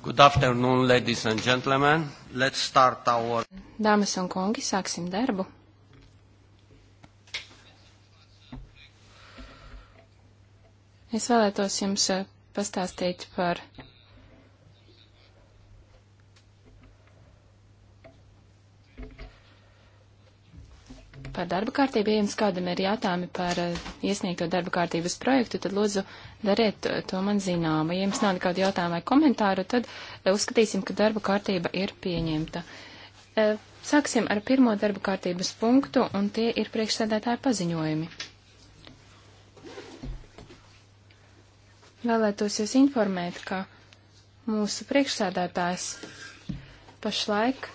Good afternoon, ladies and gentlemen. Let's start our... Dāmas un kungi, sāksim darbu. Es vēlētos jums eh, pastāstīt par par darba kārtību. Ja jums kādam ir jautājumi par eh, iesniegto darba kārtības projektu, tad lūdzu dariet eh, to man zināmu. Ja jums nav nekādu jautājumu vai komentāru, tad eh, uzskatīsim, ka darba kārtība ir pieņemta. Sāksim ar pirmo darba kārtības punktu, un tie ir priekšsēdētāju paziņojumi. Vēlētos jūs informēt, ka mūsu priekšsēdētājs pašlaik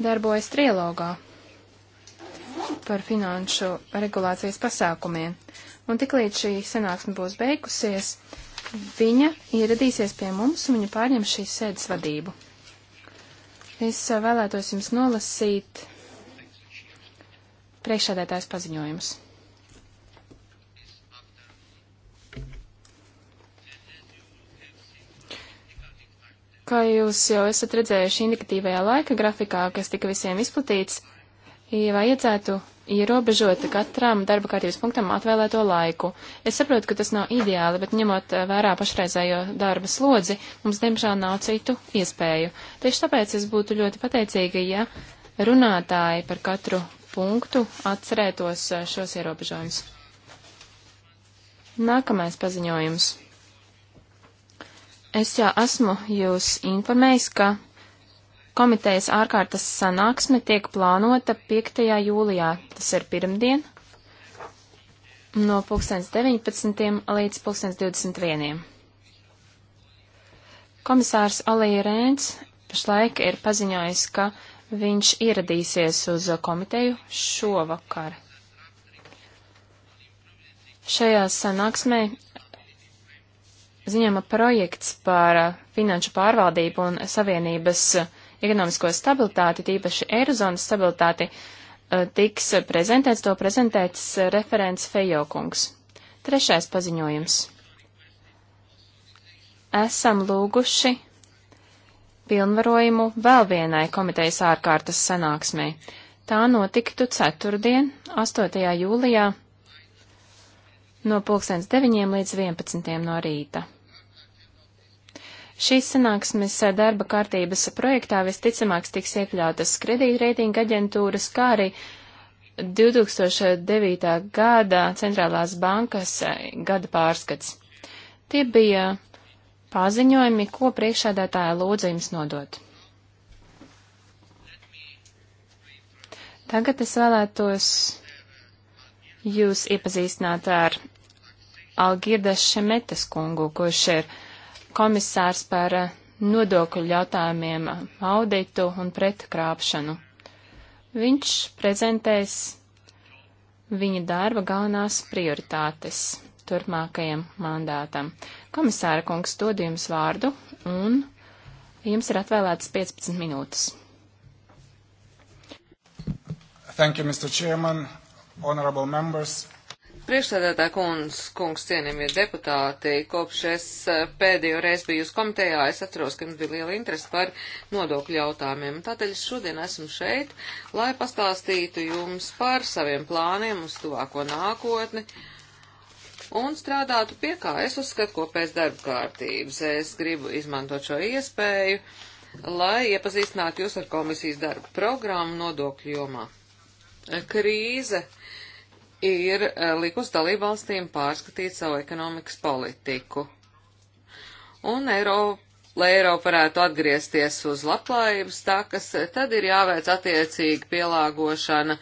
darbojas trilogā par finanšu regulācijas pasākumiem. Un tiklīdz šī sanāksme būs beigusies, viņa ieradīsies pie mums un viņa pārņems šīs sēdes vadību. Es eh, vēlētos jums nolasīt priekšsēdētājs paziņojums. Kā jūs jau esat redzējuši indikatīvajā laika grafikā, kas tika visiem izplatīts, vajadzētu ierobežot katram darba kārtības punktam atvēlēto laiku. Es saprotu, ka tas nav ideāli, bet ņemot vērā pašreizējo darba slodzi, mums diemžēl nav citu iespēju. Tieši tāpēc es būtu ļoti pateicīga, ja runātāji par katru punktu atcerētos šos ierobežojumus. Nākamais paziņojums. Es jau esmu jūs informējis, ka Komitejas ārkārtas sanāksme tiek plānota 5. jūlijā, tas ir pirmdien, no 2019. līdz 2021. Komisārs Alija Rēns pašlaik ir paziņojis, ka viņš ieradīsies uz komiteju šovakar. Šajā sanāksmē ziņama projekts par finanšu pārvaldību un savienības ekonomisko stabilitāti, tīpaši Eirozonas stabilitāti, eh, tiks prezentēts, to prezentēts eh, referents Fejokungs. Trešais paziņojums. Esam lūguši pilnvarojumu vēl vienai komitejas ārkārtas sanāksmē. Tā notiktu ceturtdien, 8. jūlijā, no pulkstens 9 līdz 11 no rīta. Šīs sanāksmes darba kārtības projektā visticamāk tiks iekļautas kredītreitinga aģentūras, kā arī 2009. gada Centrālās bankas gada pārskats. Tie bija paziņojumi, ko priekšādātāja lūdza jums nodot. Tagad es vēlētos jūs iepazīstināt ar Algirdas Šemetes kungu, kurš ir komisārs par eh, nodokļu jautājumiem, eh, auditu un pretkrāpšanu. Viņš prezentēs viņa darba galvenās prioritātes turpmākajam mandātam. Komisāra kungs dod jums vārdu un jums ir atvēlētas 15 minūtes. Thank you, Mr. Chairman, honorable members. Priekšsēdētā kungs, kungs cienījamie deputāti, kopš es eh, pēdējo reizi biju uz komitejā, es atceros, ka jums bija liela interese par nodokļu jautājumiem. Tādēļ es šodien esmu šeit, lai pastāstītu jums par saviem plāniem uz tuvāko nākotni un strādātu pie kā es uzskatu kopējas darba kārtības. Es gribu izmantot šo iespēju, lai iepazīstinātu jūs ar komisijas darba programmu nodokļu jomā. Krīze ir eh, likus dalībvalstīm pārskatīt savu ekonomikas politiku. Un Eiropa, lai Eiropa varētu atgriezties uz labklājības takas, tad ir jāveic attiecīgi pielāgošana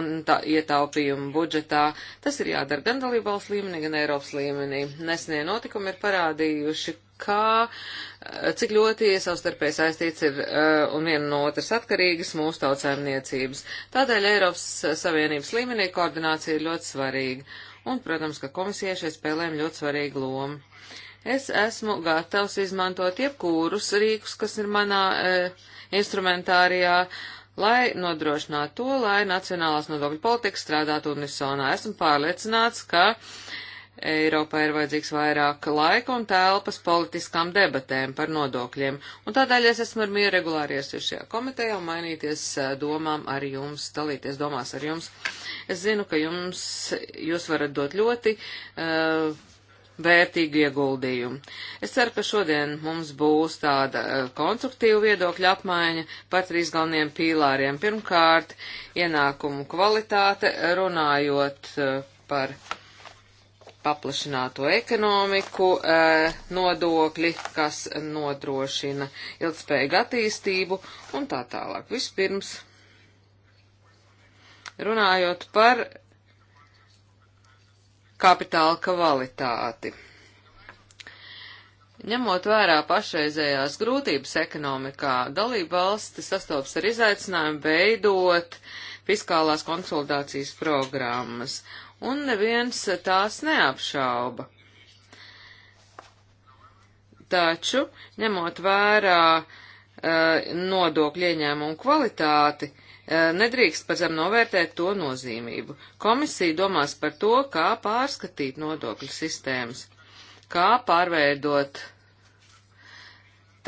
un tā ietaupījuma budžetā. Tas ir jādara gan dalībvalsts līmenī, gan Eiropas līmenī. Nesnie notikumi ir parādījuši, kā, eh, cik ļoti savstarpēji saistīts ir uh, un viena no otras atkarīgas mūsu tautsēmniecības. Tādēļ Eiropas Savienības līmenī koordinācija ir ļoti svarīga, un, protams, ka komisijai šeit spēlēm ļoti svarīga loma. Es esmu gatavs izmantot jebkūrus rīkus, kas ir manā uh, instrumentārijā, lai nodrošinātu to, lai nacionālās nodokļu politika strādātu unisonā. Esmu pārliecināts, ka uh, Eiropā ir vajadzīgs vairāk laika un telpas politiskām debatēm par nodokļiem, un tādēļ es esmu ar mieru regulāri iesies šajā komitejā un mainīties domām ar jums, dalīties domās ar jums. Es zinu, ka jums, jūs varat dot ļoti uh, vērtīgu ieguldījumu. Es ceru, ka šodien mums būs tāda uh, konstruktīva viedokļa apmaiņa par trīs galveniem pīlāriem. Pirmkārt, ienākumu kvalitāte, runājot uh, par paplašināto ekonomiku, e, nodokļi, kas nodrošina ilgspējīgu attīstību un tā tālāk. Vispirms, runājot par kapitāla kvalitāti. Ņemot vērā pašreizējās grūtības ekonomikā, dalība valstis sastopas ar izaicinājumu veidot fiskālās konsolidācijas programmas un neviens tās neapšauba. Taču, ņemot vērā eh, nodokļu ieņēmumu kvalitāti, eh, nedrīkst par zem novērtēt to nozīmību. Komisija domās par to, kā pārskatīt nodokļu sistēmas, kā pārveidot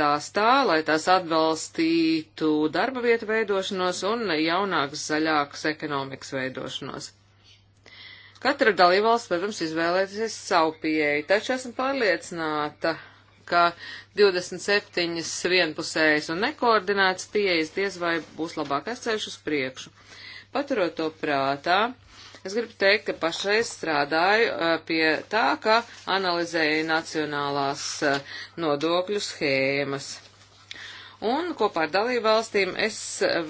tās tā, lai tās atbalstītu darba vietu veidošanos un jaunākas, zaļākas ekonomikas veidošanos. Katra dalībvalsts, protams, izvēlēsies savu pieeju, taču esmu pārliecināta, ka 27 vienpusējas un nekoordinētas pieejas diez vai būs labākais ceļš uz priekšu. Paturot to prātā, es gribu teikt, ka pašreiz strādāju pie tā, ka analizēju nacionālās nodokļu schēmas. Un kopā ar dalību valstīm es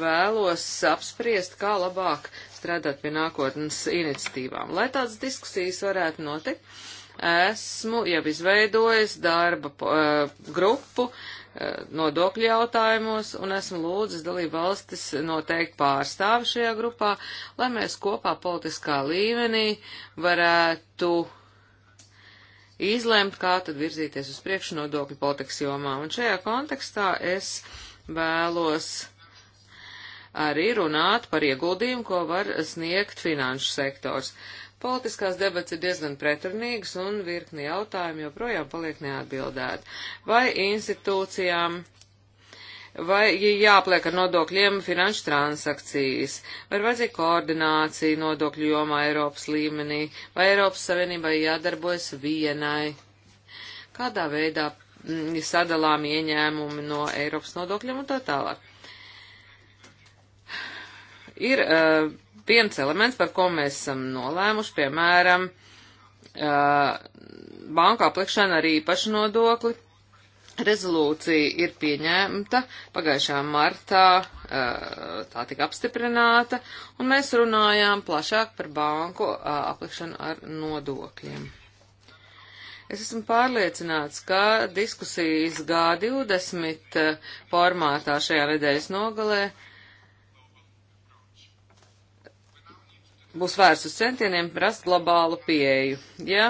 vēlos apspriest, kā labāk strādāt pie nākotnes iniciatīvām. Lai tādas diskusijas varētu notikt, esmu jau izveidojis darba uh, grupu uh, nodokļu jautājumos un esmu lūdzis dalību valstis noteikti pārstāvi šajā grupā, lai mēs kopā politiskā līmenī varētu uh, izlemt, kā tad virzīties uz priekšu nodokļu politikas jomā. Un šajā kontekstā es vēlos arī runāt par ieguldījumu, ko var sniegt finanšu sektors. Politiskās debats ir diezgan pretrunīgas un virkni jautājumu joprojām paliek neatbildēti. Vai institūcijām Vai ja jāpliek ar nodokļiem finanšu transakcijas, vai vajadzīga koordinācija nodokļu jomā Eiropas līmenī, vai Eiropas Savienībai jādarbojas vienai? Kādā veidā mm, sadalām ieņēmumi no Eiropas nodokļiem un tā tālāk? Ir uh, viens elements, par ko mēs esam nolēmuši, piemēram, uh, eh, banka aplikšana ar īpašu nodokli Rezolūcija ir pieņemta pagājušā martā, tā tika apstiprināta, un mēs runājām plašāk par banku aplikšanu ar nodokļiem. Es esmu pārliecināts, ka diskusijas G20 formātā šajā nedēļas nogalē būs vērsts uz centieniem rast globālu pieeju. Ja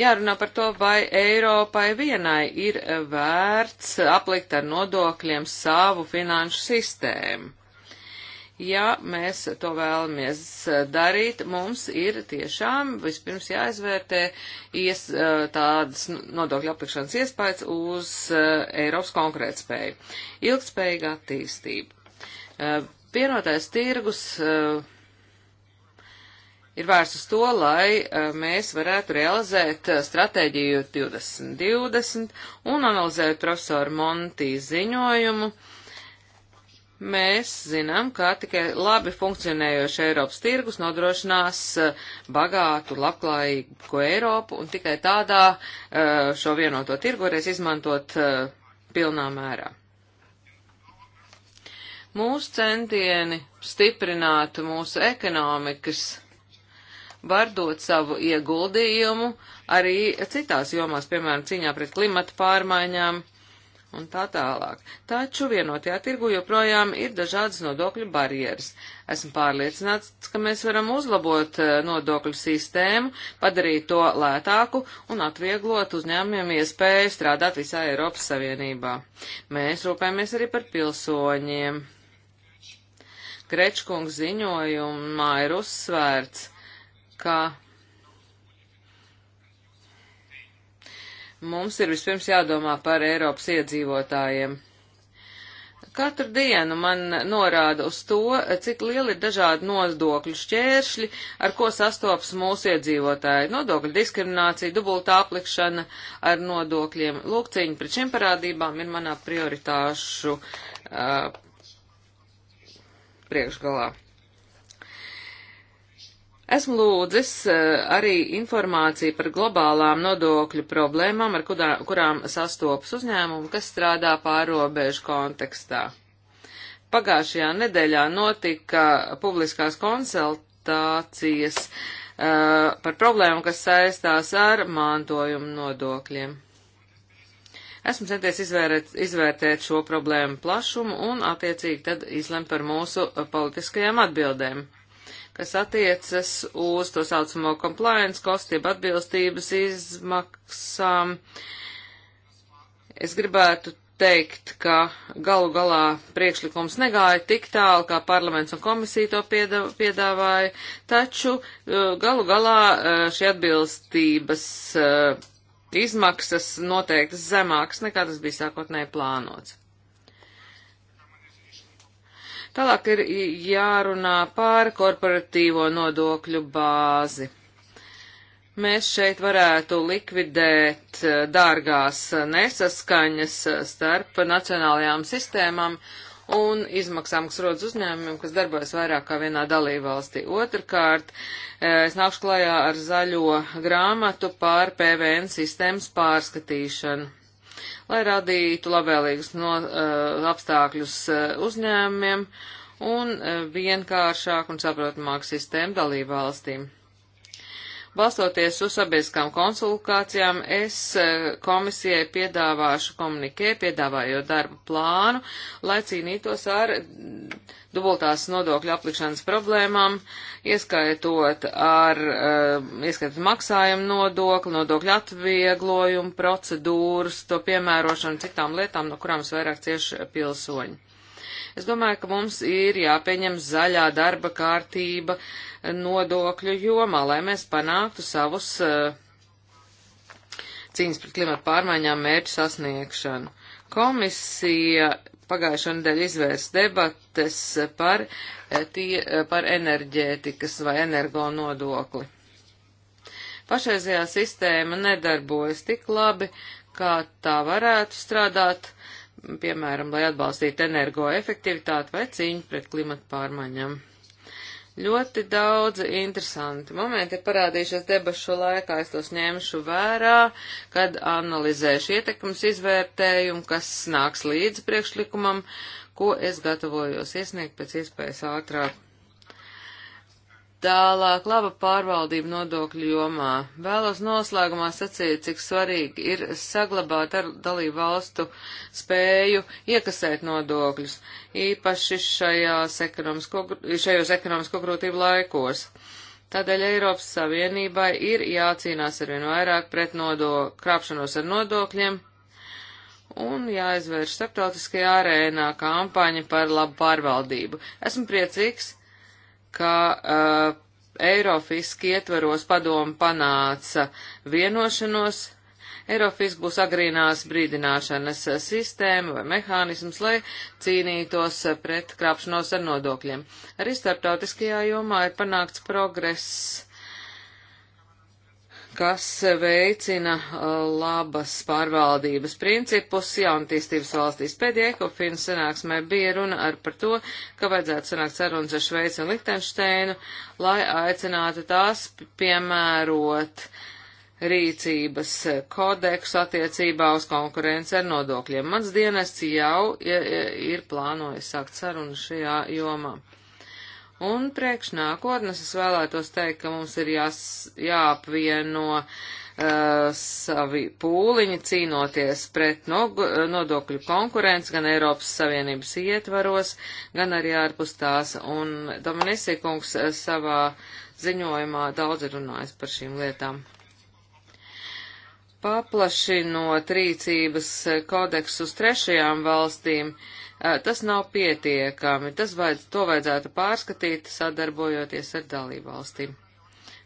Jārunā par to, vai Eiropai vienai ir vērts aplikt ar nodokļiem savu finanšu sistēmu. Ja mēs to vēlamies darīt, mums ir tiešām vispirms jāizvērtē ies, eh, tādas nodokļu aplikšanas iespējas uz eh, Eiropas konkrētspēju. Ilgtspējīga attīstība. Eh, vienotais tirgus uh, ir vērsts uz to, lai e, mēs varētu realizēt e, stratēģiju 2020 un analizēt profesoru Monti ziņojumu. Mēs zinām, ka tikai labi funkcionējoši Eiropas tirgus nodrošinās e, bagātu, labklājīgu Eiropu, un tikai tādā šo vienoto tirgu varēs izmantot pilnā mērā. Mūsu centieni stiprināt mūsu ekonomikas var dot savu ieguldījumu arī citās jomās, piemēram, cīņā pret klimata pārmaiņām un tā tālāk. Taču vienotajā tirgu joprojām ir dažādas nodokļu barjeras. Esmu pārliecināts, ka mēs varam uzlabot eh, nodokļu sistēmu, padarīt to lētāku un atvieglot uzņēmumiem iespēju strādāt visā Eiropas Savienībā. Mēs rūpējamies arī par pilsoņiem. Grečkungs ziņojumā ir uzsvērts, ka mums ir vispirms jādomā par Eiropas iedzīvotājiem. Katru dienu man norāda uz to, cik lieli ir dažādi nodokļu šķēršļi, ar ko sastopas mūsu iedzīvotāji. Nodokļu diskriminācija, dubultā aplikšana ar nodokļiem. Lūk, cīņa pret šiem parādībām ir manā prioritāšu uh, priekšgalā. Esmu lūdzis eh, arī informāciju par globālām nodokļu problēmām, ar kudā, kurām sastopas uzņēmumi, kas strādā pārobežu kontekstā. Pagājušajā nedēļā notika publiskās konsultācijas uh, par problēmu, kas saistās ar mantojumu nodokļiem. Esmu centies izvērēt, izvērtēt šo problēmu plašumu un attiecīgi tad izlemt par mūsu eh, politiskajām atbildēm kas attiecas uz to saucamo compliance kostību atbilstības izmaksām. Es gribētu teikt, ka galu galā priekšlikums negāja tik tālu, kā parlaments un komisija to piedāvāja, taču eh, galu galā eh, šī atbilstības eh, izmaksas noteikti zemākas nekā tas bija sākotnēji plānots. Tālāk ir jārunā par korporatīvo nodokļu bāzi. Mēs šeit varētu likvidēt eh, dārgās nesaskaņas eh, starp nacionālajām sistēmām un izmaksām, kas rodas uzņēmumiem, kas darbojas vairāk kā vienā dalībvalstī. Otrkārt, eh, es nākšu klajā ar zaļo grāmatu pār PVN sistēmas pārskatīšanu lai radītu labvēlīgus no, uh, apstākļus uh, uzņēmumiem un uh, eh, vienkāršāku un saprotamāku sistēmu dalību valstīm. Balstoties uz sabiedriskām konsultācijām, es komisijai piedāvāšu komunikē, piedāvājot darba plānu, lai cīnītos ar dubultās nodokļu aplikšanas problēmām, ieskaitot ar, eh, ieskaitot maksājumu nodokli, nodokļu atvieglojumu, procedūras, to piemērošanu citām lietām, no kurām visvairāk cieši pilsoņi. Es domāju, ka mums ir jāpieņem zaļā darba kārtība nodokļu jomā, lai mēs panāktu savus uh, cīņas pret klimatu pārmaiņām mērķu sasniegšanu. Komisija pagājušo nedēļu izvērst debates par, eh, tie, eh, par enerģētikas vai energo nodokli. Pašreizējā sistēma nedarbojas tik labi, kā tā varētu strādāt, piemēram, lai atbalstītu energoefektivitāti vai cīņu pret klimatu pārmaiņām. Ļoti daudzi interesanti momenti ir parādījušies debašu laikā, es tos ņemšu vērā, kad analizēšu ietekmes izvērtējumu, kas nāks līdz priekšlikumam, ko es gatavojos iesniegt pēc iespējas ātrāk. Tālāk laba pārvaldība nodokļu jomā. Vēlos noslēgumā sacīt, cik svarīgi ir saglabāt ar dalību valstu spēju iekasēt nodokļus, īpaši šajās ekonomisko, šajos ekonomisko grūtību laikos. Tādēļ Eiropas Savienībai ir jācīnās arvien vairāk pret nodok, krāpšanos ar nodokļiem un jāizvērš starptautiskajā arēnā kampaņa par labu pārvaldību. Esmu priecīgs, ka uh, Eirofiski ietvaros padomu panāca vienošanos. Eirofisk būs agrīnās brīdināšanas sistēma vai mehānisms, lai cīnītos pret krāpšanos ar nodokļiem. Arī starptautiskajā jomā ir panākts progress kas veicina uh, labas pārvaldības principus jaunatīstības valstīs. Pēdējā ekofina sanāksmē bija runa ar par to, ka vajadzētu sanākt sarunas ar Šveici un Liktenšteinu, lai aicinātu tās piemērot rīcības kodeksu attiecībā uz konkurenci ar nodokļiem. Mans dienests jau ir plānojis sākt sarunas šajā jomā. Un priekš nākotnes es vēlētos teikt, ka mums ir jās, jāapvieno uh, savi pūliņi cīnoties pret nog, nodokļu konkurenci gan Eiropas Savienības ietvaros, gan arī ārpus tās. Un Dominisikungs uh, savā ziņojumā daudz runājis par šīm lietām. Paplašinot rīcības kodeksu uz trešajām valstīm, uh, tas nav pietiekami. Tas vajadz, to vajadzētu pārskatīt, sadarbojoties ar dalībvalstīm.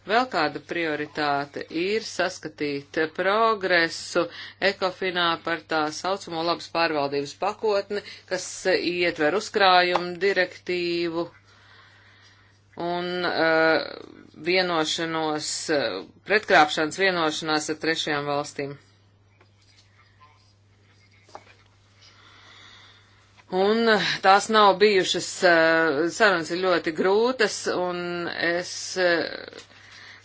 Vēl kāda prioritāte ir saskatīt progresu ekofinā par tā saucamo labas pārvaldības pakotni, kas ietver uzkrājumu direktīvu un uh, vienošanos, pretkrāpšanas vienošanās ar trešajām valstīm. Un eh, tās nav bijušas, eh, sarunas ir ļoti grūtas, un es eh,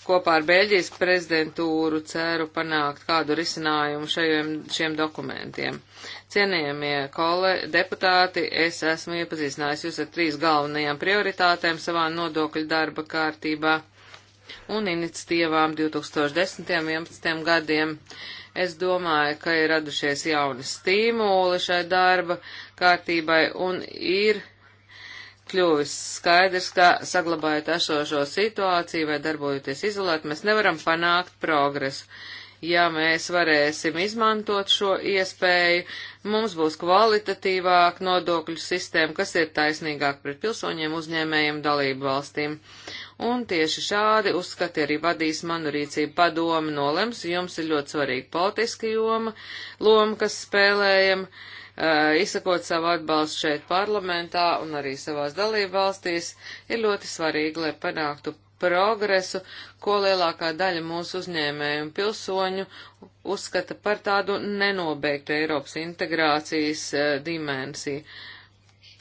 kopā ar Bēļģijas prezidentūru ceru panākt kādu risinājumu šajiem, šiem dokumentiem. Cienījamie kole, deputāti, es esmu iepazīstinājis jūs ar trīs galvenajām prioritātēm savā nodokļu darba kārtībā un iniciatīvām 2010. un 2011. gadiem. Uh, Es domāju, ka ir radušies jauni stimuli šai darba kārtībai un ir kļuvis skaidrs, ka saglabājot esošo situāciju vai darbojoties izolēt, mēs nevaram panākt progresu. Ja mēs varēsim izmantot šo iespēju, mums būs kvalitatīvāk nodokļu sistēma, kas ir taisnīgāk pret pilsoņiem, uzņēmējiem, dalību valstīm. Un tieši šādi uzskati arī vadīs manu rīcību padomu nolems, jums ir ļoti svarīga politiska joma, loma, kas spēlējam, uh, izsakot savu atbalstu šeit parlamentā un arī savās dalību valstīs, ir ļoti svarīgi, lai panāktu progresu, ko lielākā daļa mūsu uzņēmēju un pilsoņu uzskata par tādu nenobeigtu Eiropas integrācijas uh, dimensiju.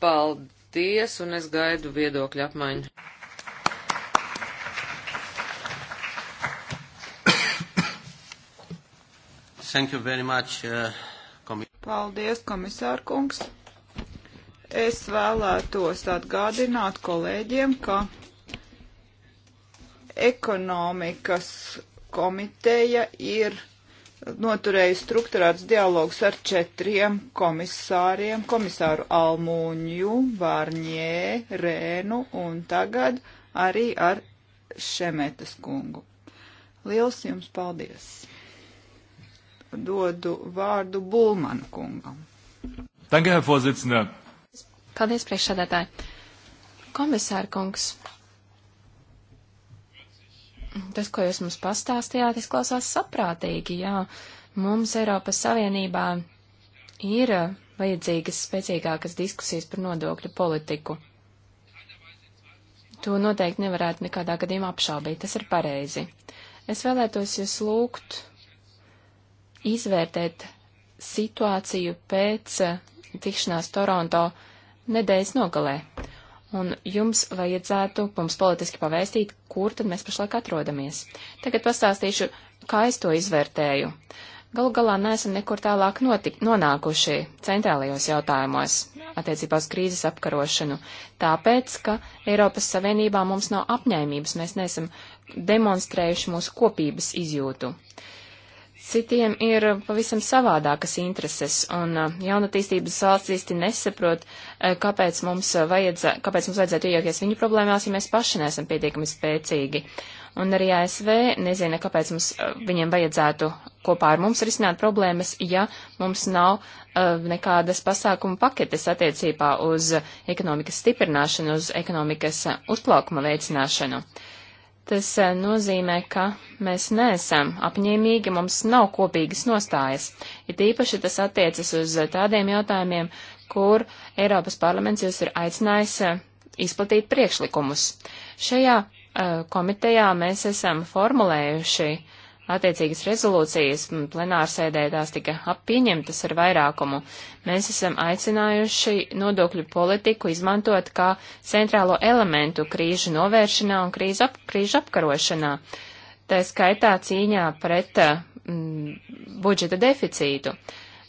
Paldies, un es gaidu viedokļu apmaiņu. Thank you very much. Uh, komis Paldies, komisārkungs. Es vēlētos atgādināt kolēģiem, ka ekonomikas komiteja ir noturēju struktūrēts dialogs ar četriem komisāriem - komisāru Almūņu, Vārņē, Rēnu un tagad arī ar Šemetas kungu. Liels jums paldies! dodu vārdu Bulmanu kungam. Tagad, Herr Vorsitzender. Paldies, priekšsēdētāji. Komisāra kungs, tas, ko jūs mums pastāstījāt, izklausās saprātīgi, jā. Mums Eiropas Savienībā ir vajadzīgas spēcīgākas diskusijas par nodokļu politiku. To noteikti nevarētu nekādā gadījumā apšaubīt, tas ir pareizi. Es vēlētos jūs lūgt izvērtēt situāciju pēc eh, tikšanās Toronto nedēļas nogalē. Un jums vajadzētu mums politiski pavēstīt, kur tad mēs pašlaik atrodamies. Tagad pastāstīšu, kā es to izvērtēju. Galu galā neesam nekur tālāk notik, nonākuši centrālajos jautājumos attiecībā uz krīzes apkarošanu, tāpēc, ka Eiropas Savienībā mums nav apņēmības, mēs neesam demonstrējuši mūsu kopības izjūtu. Uh, citiem ir pavisam savādākas intereses, un uh, jaunatīstības valsts īsti nesaprot, uh, kāpēc mums, uh, vajadzē, kāpēc mums vajadzētu iejaukties viņu problēmās, ja mēs paši neesam pietiekami spēcīgi. Un arī ASV nezina, kāpēc mums, viņiem vajadzētu kopā ar mums risināt problēmas, ja mums nav nekādas pasākuma paketes attiecībā uz ekonomikas stiprināšanu, uz ekonomikas uzplaukuma veicināšanu. Uh, Tas e, nozīmē, ka mēs neesam apņēmīgi, mums nav kopīgas nostājas. Ir tīpaši tas attiecas uz e, tādiem jautājumiem, kur Eiropas parlaments jūs ir aicinājis e, izplatīt priekšlikumus. Šajā uh, komitejā mēs esam formulējuši uh, attiecīgas rezolūcijas, plenārsēdē tās tika pieņemtas ar vairākumu. Mēs esam aicinājuši nodokļu politiku izmantot kā centrālo elementu krīžu novēršanā un krīžu, ap, krīžu apkarošanā. Tā skaitā cīņā pret eh, m, budžeta deficītu.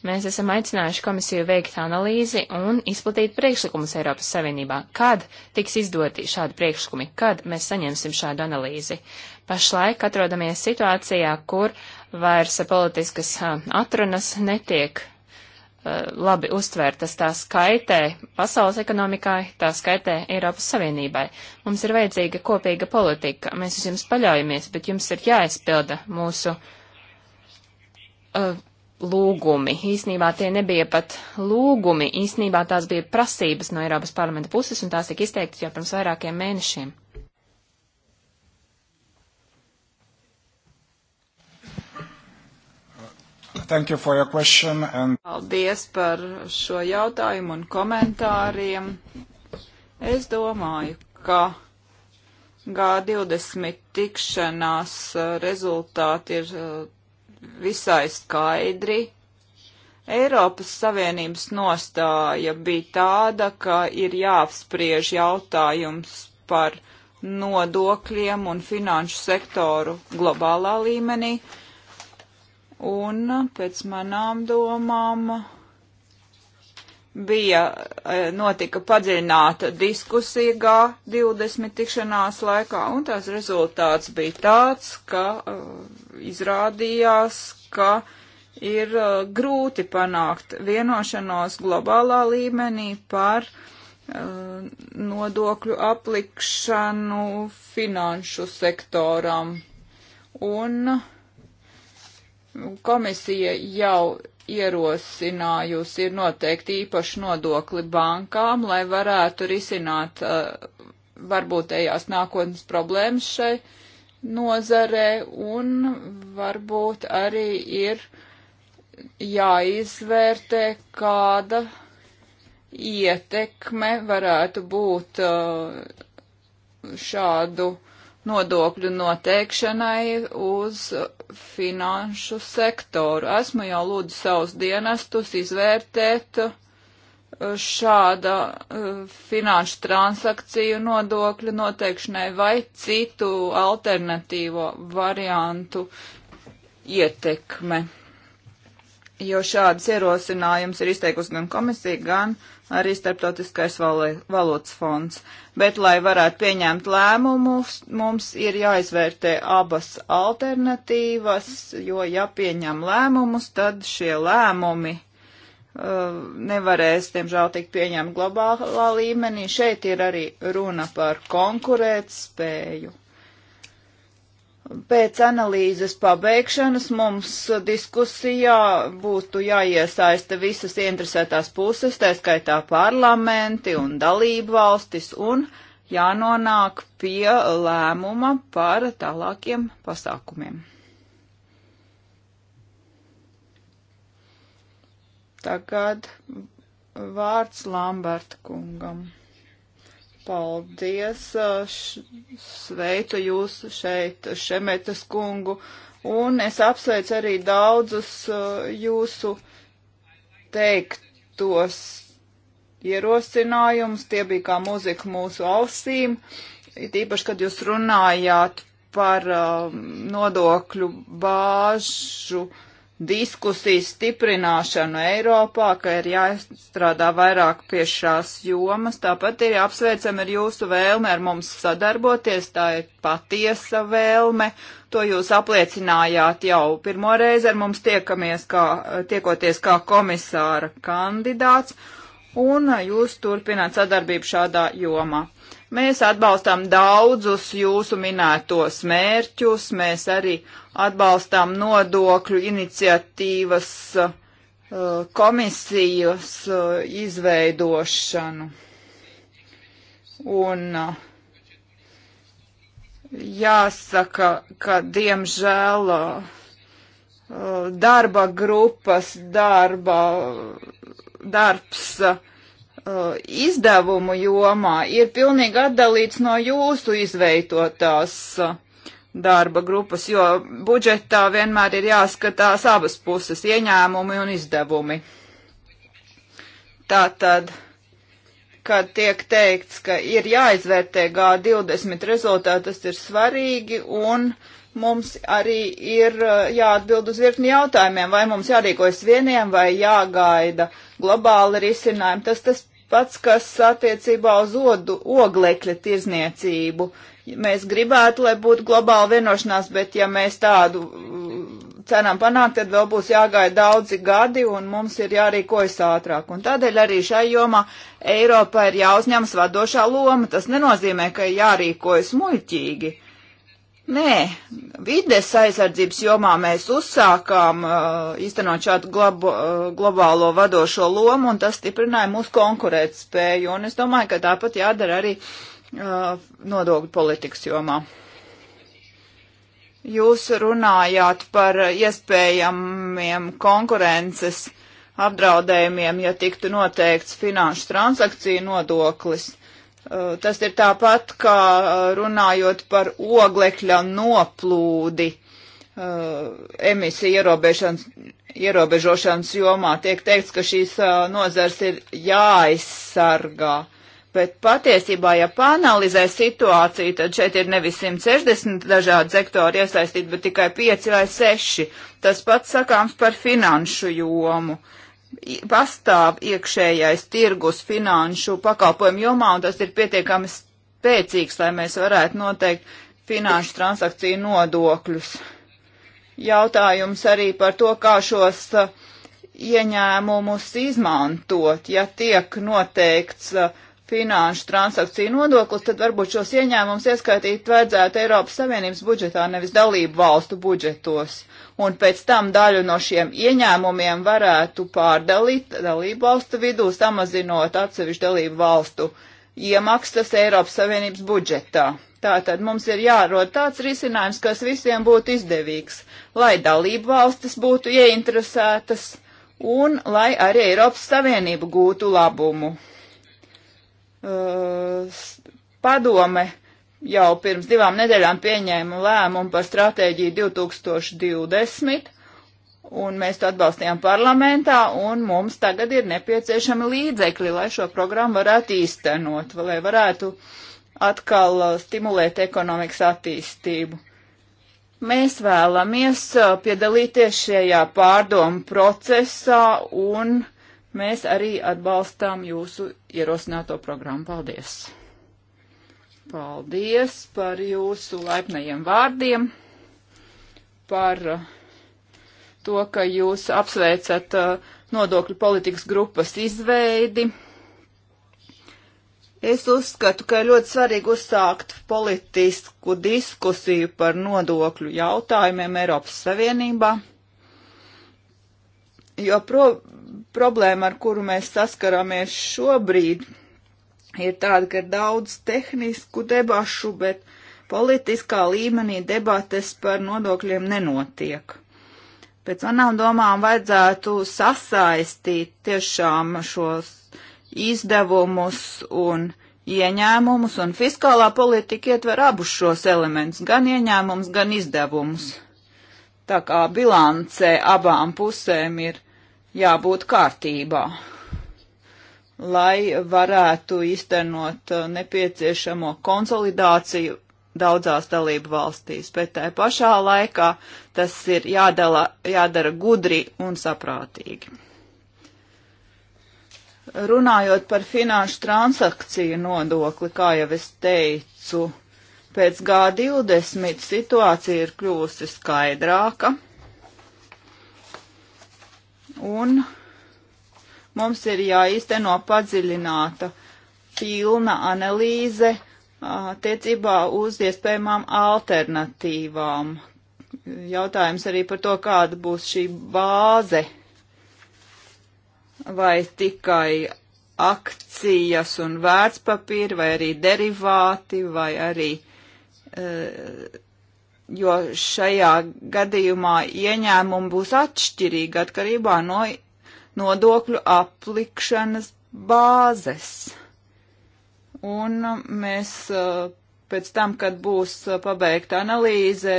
Mēs esam aicinājuši komisiju veikt analīzi un izplatīt priekšlikumus Eiropas Savienībā. Kad tiks izdoti šādi priekšlikumi? Kad mēs saņemsim šādu analīzi? Uh, pašlaik atrodamies situācijā, kur vairs politiskas atrunas netiek eh, labi uztvērtas, tā skaitē pasaules ekonomikai, tā skaitē Eiropas Savienībai. Mums ir vajadzīga kopīga politika, mēs uz jums paļaujamies, bet jums ir jāizpilda mūsu uh, lūgumi. Īsnībā tie nebija pat lūgumi, īsnībā tās bija prasības no Eiropas parlamenta puses, un tās tika izteiktas jau pirms vairākiem mēnešiem. Thank you for your question and... Paldies par šo jautājumu un komentāriem. Es domāju, ka G20 tikšanās uh, rezultāti ir uh, visai skaidri. Eiropas Savienības nostāja bija tāda, ka ir jāapspriež jautājums par nodokļiem un finanšu sektoru globālā līmenī un pēc manām domām bija, e, notika padziļināta diskusija G20 tikšanās laikā, un tās rezultāts bija tāds, ka e, izrādījās, ka ir e, grūti panākt vienošanos globālā līmenī par nodokļu aplikšanu finanšu sektoram. Un uh, Komisija jau ierosinājusi ir noteikti īpaši nodokli bankām, lai varētu risināt uh, varbūtējās nākotnes problēmas šai nozarē un varbūt arī ir jāizvērtē, kāda ietekme varētu būt uh, šādu uh, nodokļu noteikšanai uz finanšu sektoru. Esmu jau lūdzu savus dienestus izvērtēt uh, šāda uh, finanšu transakciju nodokļu noteikšanai vai citu alternatīvo variantu ietekme jo šādas ierosinājums ir izteikusi gan komisija, gan arī Starptautiskais valodas fonds. Bet, lai varētu pieņemt lēmumu, mums ir jāizvērtē abas alternatīvas, jo, ja pieņem lēmumus, tad šie lēmumi uh, nevarēs, diemžēl, tikt pieņemt globālā līmenī. Šeit ir arī runa par konkurētspēju. Pēc analīzes pabeigšanas mums diskusijā būtu jāiesaista visas interesētās puses, tā skaitā parlamenti un dalību valstis, un jānonāk pie lēmuma par tālākiem pasākumiem. Tagad vārds Lamberta kungam. Paldies, uh, sveicu jūs šeit, Šemetas kungu, un es apsveicu arī daudzus uh, jūsu teiktos ierosinājumus, tie bija kā muzika mūsu ausīm, it īpaši, kad jūs runājāt par um, nodokļu bāžu uh, diskusiju stiprināšanu Eiropā, ka ir jāstrādā vairāk pie šās jomas. Tāpat ir apsveicam ar jūsu vēlme ar mums sadarboties, tā ir patiesa vēlme. To jūs apliecinājāt jau pirmo reizi ar mums tiekamies kā, tiekoties kā komisāra kandidāts, un jūs turpināt sadarbību šādā jomā. Mēs atbalstām daudzus jūsu minētos mērķus, mēs arī atbalstām nodokļu iniciatīvas uh, komisijas uh, izveidošanu. Un uh, jāsaka, ka diemžēl darba grupas darba darbs Uh, izdevumu jomā ir pilnīgi atdalīts no jūsu izveidotās uh, darba grupas, jo budžetā vienmēr ir jāskatās abas puses - ieņēmumi un izdevumi. Tātad, kad tiek teikts, ka ir jāizvērtē G20 rezultāti, tas ir svarīgi un mums arī ir uh, jāatbild uz virkni jautājumiem, vai mums jārīkojas vieniem vai jāgaida globāli risinājumi. Tas, tas pats, kas attiecībā uz odu, oglekļa tirzniecību. Mēs gribētu, lai būtu globāla vienošanās, bet ja mēs tādu mm, cenām panākt, tad vēl būs jāgaida daudzi gadi un mums ir jārīkojas ātrāk. Un tādēļ arī šai jomā Eiropa ir jāuzņemas vadošā loma. Tas nenozīmē, ka jārīkojas muļķīgi, Nē, vides aizsardzības jomā mēs uzsākām uh, īstenot šādu glabo, uh, globālo vadošo lomu, un tas stiprināja mūsu konkurētspēju, un es domāju, ka tāpat jādara arī uh, nodokļu politikas jomā. Jūs runājāt par iespējamiem konkurences apdraudējumiem, ja tiktu noteikts finanšu transakciju nodoklis. Eh, tas ir tāpat kā eh, runājot par oglekļa noplūdi eh, emisiju ierobežošanas, ierobežošanas jomā. Tiek teikts, ka šīs nozars ir jāaizsargā. Bet patiesībā, ja panalizē situāciju, tad šeit ir nevis 160 dažādi sektori iesaistīti, bet tikai 5 vai 6. Tas pats sakāms par finanšu jomu. Uh, pastāv iekšējais tirgus finanšu pakalpojumu jomā, un tas ir pietiekami spēcīgs, lai mēs varētu noteikt finanšu transakciju nodokļus. Jautājums arī par to, kā šos uh, ieņēmumus izmantot. Ja tiek noteikts uh, finanšu transakciju nodoklis, tad varbūt šos ieņēmumus ieskaitīt vajadzētu Eiropas Savienības budžetā, nevis dalību valstu budžetos un pēc tam daļu no šiem ieņēmumiem varētu pārdalīt dalību valstu vidū, samazinot atsevišķu dalību valstu iemaksas Eiropas Savienības budžetā. Tātad mums ir jārod tāds risinājums, kas visiem būtu izdevīgs, lai dalību valstis būtu ieinteresētas un lai arī Eiropas Savienība gūtu labumu. Uh, padome jau pirms divām nedēļām pieņēma lēmumu par stratēģiju 2020 un mēs to atbalstījām parlamentā, un mums tagad ir nepieciešami līdzekļi, lai šo programmu varētu īstenot, lai varētu atkal uh, stimulēt ekonomikas attīstību. Mēs vēlamies uh, piedalīties šajā pārdomu procesā, un mēs arī atbalstām jūsu ierosināto programmu. Paldies! Paldies par jūsu laipnajiem vārdiem, par uh, to, ka jūs apsveicat uh, nodokļu politikas grupas izveidi. Es uzskatu, ka ļoti svarīgi uzsākt politisku diskusiju par nodokļu jautājumiem Eiropas Savienībā, jo pro problēma, ar kuru mēs saskaramies šobrīd, ir ir tāda, ka ir daudz tehnisku debašu, bet politiskā līmenī debates par nodokļiem nenotiek. Pēc manām domām vajadzētu sasaistīt tiešām šos izdevumus un ieņēmumus, un fiskālā politika ietver abus šos elementus, gan ieņēmumus, gan izdevumus. Tā kā bilancē abām pusēm ir jābūt kārtībā lai varētu īstenot uh, nepieciešamo konsolidāciju daudzās dalību valstīs, bet tai pašā laikā tas ir jādala, jādara gudri un saprātīgi. Runājot par finanšu transakciju nodokli, kā jau es teicu, pēc G20 situācija ir kļūsi skaidrāka. Un Mums ir jāizteno padziļināta pilna analīze attiecībā uz iespējamām alternatīvām. Jautājums arī par to, kāda būs šī bāze vai tikai akcijas un vērtspapīri, vai arī derivāti, vai arī, jo šajā gadījumā ieņēmumi būs atšķirīgi atkarībā no nodokļu aplikšanas bāzes. Un mēs uh, pēc tam, kad būs uh, pabeigta analīze,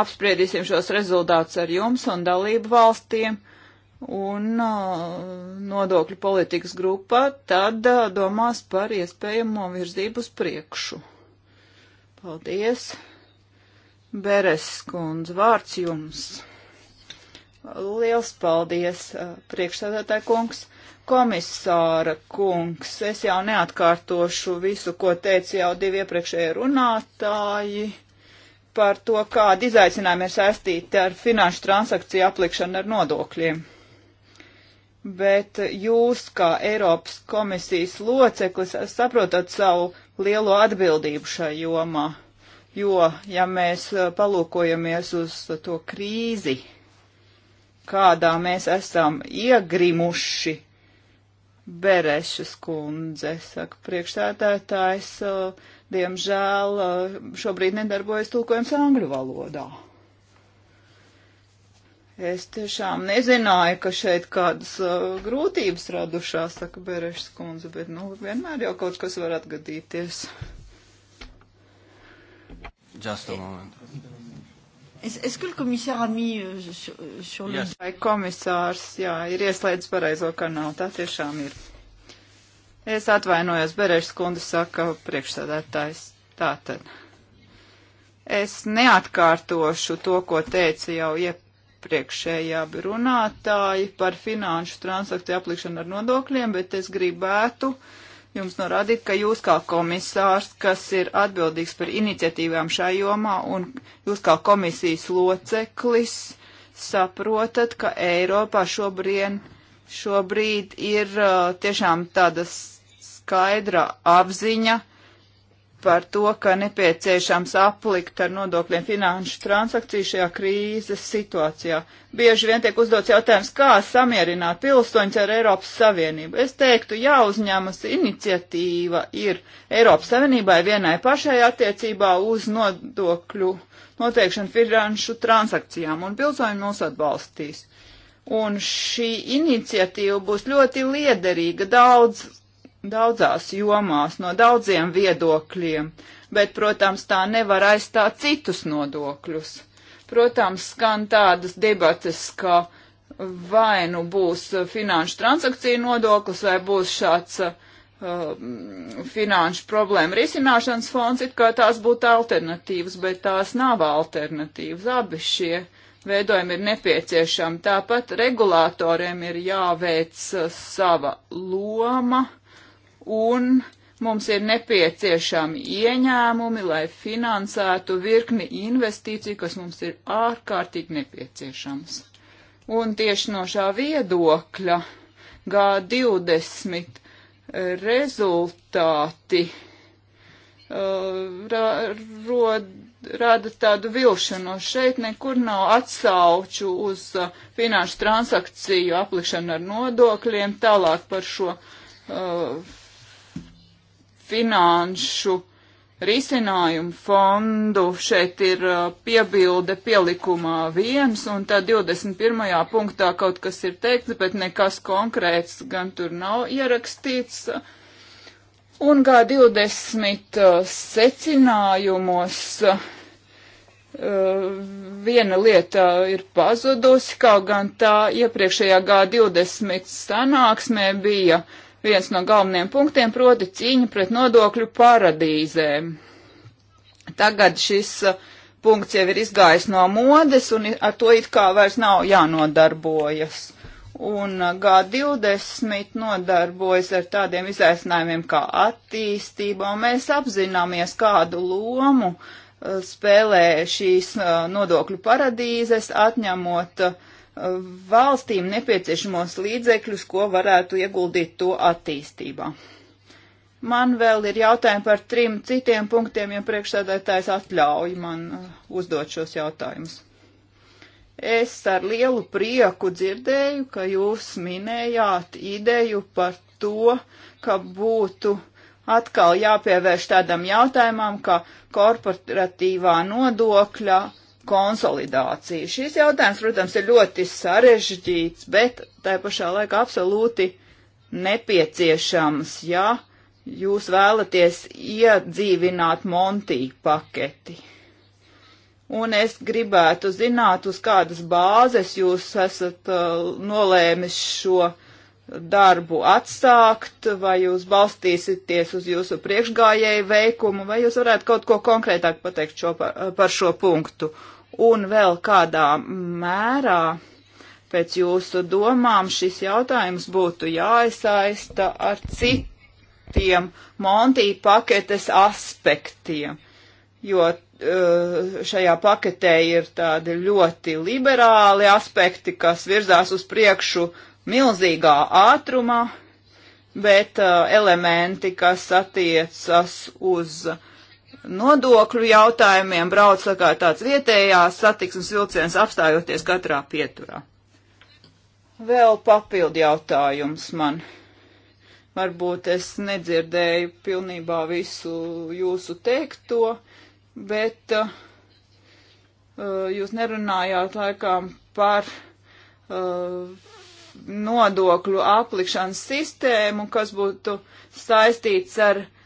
apspriedīsim šos rezultātus ar jums un dalību valstīm un uh, nodokļu politikas grupā, tad domās par iespējamo virzību uz priekšu. Paldies! Beres kundze, vārds jums! Liels paldies, priekšsēdētāji kungs, komisāra kungs. Es jau neatkārtošu visu, ko teica jau divi iepriekšēji runātāji par to, kāda izaicinājuma ir saistīta ar finanšu transakciju aplikšanu ar nodokļiem. Bet jūs, kā Eiropas komisijas loceklis, saprotat savu lielo atbildību šai jomā, jo, ja mēs palūkojamies uz to krīzi, kādā mēs esam iegrimuši. Berešas kundze, saka priekšstādātājs, uh, diemžēl uh, šobrīd nedarbojas tulkojums angļu valodā. Es tiešām nezināju, ka šeit kādas uh, grūtības radušās, saka Berešas kundze, bet nu, vienmēr jau kaut kas var atgadīties. Just a moment. Est-ce que le commissaire a mis sur, eh, sur le... Yes. Vai komisārs, jā, ir ieslēdzis pareizo kanālu, tā tiešām ir. Es atvainojos, Berešs kundze saka priekšsēdētājs. Tātad. Es neatkārtošu to, ko teica jau iepriekšējā runātāji par finanšu transakciju aplikšanu ar nodokļiem, bet es gribētu uh, jums norādīt, ka jūs kā komisārs, kas ir atbildīgs par iniciatīvām šai jomā, un jūs kā komisijas loceklis saprotat, ka Eiropā šobrien, šobrīd ir uh, tiešām tāda skaidra apziņa, par to, ka nepieciešams aplikt ar nodokļiem finanšu transakciju šajā krīzes situācijā. Bieži vien tiek uzdots jautājums, kā samierināt pilsoņus ar Eiropas Savienību. Es teiktu, jāuzņemas iniciatīva ir Eiropas Savienībai vienai pašai attiecībā uz nodokļu noteikšanu finanšu transakcijām, un pilsoņi mūs atbalstīs. Un šī iniciatīva būs ļoti liederīga daudz daudzās jomās, no daudziem viedokļiem, bet, protams, tā nevar aizstāt citus nodokļus. Protams, skan tādas debates, ka vai nu būs finanšu transakciju nodoklis, vai būs šāds uh, mm, finanšu problēmu risināšanas fonds, it kā tās būtu alternatīvas, bet tās nav alternatīvas. Abi šie veidojumi ir nepieciešami. Tāpat regulātoriem ir jāveic uh, sava loma un mums ir nepieciešami ieņēmumi, lai finansētu virkni investīciju, kas mums ir ārkārtīgi nepieciešams. Un tieši no šā viedokļa G20 rezultāti uh, ra, rod, rada tādu vilšanos. Šeit nekur nav atsauču uz uh, finanšu transakciju aplikšanu ar nodokļiem, tālāk par šo uh, finanšu risinājumu fondu. Šeit ir uh, piebilde pielikumā viens, un tā 21. punktā kaut kas ir teikts, bet nekas konkrēts gan tur nav ierakstīts. Un G20 uh, secinājumos uh, viena lieta ir pazudusi, kaut gan tā iepriekšējā G20 sanāksmē bija uh, viens no galvenajiem punktiem, proti cīņa pret nodokļu paradīzēm. Tagad šis uh, punkts jau ir izgājis no modes un ar to it kā vairs nav jānodarbojas. Un uh, G20 nodarbojas ar tādiem izaicinājumiem kā attīstība, un mēs apzināmies, kādu lomu uh, spēlē šīs nodokļu paradīzes, atņemot uh, valstīm nepieciešamos līdzekļus, ko varētu ieguldīt to attīstībā. Man vēl ir jautājumi par trim citiem punktiem, ja priekšsēdētājs atļauj man uh, uzdot šos jautājumus. Es ar lielu prieku dzirdēju, ka jūs minējāt ideju par to, ka būtu atkal jāpievērš tādam jautājumam, kā korporatīvā nodokļa konsolidāciju. Šis jautājums, protams, ir ļoti sarežģīts, bet tā pašā laikā absolūti nepieciešams, ja jūs vēlaties iedzīvināt Montī paketi. Un es gribētu zināt, uz kādas bāzes jūs esat uh, nolēmis šo darbu atsākt, vai jūs balstīsieties uz jūsu priekšgājēju veikumu, vai jūs varētu kaut ko konkrētāk pateikt šo par, par šo punktu un vēl kādā mērā pēc jūsu domām šis jautājums būtu jāiesaista ar citiem Monti paketes aspektiem, jo eh, šajā paketē ir tādi ļoti liberāli aspekti, kas virzās uz priekšu milzīgā ātrumā, bet eh, elementi, kas attiecas uz uh, nodokļu jautājumiem, brauc tā kā tāds vietējās satiksmes vilciens apstājoties katrā pieturā. Vēl papildu jautājums man. Varbūt es nedzirdēju pilnībā visu jūsu teikto, bet uh, uh jūs nerunājāt laikām par uh, nodokļu aplikšanas sistēmu, kas būtu saistīts ar uh,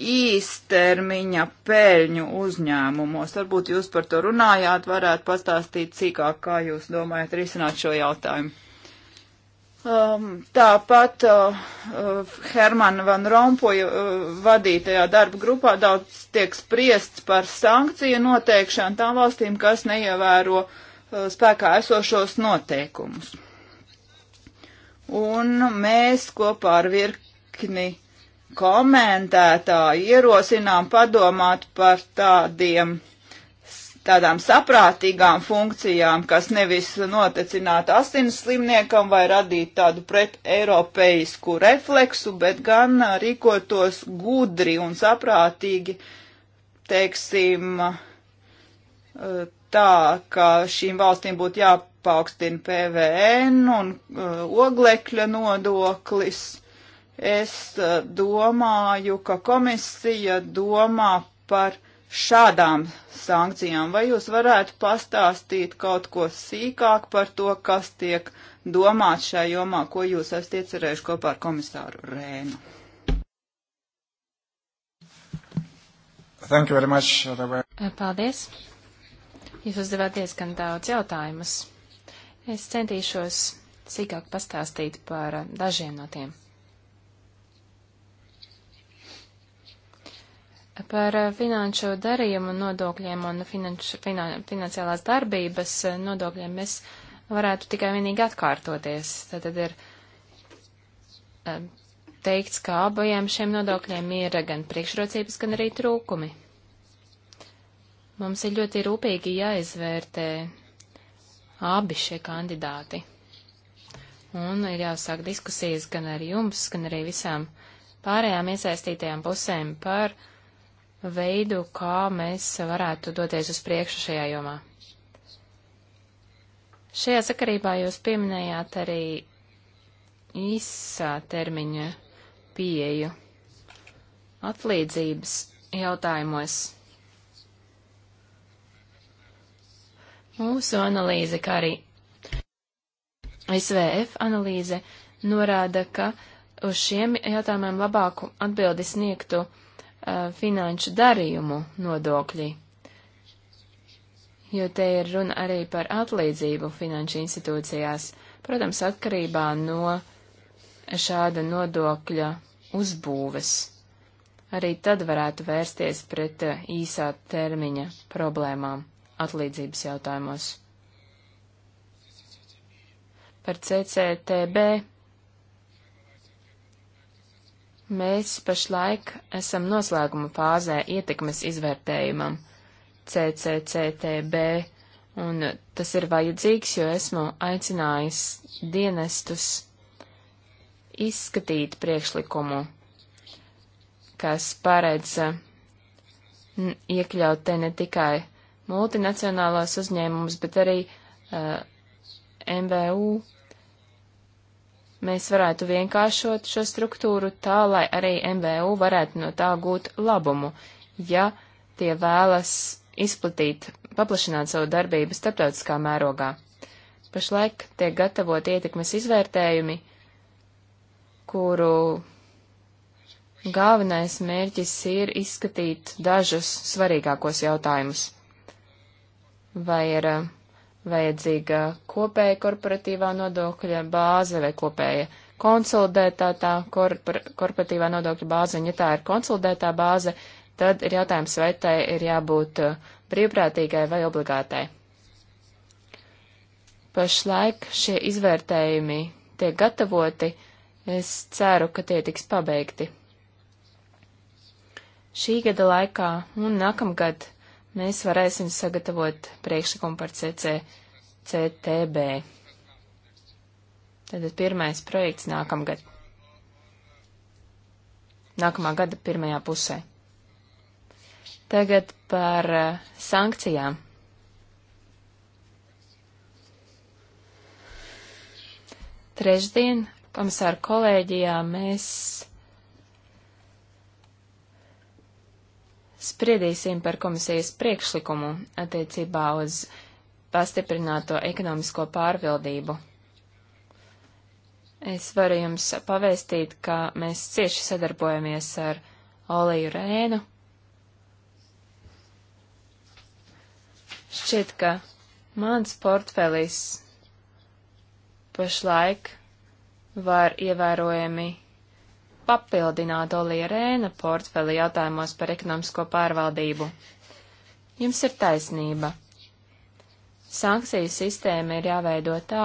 īstermiņa pēļņu uzņēmumos. Varbūt jūs par to runājāt, varētu pastāstīt sīkāk, kā jūs domājat risināt šo jautājumu. Um, tāpat uh, Hermana Van Rompuja uh, vadītajā darba grupā daudz tiek spriests par sankciju noteikšanu tām valstīm, kas neievēro uh, spēkā esošos noteikumus. Un mēs kopā ar virkni uh, komentētāji ierosinām padomāt par tādiem tādām saprātīgām funkcijām, kas nevis notecinātu asins slimniekam vai radītu tādu pret-eiropeisku refleksu, bet gan rīkotos gudri un saprātīgi, teiksim, tā, ka šīm valstīm būtu jāpaukstina PVN un uh, oglekļa nodoklis Es eh, domāju, ka komisija domā par šādām sankcijām. Vai jūs varētu pastāstīt kaut ko sīkāk par to, kas tiek domāts šajā jomā, ko jūs esat iecerējuši kopā ar komisāru Rēnu? Much, eh, Paldies! Jūs uzdevāt diezgan daudz jautājumus. Es centīšos sīkāk pastāstīt par eh, dažiem no tiem. Par eh, finanšu darījumu nodokļiem un finanš, finan, finansiālās darbības eh, nodokļiem mēs varētu tikai vienīgi atkārtoties. Tad, tad ir eh, teikts, ka abajiem šiem nodokļiem ir gan priekšrocības, gan arī trūkumi. Mums ir ļoti rūpīgi jāizvērtē abi šie kandidāti. Un ir jāsāk diskusijas gan ar jums, gan arī visām pārējām iesaistītajām pusēm par uh, veidu, kā mēs varētu doties uz priekšu šajā jomā. Šajā sakarībā jūs pieminējāt arī īsā termiņa pieeju atlīdzības jautājumos. Mūsu analīze, kā arī SVF analīze, norāda, ka uz šiem jautājumiem labāku atbildi sniegtu uh, finanšu darījumu nodokļi, jo te ir runa arī par atlīdzību finanšu institūcijās, protams, atkarībā no šāda nodokļa uzbūves. Arī tad varētu vērsties pret īsā termiņa problēmām atlīdzības jautājumos. Par CCTB Mēs pašlaik esam noslēguma fāzē ietekmes izvērtējumam CCCTB, un tas ir vajadzīgs, jo esmu aicinājis dienestus izskatīt priekšlikumu, kas paredz iekļaut te ne tikai multinacionālos uzņēmumus, bet arī uh, eh, MVU Mēs varētu vienkāršot šo struktūru tā, lai arī MBU varētu no tā gūt labumu, ja tie vēlas izplatīt, paplašināt savu darbību starptautiskā mērogā. Pašlaik tiek gatavot ietekmes izvērtējumi, kuru galvenais mērķis ir izskatīt dažus svarīgākos jautājumus. Vai ir uh, vajadzīga kopēja korporatīvā nodokļa bāze vai kopēja konsolidētā tā korpor korporatīvā nodokļa bāze, un ja tā ir konsolidētā bāze, tad ir jautājums, vai tai ir jābūt uh, brīvprātīgai vai obligātai. Pašlaik šie izvērtējumi tiek gatavoti, es ceru, ka tie tiks pabeigti. Šī gada laikā un nākamgad mēs varēsim sagatavot priekšlikumu par CCCTB. Tad pirmais projekts nākamgad. Nākamā gada pirmajā pusē. Tagad par eh, sankcijām. Trešdien komisāru kolēģijā mēs spriedīsim par komisijas priekšlikumu attiecībā uz pastiprināto ekonomisko pārvildību. Es varu jums pavēstīt, ka mēs cieši sadarbojamies ar Oliju Rēnu. Šķiet, ka mans portfelis pašlaik var ievērojami papildināt Olija Rēna portfeli jautājumos par ekonomisko pārvaldību. Jums ir taisnība. Sankciju sistēma ir jāveido tā,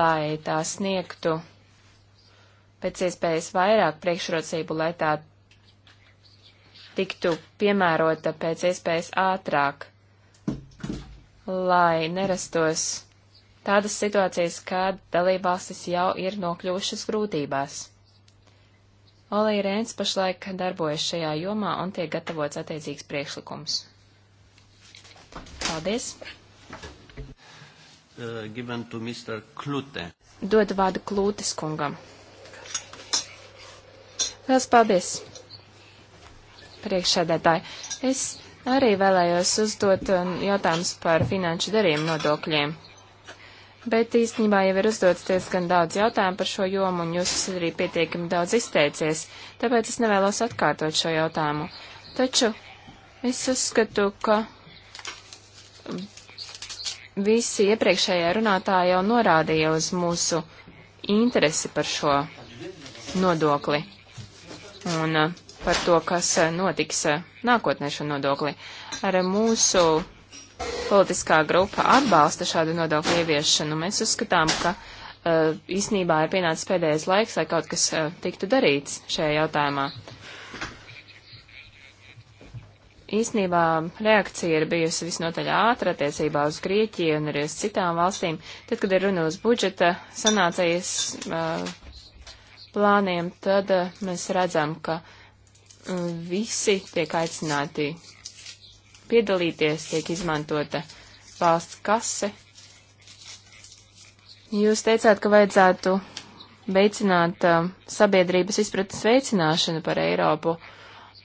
lai tā sniegtu pēc iespējas vairāk priekšrocību, lai tā tiktu piemērota pēc iespējas ātrāk, lai nerastos tādas situācijas, kad dalībvalstis jau ir nokļuvušas grūtībās. Olī Rēns pašlaik darbojas šajā jomā un tiek gatavots attiecīgs priekšlikums. Paldies! Uh, Dodu vārdu Klūtes kungam. Lielas paldies! Priekšsēdētāji, es arī vēlējos uzdot um, jautājumus par finanšu darījumu nodokļiem bet īstenībā jau ir uzdots gan daudz jautājumu par šo jomu, un jūs esat arī pietiekami daudz izteicies, tāpēc es nevēlos atkārtot šo jautājumu. Taču es uzskatu, ka visi iepriekšējā runātāja jau norādīja uz mūsu interesi par šo nodokli un uh, par to, kas uh, notiks uh, nākotnē šo nodokli. Ar mūsu Politiskā grupa atbalsta šādu nodokļu ieviešanu. Mēs uzskatām, ka uh, īsnībā ir pienācis pēdējais laiks, lai kaut kas uh, tiktu darīts šajā jautājumā. Īsnībā reakcija ir bijusi visnotaļ ātra attiecībā uz Grieķiju un arī uz citām valstīm. Tad, kad ir runa uz budžeta sanācējas uh, eh, plāniem, tad uh, mēs redzam, ka uh, visi tiek aicināti piedalīties, tiek izmantota valsts kase. Jūs teicāt, ka vajadzētu veicināt uh, sabiedrības izpratnes veicināšanu par Eiropu.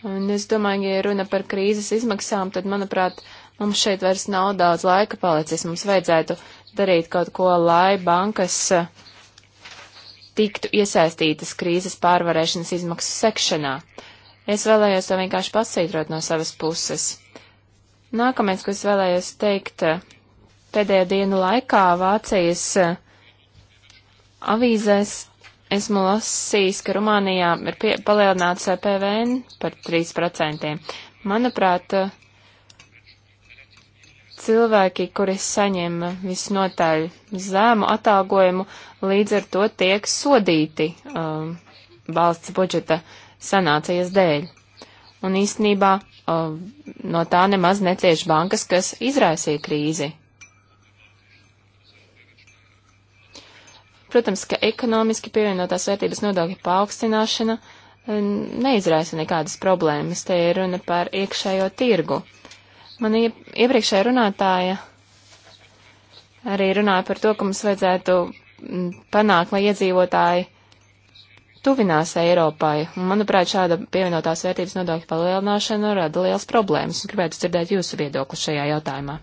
Un es domāju, ja runa par krīzes izmaksām, tad, manuprāt, mums šeit vairs nav daudz laika palicis. Mums vajadzētu darīt kaut ko, lai bankas uh, tiktu iesaistītas krīzes pārvarēšanas izmaksu sekšanā. Es vēlējos to vienkārši pasvītrot no savas puses. Nākamais, ko es vēlējos teikt, eh, pēdējo dienu laikā Vācijas eh, avīzēs esmu lasījis, ka Rumānijā ir pie, palielināts eh, PVN par 3%. Manuprāt, cilvēki, kuri saņem visnotaļ zēmu atalgojumu, līdz ar to tiek sodīti um, valsts budžeta sanācijas dēļ. Un īstenībā no tā nemaz necieš bankas, kas izraisīja krīzi. Protams, ka ekonomiski pievienotās vērtības nodokļa paaugstināšana e, neizraisa nekādas problēmas. Te ir runa par iekšējo tirgu. Man iepriekšējā runātāja arī runāja par to, ka mums vajadzētu panākt, lai iedzīvotāji tuvinās Eiropai. Un, manuprāt, šāda pievienotās vērtības nodokļa palielināšana rada liels problēmas. Un gribētu dzirdēt jūsu viedokli šajā jautājumā.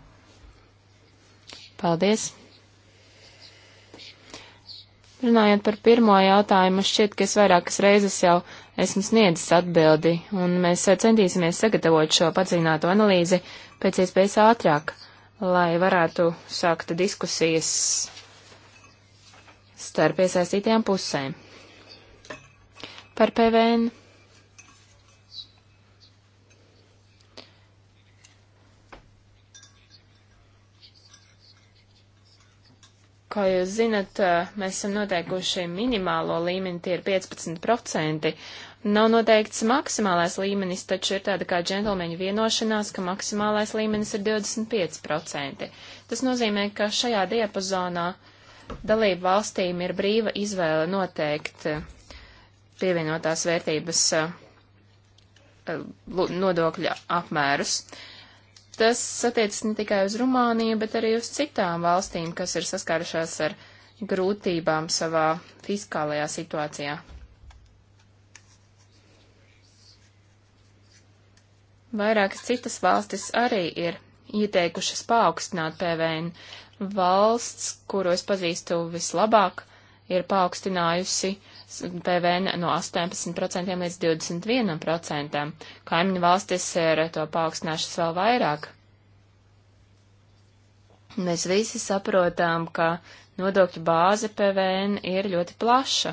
Paldies! Runājot par pirmo jautājumu, šķiet, ka es vairākas reizes jau esmu sniedzis atbildi, un mēs centīsimies sagatavot šo padziļināto analīzi pēc iespējas ātrāk, lai varētu sākt diskusijas starp iesaistītajām pusēm par PVN. Kā jūs zinat, mēs esam noteikuši minimālo līmeni, tie ir 15%. Nav noteikts maksimālais līmenis, taču ir tāda kā džentlmeņa vienošanās, ka maksimālais līmenis ir 25%. Tas nozīmē, ka šajā diapazonā dalību valstīm ir brīva izvēle noteikt pievienotās vērtības eh, eh, nodokļa apmērus. Tas attiecas ne tikai uz Rumāniju, bet arī uz citām valstīm, kas ir saskārušās ar grūtībām savā fiskālajā situācijā. Vairākas citas valstis arī ir ieteikušas paaugstināt PVN. Valsts, kuru es pazīstu vislabāk, ir paaugstinājusi uh, PVN no 18% līdz 21%. Kaimiņu valstis ir to paaugstināšas vēl vairāk. Mēs visi saprotam, ka nodokļu bāze PVN ir ļoti plaša.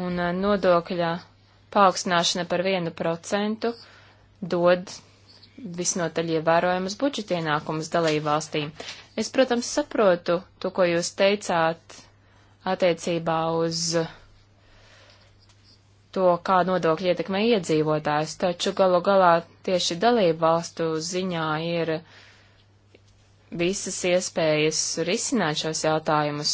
Un uh, nodokļa paaugstināšana par 1% dod visnotaļ ievērojamas budžetienākumas dalībvalstīm. Es, protams, saprotu to, ko jūs teicāt attiecībā uz to, kā nodokļi ietekmē iedzīvotājs, taču galu galā tieši dalību valstu ziņā ir visas iespējas risināt šos jautājumus,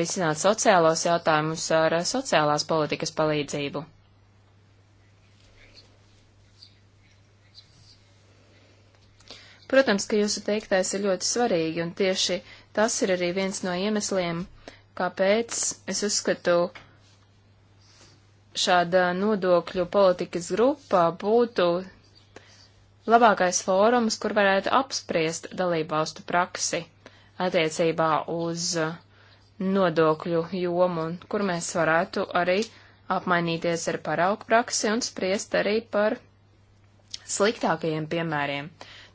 risināt sociālos jautājumus ar sociālās politikas palīdzību. Protams, ka jūsu teiktais ir ļoti svarīgi, un tieši tas ir arī viens no iemesliem, kāpēc es uzskatu, šāda nodokļu politikas grupā būtu labākais fórums, kur varētu apspriest dalībvalstu praksi attiecībā uz nodokļu jomu, un kur mēs varētu arī apmainīties ar paraugu praksi un spriest arī par sliktākajiem piemēriem.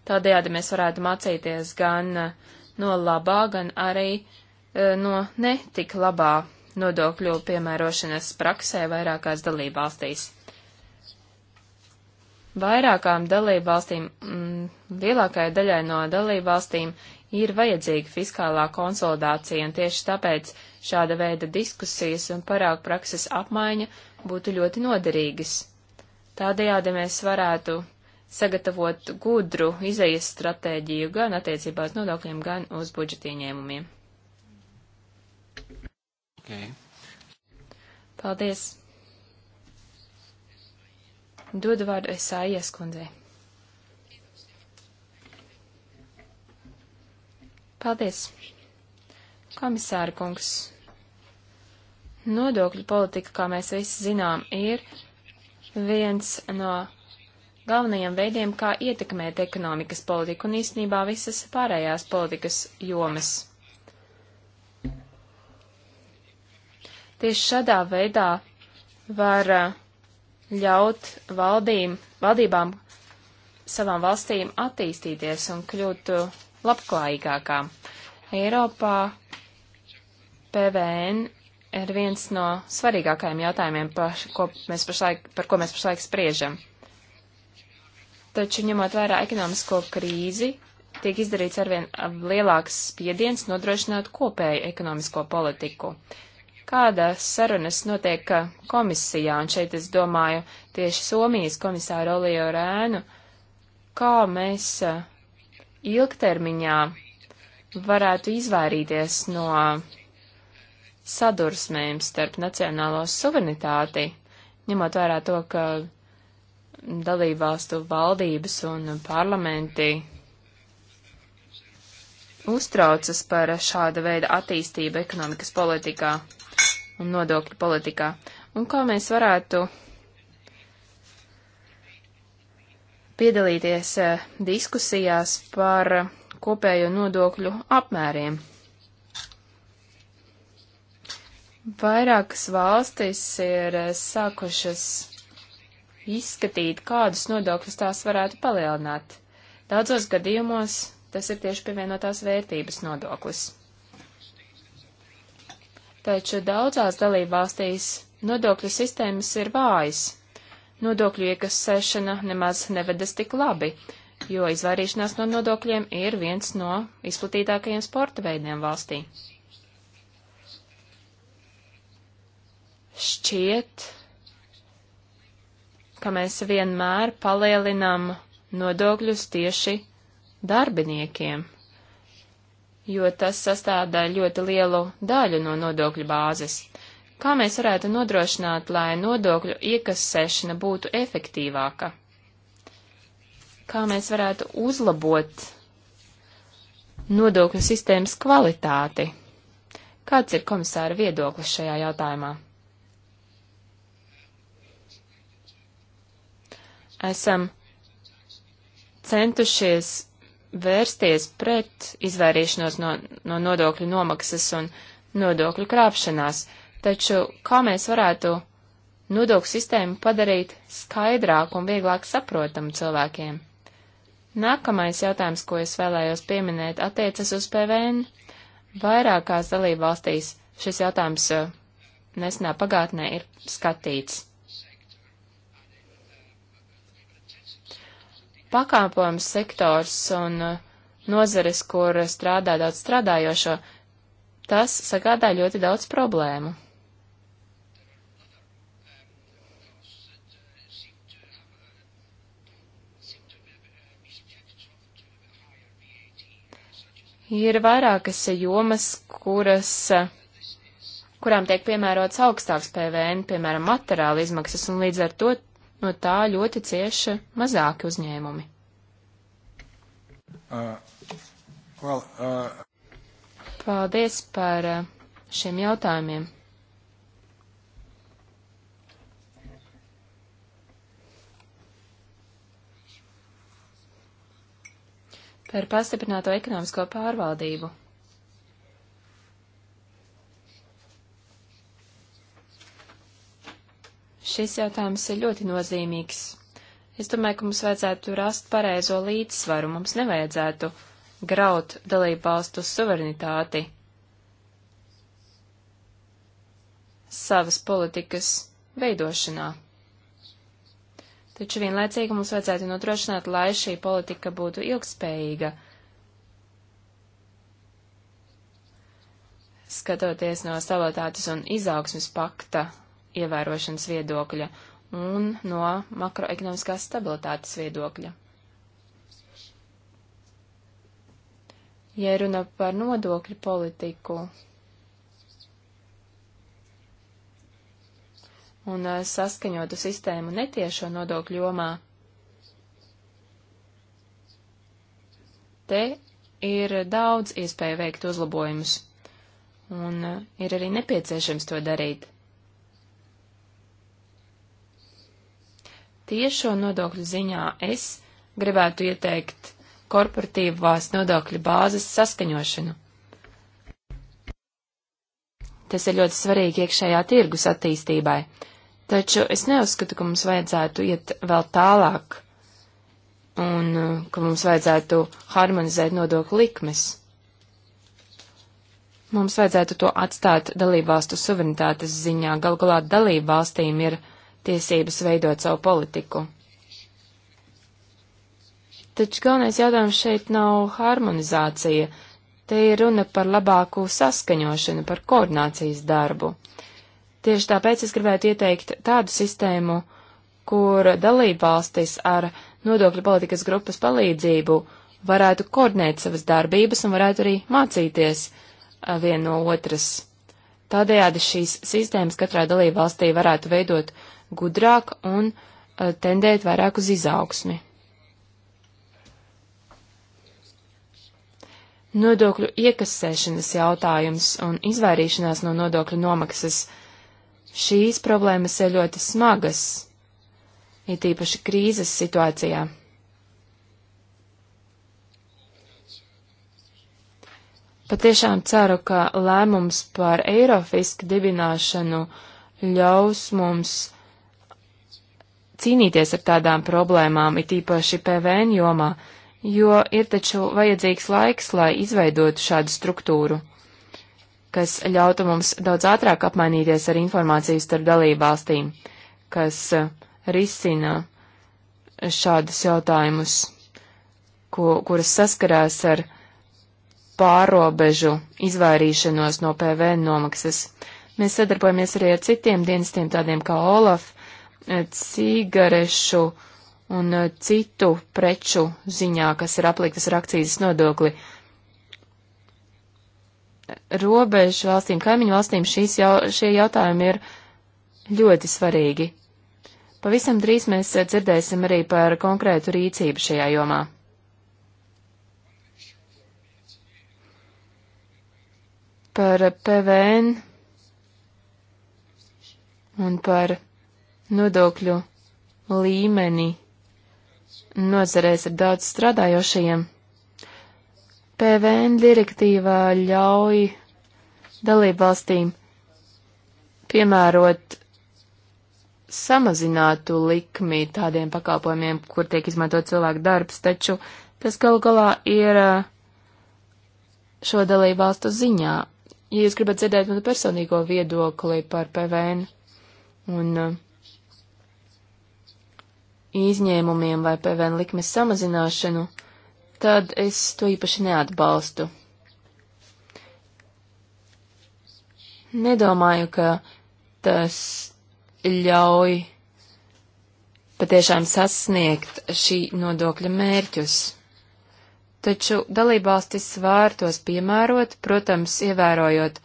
Tādējādi mēs varētu mācīties gan uh, no labā, gan arī uh, no netik labā nodokļu piemērošanas praksē vairākās dalībvalstīs. Vairākām dalībvalstīm, mm, lielākajai daļai no dalībvalstīm ir vajadzīga fiskālā konsolidācija, un tieši tāpēc šāda veida diskusijas un parāk prakses apmaiņa būtu ļoti noderīgas. Tādējādi mēs varētu sagatavot gudru izejas stratēģiju gan attiecībā uz nodokļiem, gan uz budžeta ieņēmumiem. Okay. Paldies. Dodu vārdu Esāijas kundzei. Paldies. Komisāra kungs. Nodokļu politika, kā mēs visi zinām, ir viens no galvenajiem veidiem, kā ietekmēt ekonomikas politiku un īstenībā visas pārējās politikas jomas. Tieši šādā veidā var uh, ļaut valdīm, valdībām savām valstīm attīstīties un kļūt uh, labklājīgākām. Eiropā PVN ir viens no svarīgākajiem jautājumiem, par ko mēs pašlaik, par ko mēs pašlaik spriežam taču ņemot vērā ekonomisko krīzi, tiek izdarīts arvien lielāks spiediens nodrošināt kopēju ekonomisko politiku. Kādas sarunas notiek komisijā, un šeit es domāju tieši Somijas komisāru Olio Rēnu, kā mēs eh, ilgtermiņā varētu izvairīties no sadursmēm starp nacionālo suverenitāti, ņemot vērā to, ka dalībvalstu valdības un parlamenti uztraucas par šāda veida attīstību ekonomikas politikā un nodokļu politikā. Un kā mēs varētu piedalīties eh, diskusijās par kopējo nodokļu apmēriem. Vairākas valstis ir eh, sākušas izskatīt, kādus nodokļus tās varētu palielināt. Daudzos gadījumos tas ir tieši pievienotās vērtības nodoklis. Taču daudzās dalībvalstīs nodokļu sistēmas ir vājas. Nodokļu iekasēšana nemaz nevedas tik labi, jo izvairīšanās no nodokļiem ir viens no izplatītākajiem sporta veidiem valstī. Šķiet, ka mēs vienmēr palielinam nodokļus tieši darbiniekiem, jo tas sastādā ļoti lielu daļu no nodokļu bāzes. Kā mēs varētu nodrošināt, lai nodokļu iekasēšana būtu efektīvāka? Kā mēs varētu uzlabot nodokļu sistēmas kvalitāti? Kāds ir komisāra viedoklis šajā jautājumā? esam centušies vērsties pret izvairīšanos no, no nodokļu nomaksas un nodokļu krāpšanās, taču kā mēs varētu nodokļu sistēmu padarīt skaidrāku un vieglāk saprotamu cilvēkiem? Nākamais jautājums, ko es vēlējos pieminēt, attiecas uz PVN. Vairākās dalībvalstīs šis jautājums uh, nesenā pagātnē ir skatīts. pakāpojums sektors un uh, nozares, kur strādā daudz strādājošo, tas sagādā ļoti daudz problēmu. Ir vairākas jomas, kuras, kurām tiek piemērots augstāks PVN, piemēram, materiāla izmaksas, un līdz ar to no tā ļoti cieši mazāki uzņēmumi. Uh, well, uh... Paldies par uh, šiem jautājumiem. par pastiprināto ekonomisko pārvaldību. Šis jautājums ir ļoti nozīmīgs. Es domāju, ka mums vajadzētu rast pareizo līdzsvaru, mums nevajadzētu graut dalību valstu suverenitāti, savas politikas veidošanā. Taču vienlaicīgi mums vajadzētu nodrošināt, lai šī politika būtu ilgspējīga. Skatoties no stabilitātes un izaugsmes pakta ievērošanas viedokļa un no makroekonomiskās stabilitātes viedokļa. Ja runa par nodokļu politiku un eh, saskaņotu sistēmu netiešo nodokļu jomā, te ir daudz iespēju veikt uzlabojumus, un eh, ir arī nepieciešams to darīt. tiešo nodokļu ziņā es gribētu ieteikt korporatīvās nodokļu bāzes saskaņošanu. Tas ir ļoti svarīgi iekšējā tirgus attīstībai, taču es neuzskatu, ka mums vajadzētu iet vēl tālāk un uh, ka mums vajadzētu harmonizēt nodokļu likmes. Mums vajadzētu to atstāt dalībvalstu suverenitātes ziņā. Galu galā dalībvalstīm ir tiesības veidot savu politiku. Taču galvenais jautājums šeit nav harmonizācija, te ir runa par labāku saskaņošanu, par koordinācijas darbu. Tieši tāpēc es gribētu ieteikt tādu sistēmu, kur dalībvalstis ar nodokļu politikas grupas palīdzību varētu koordinēt savas darbības un varētu arī mācīties vien no otras. Tādējādi šīs sistēmas katrā dalībvalstī varētu veidot gudrāk un eh, tendēt vairāk uz izaugsmi. Nodokļu iekasēšanas jautājums un izvairīšanās no nodokļu nomaksas. Šīs problēmas ir ļoti smagas, it īpaši krīzes situācijā. Patiešām ceru, ka lēmums par Eirofiska dibināšanu ļaus mums cīnīties ar tādām problēmām, it īpaši PVN jomā, jo ir taču vajadzīgs laiks, lai izveidotu šādu struktūru, kas ļautu mums daudz ātrāk apmainīties ar informāciju starp dalībvalstīm, kas eh, risina šādus jautājumus, ko, kuras saskarās ar pārobežu izvairīšanos no PVN nomaksas. Mēs sadarbojamies arī ar citiem dienestiem, tādiem kā OLAF, Eh, cigarešu un eh, citu preču ziņā, kas ir apliktas ar akcijas nodokli. Robežu valstīm, kaimiņu valstīm šīs jau, šie jautājumi ir ļoti svarīgi. Pavisam drīz mēs eh, dzirdēsim arī par konkrētu rīcību šajā jomā. Par PVN un par nodokļu līmeni nozarēs ar daudz strādājošajiem. PVN direktīvā ļauj dalībvalstīm piemērot samazinātu likmi tādiem pakalpojumiem, kur tiek izmantot cilvēku darbs, taču tas galu galā ir šo dalībvalstu ziņā. Ja jūs gribat dzirdēt manu personīgo viedokli par PVN un uh, izņēmumiem vai PVN likmes samazināšanu, tad es to īpaši neatbalstu. Nedomāju, ka tas ļauj patiešām sasniegt šī nodokļa mērķus. Taču dalībvalstis var tos piemērot, protams, ievērojot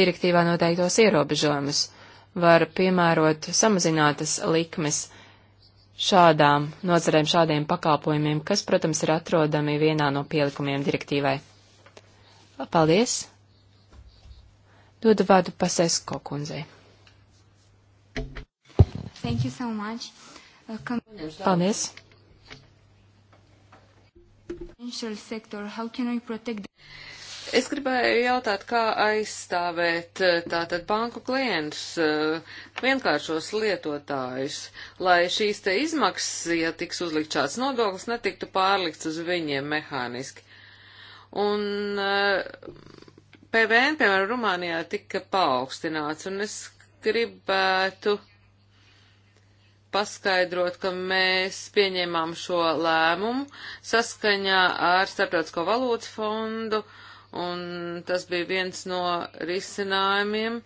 direktīvā noteiktos ierobežojumus, var piemērot samazinātas likmes, šādām nozarēm, šādiem pakalpojumiem, kas, protams, ir atrodami vienā no pielikumiem direktīvai. Paldies! Dodu vārdu Pasesko kundzei. Thank you so much. Uh, Paldies! Financial sector, how can we protect Es gribēju jautāt, kā aizstāvēt eh, tātad banku klientus, eh, vienkāršos lietotājus, lai šīs te izmaksas, ja tiks uzlikt šāds nodoklis, netiktu pārlikts uz viņiem mehāniski. Un eh, PVN, piemēram, Rumānijā tika paaugstināts, un es gribētu paskaidrot, ka mēs pieņēmām šo lēmumu saskaņā ar Starptautisko valūtas fondu, uh, un tas bija viens no risinājumiem,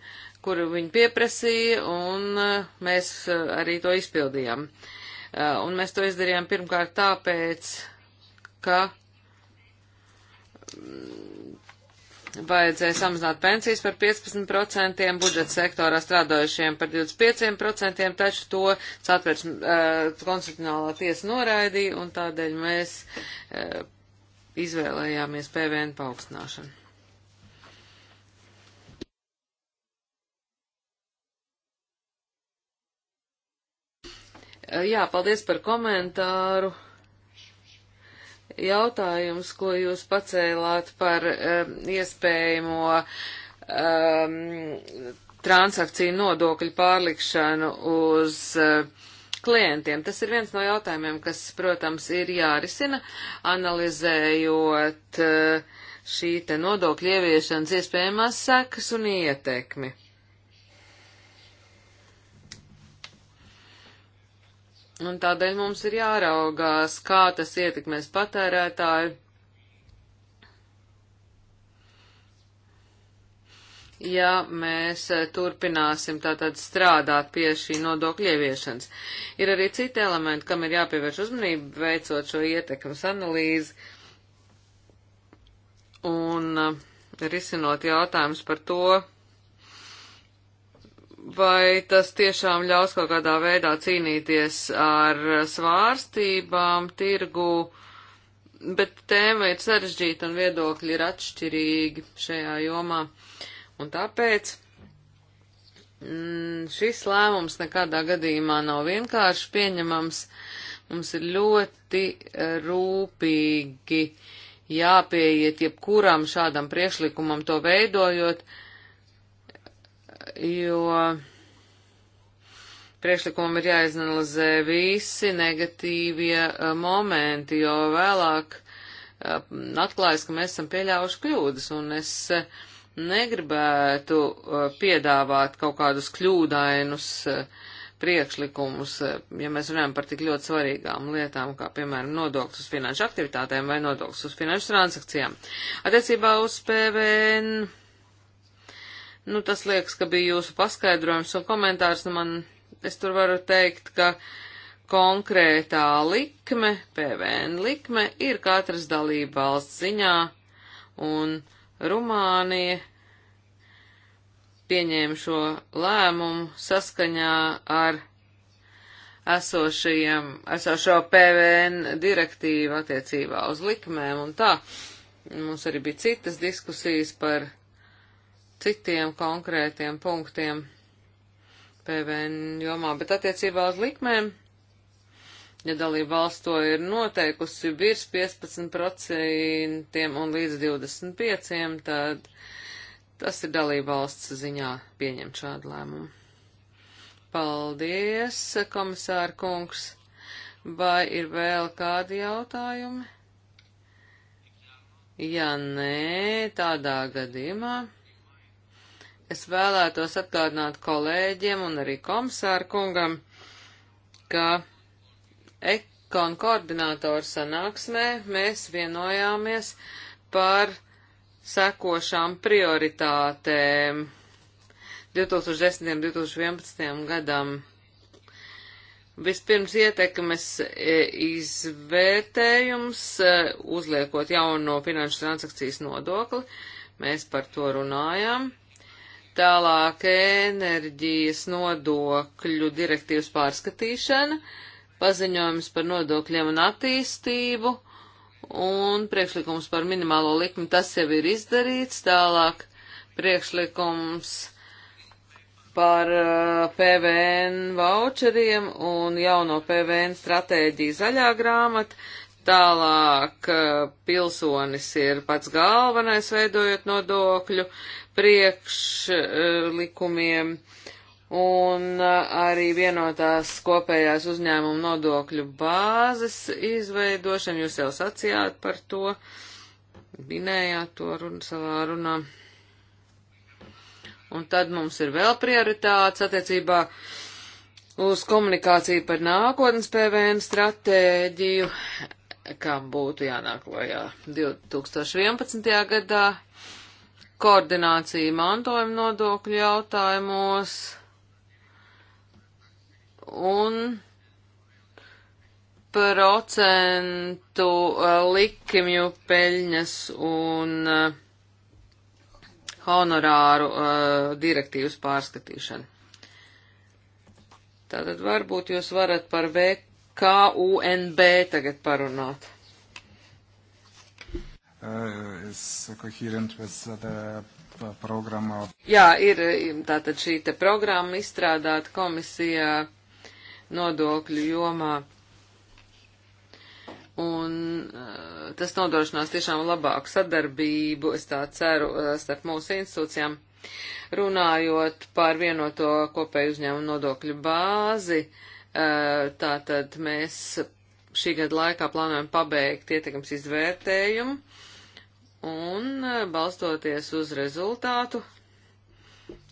kuru viņi pieprasīja, un eh, mēs eh, arī to izpildījām. Eh, un mēs to izdarījām pirmkārt tāpēc, ka mm, vajadzēja samazināt pensijas par 15%, budžeta sektorā strādājušiem par 25%, taču to ceturks uh, konstitucionālā tiesa noraidīja, un tādēļ mēs uh, izvēlējāmies PVN paaugstināšanu. Jā, paldies par komentāru. Jautājums, ko jūs pacēlāt par um, iespējamo um, transakciju nodokļu pārlikšanu uz uh, klientiem. Tas ir viens no jautājumiem, kas, protams, ir jārisina, analizējot eh, šī te nodokļu ieviešanas iespējamās sekas un ietekmi. Un tādēļ mums ir jāraugās, kā tas ietekmēs patērētāju ja mēs eh, turpināsim tātad strādāt pie šī nodokļa ieviešanas. Ir arī citi elementi, kam ir jāpievērš uzmanība, veicot šo ietekmes analīzi un eh, risinot jautājumus par to, vai tas tiešām ļaus kaut kādā veidā cīnīties ar svārstībām, tirgu, bet tēma ir sarežģīta un viedokļi ir atšķirīgi šajā jomā. Uh, Un tāpēc mm, šis lēmums nekādā gadījumā nav vienkārši pieņemams. Mums ir ļoti eh, rūpīgi jāpieiet jebkuram šādam priekšlikumam to veidojot, jo priekšlikumam ir jāizanalizē visi negatīvie eh, momenti, jo vēlāk eh, atklājas, ka mēs esam pieļāvuši kļūdas, un es uh, negribētu uh, piedāvāt kaut kādus kļūdainus uh, priekšlikumus, uh, ja mēs runājam par tik ļoti svarīgām lietām, kā piemēram nodoklis uz finanšu aktivitātēm vai nodoklis uz finanšu transakcijām. Attiecībā uz PVN, nu tas liekas, ka bija jūsu paskaidrojums un komentārs, nu man, es tur varu teikt, ka konkrētā likme, PVN likme, ir katras dalība valsts ziņā un. Uh, Rumānija pieņēma šo lēmumu saskaņā ar esošajiem, esošo PVN direktīvu attiecībā uz likmēm un tā. Mums arī bija citas diskusijas par citiem konkrētiem punktiem PVN jomā, bet attiecībā uz likmēm ja dalība valsts to ir noteikusi virs 15% un līdz 25%, tad tas ir dalība valsts ziņā pieņemt šādu lēmumu. Paldies, komisāra kungs. Vai ir vēl kādi jautājumi? Ja nē, tādā gadījumā es vēlētos atgādināt kolēģiem un arī komisāru kungam, ka ekonu koordinātoru sanāksmē mēs vienojāmies par sekošām prioritātēm 2010. un 2011. gadam. Vispirms ietekmes e, izvērtējums, e, uzliekot jauno finanšu transakcijas nodokli, mēs par to runājām. Tālāk enerģijas nodokļu direktīvas pārskatīšana, uh, paziņojums par nodokļiem un attīstību un priekšlikums par minimālo likmi, tas jau ir izdarīts. Tālāk priekšlikums par uh, PVN voucheriem un jauno PVN stratēģiju zaļā grāmata. Tālāk uh, pilsonis ir pats galvenais veidojot nodokļu priekšlikumiem. Uh, un arī vienotās kopējās uzņēmuma nodokļu bāzes izveidošana. Jūs jau sacījāt par to, minējāt to run, savā runā. Un tad mums ir vēl prioritātes attiecībā uz komunikāciju par nākotnes PVN stratēģiju, kam būtu jānāk lojā 2011. gadā, koordinācija mantojuma nodokļu jautājumos un procentu eh, likmju peļņas un eh, honorāru eh, direktīvas pārskatīšana. Tātad varbūt jūs varat par VKUNB tagad parunāt. Uh, is coherent with the uh, programma. Jā, ir tātad šī te programma izstrādāta komisijā nodokļu jomā. Un eh, tas nodrošinās tiešām labāku sadarbību, es tā ceru, eh, starp mūsu institūcijām. Runājot par vienoto kopēju uzņēmumu nodokļu bāzi, eh, tātad mēs šī gada laikā plānojam pabeigt ietekams izvērtējumu un balstoties uz rezultātu,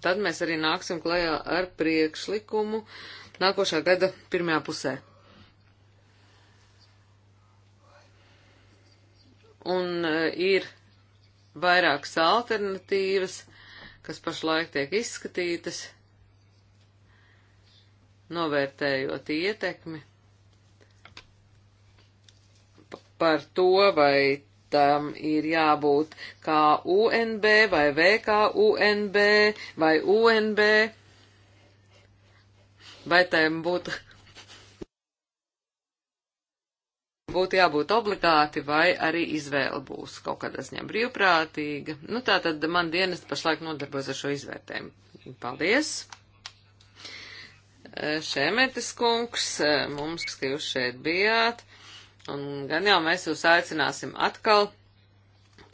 tad mēs arī nāksim klajā ar priekšlikumu nākošā gada pirmajā pusē. Un eh, ir vairākas alternatīvas, kas pašlaik tiek izskatītas, novērtējot ietekmi par to, vai tam ir jābūt kā UNB vai VKUNB vai UNB vai tēm būtu, būtu jābūt obligāti, vai arī izvēle būs kaut kādā ziņā brīvprātīga. Nu, tā tad man dienas pašlaik nodarbojas ar šo izvērtējumu. Paldies! Šemetis kungs, mums, ka jūs šeit bijāt, un gan jau mēs jūs aicināsim atkal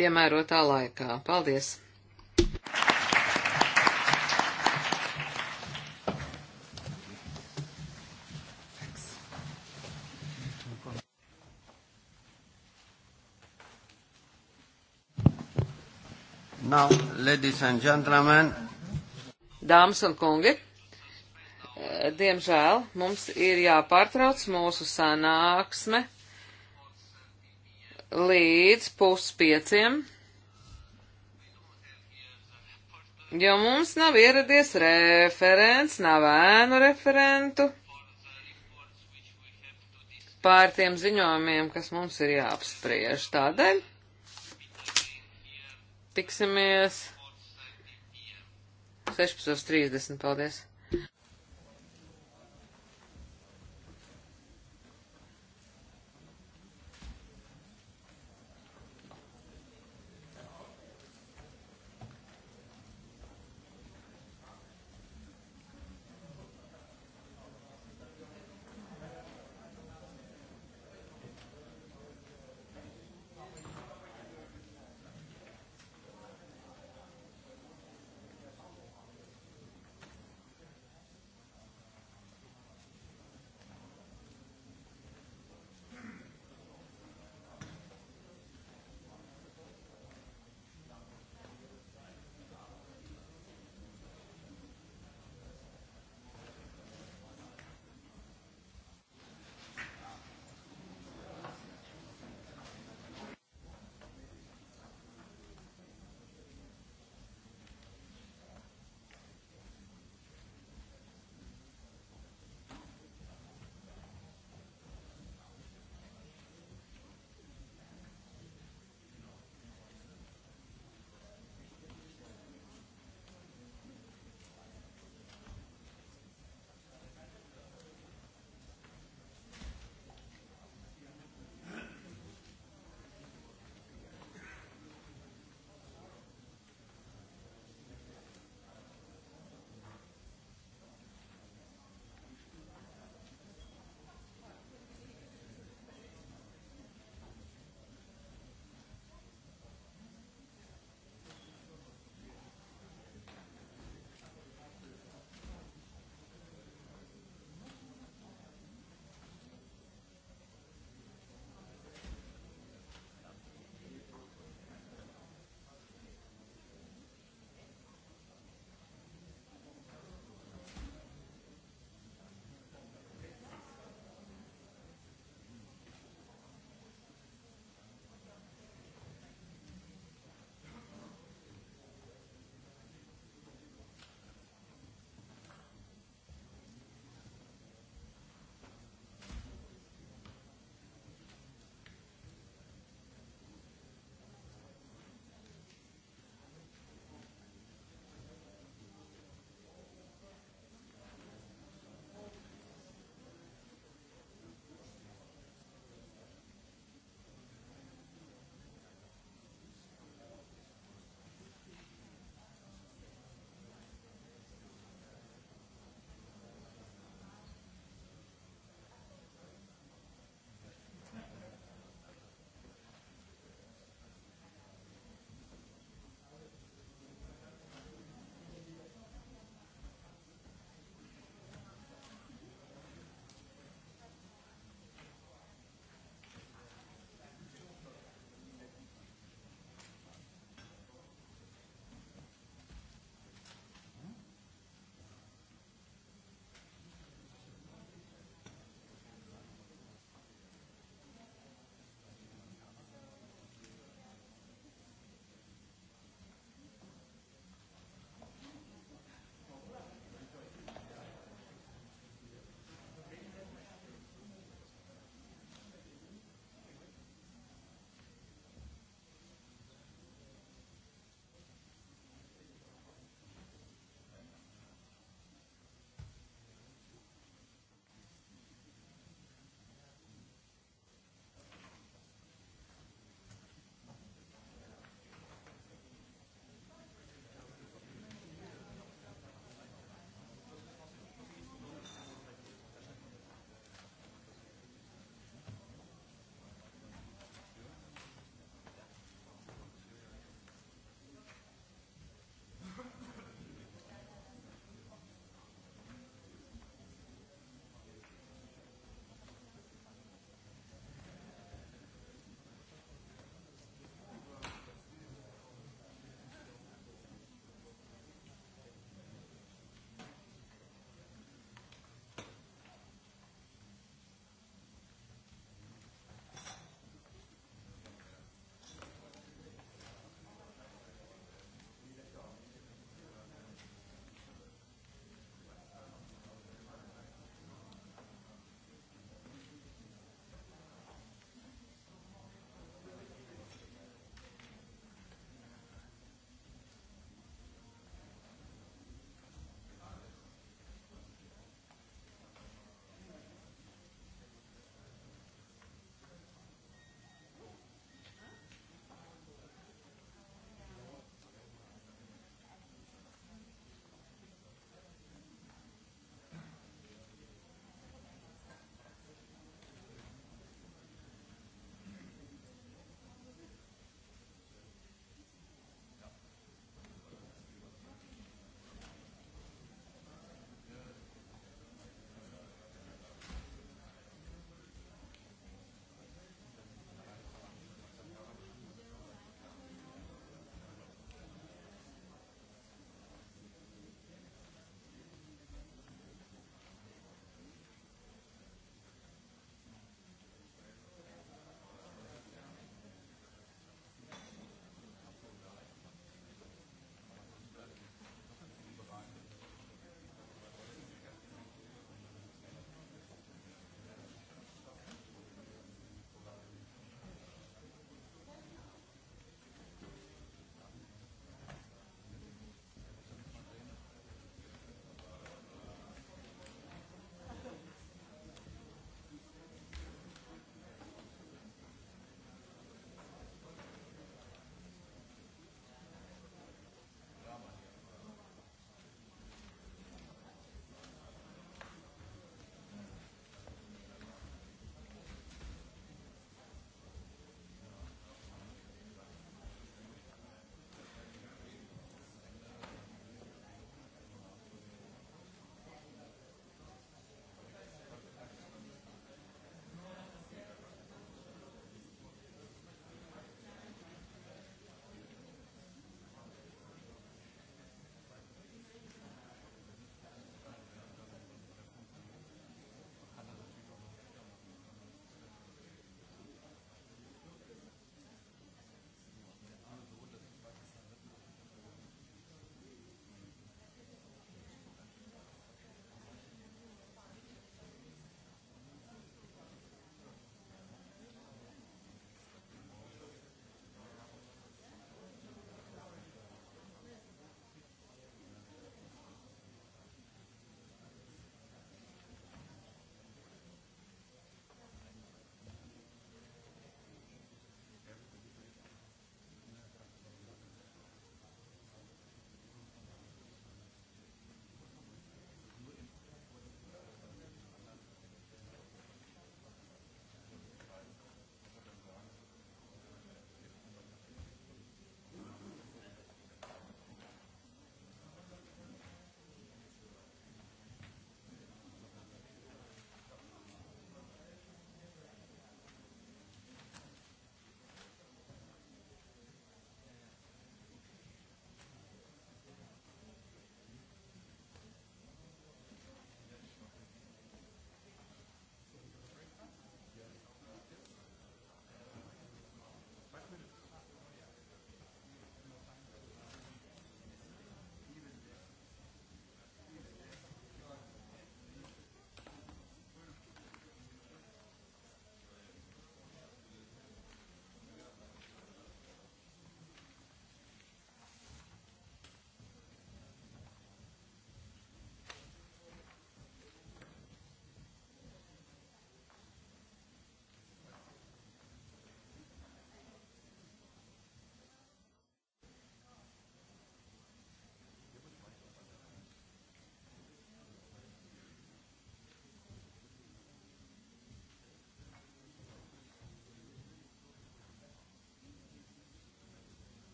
piemērotā laikā. Paldies! Thank you. Now, ladies and gentlemen. Dāmas un kungi, diemžēl mums ir jāpārtrauc mūsu sanāksme līdz puspieciem, jo mums nav ieradies referents, nav ēnu referentu pār tiem ziņojumiem, kas mums ir jāapspriež. Tādēļ tiksimies 16.30. Paldies!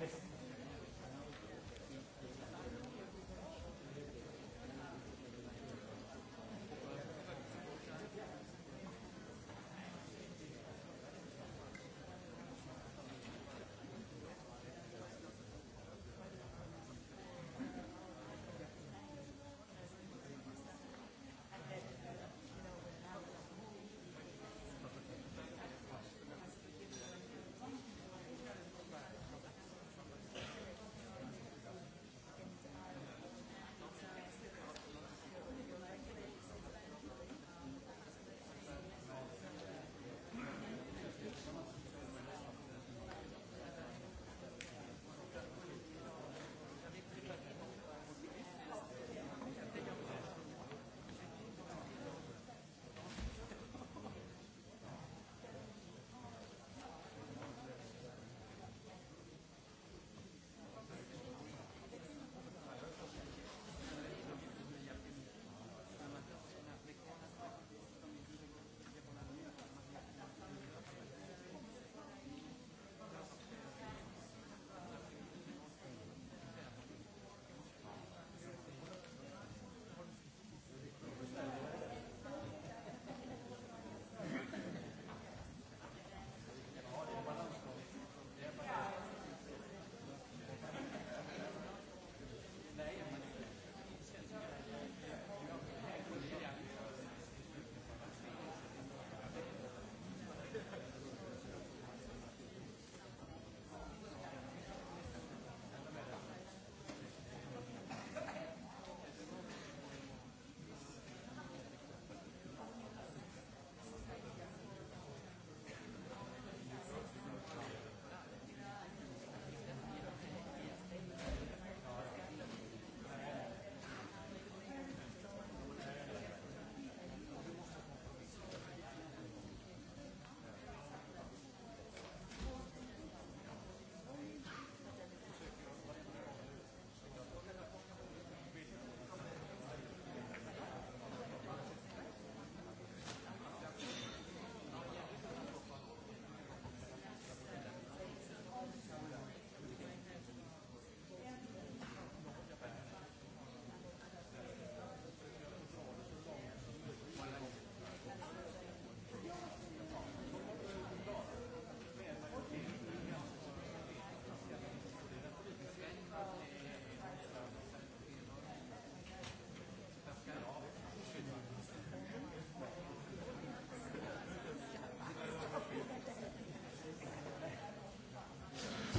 です。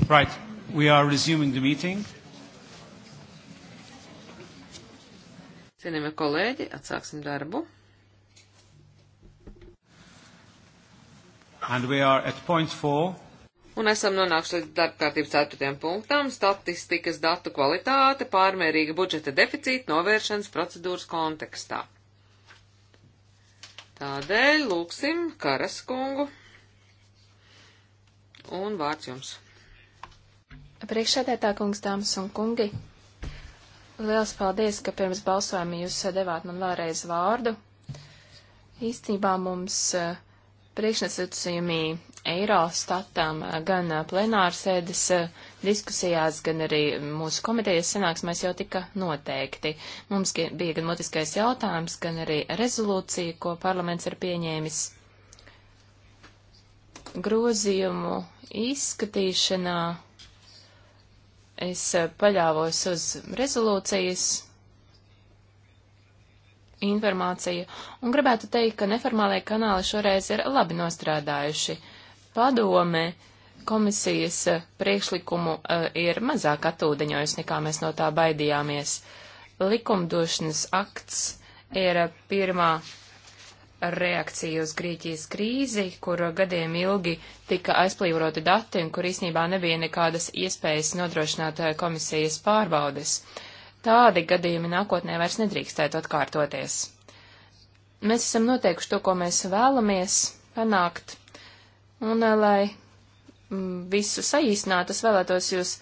Right. We are resuming the meeting. Cienījamie kolēģi, atsāksim darbu. And we are at point four. Un esam nonākuši līdz darbkārtības ceturtajam punktam - statistikas datu kvalitāte pārmērīga budžeta deficīta novēršanas procedūras kontekstā. Tādēļ lūksim Karaskungu un vārds jums. Priekšsēdētā kungs, dāmas un kungi, liels paldies, ka pirms balsojuma jūs devāt man vēlreiz vārdu. Īstenībā mums eh, priekšnesacījumī Eirostatam eh, gan eh, plenārsēdes diskusijās, gan arī mūsu komitejas sanāksmēs jau tika noteikti. Mums bija gan motiskais jautājums, gan arī rezolūcija, ko parlaments ir pieņēmis. Grozījumu izskatīšanā es eh, paļāvos uz rezolūcijas informāciju un gribētu teikt, ka neformālajie kanāli šoreiz ir labi nostrādājuši. Padome komisijas eh, priekšlikumu uh, ir mazāk atūdeņojis, nekā mēs no tā baidījāmies. Likumdošanas akts ir pirmā reakcija uz Grieķijas krīzi, kur gadiem ilgi tika aizplīvoti dati un kur īsnībā nebija nekādas iespējas nodrošināt eh, komisijas pārbaudes. Tādi gadījumi nākotnē vairs nedrīkstētu atkārtoties. Mēs esam noteikuši to, ko mēs vēlamies panākt, un eh, lai mm, visu saīsinātu, es vēlētos jūs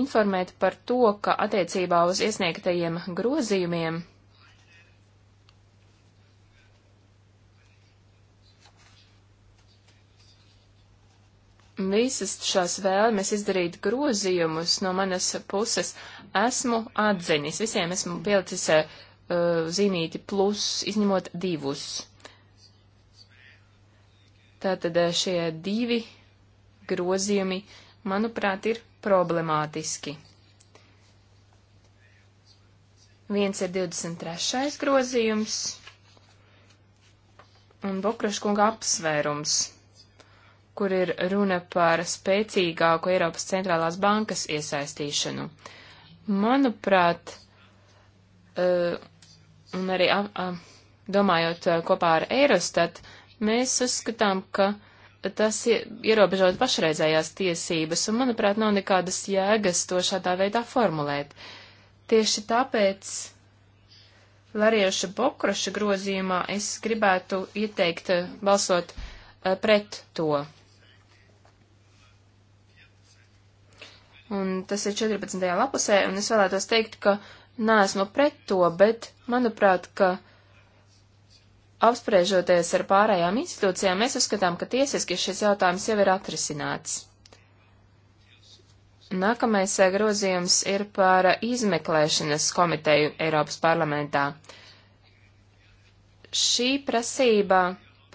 informēt par to, ka attiecībā uz iesniegtajiem grozījumiem visas šās vēlmes izdarīt grozījumus no manas puses esmu atzinis. Visiem esmu pielicis uh, zīmīti plus, izņemot divus. Tātad eh, šie divi grozījumi, manuprāt, ir problemātiski. Viens ir 23. grozījums un Bokraškunga apsvērums kur ir runa par spēcīgāku Eiropas centrālās bankas iesaistīšanu. Manuprāt, eh, un arī domājot eh, kopā ar Eirostat, mēs uzskatām, ka tas ierobežot pašreizējās tiesības, un manuprāt, nav nekādas jēgas to šādā veidā formulēt. Tieši tāpēc Larieša Bokroša grozījumā es gribētu ieteikt eh, balsot pret to. un tas ir 14. lapusē, un es vēlētos teikt, ka neesmu pret to, bet manuprāt, ka apspriežoties ar pārējām institūcijām, mēs uzskatām, ka tiesiski šis jautājums jau ir atrisināts. Nākamais eh, grozījums ir par izmeklēšanas komiteju Eiropas parlamentā. Šī prasība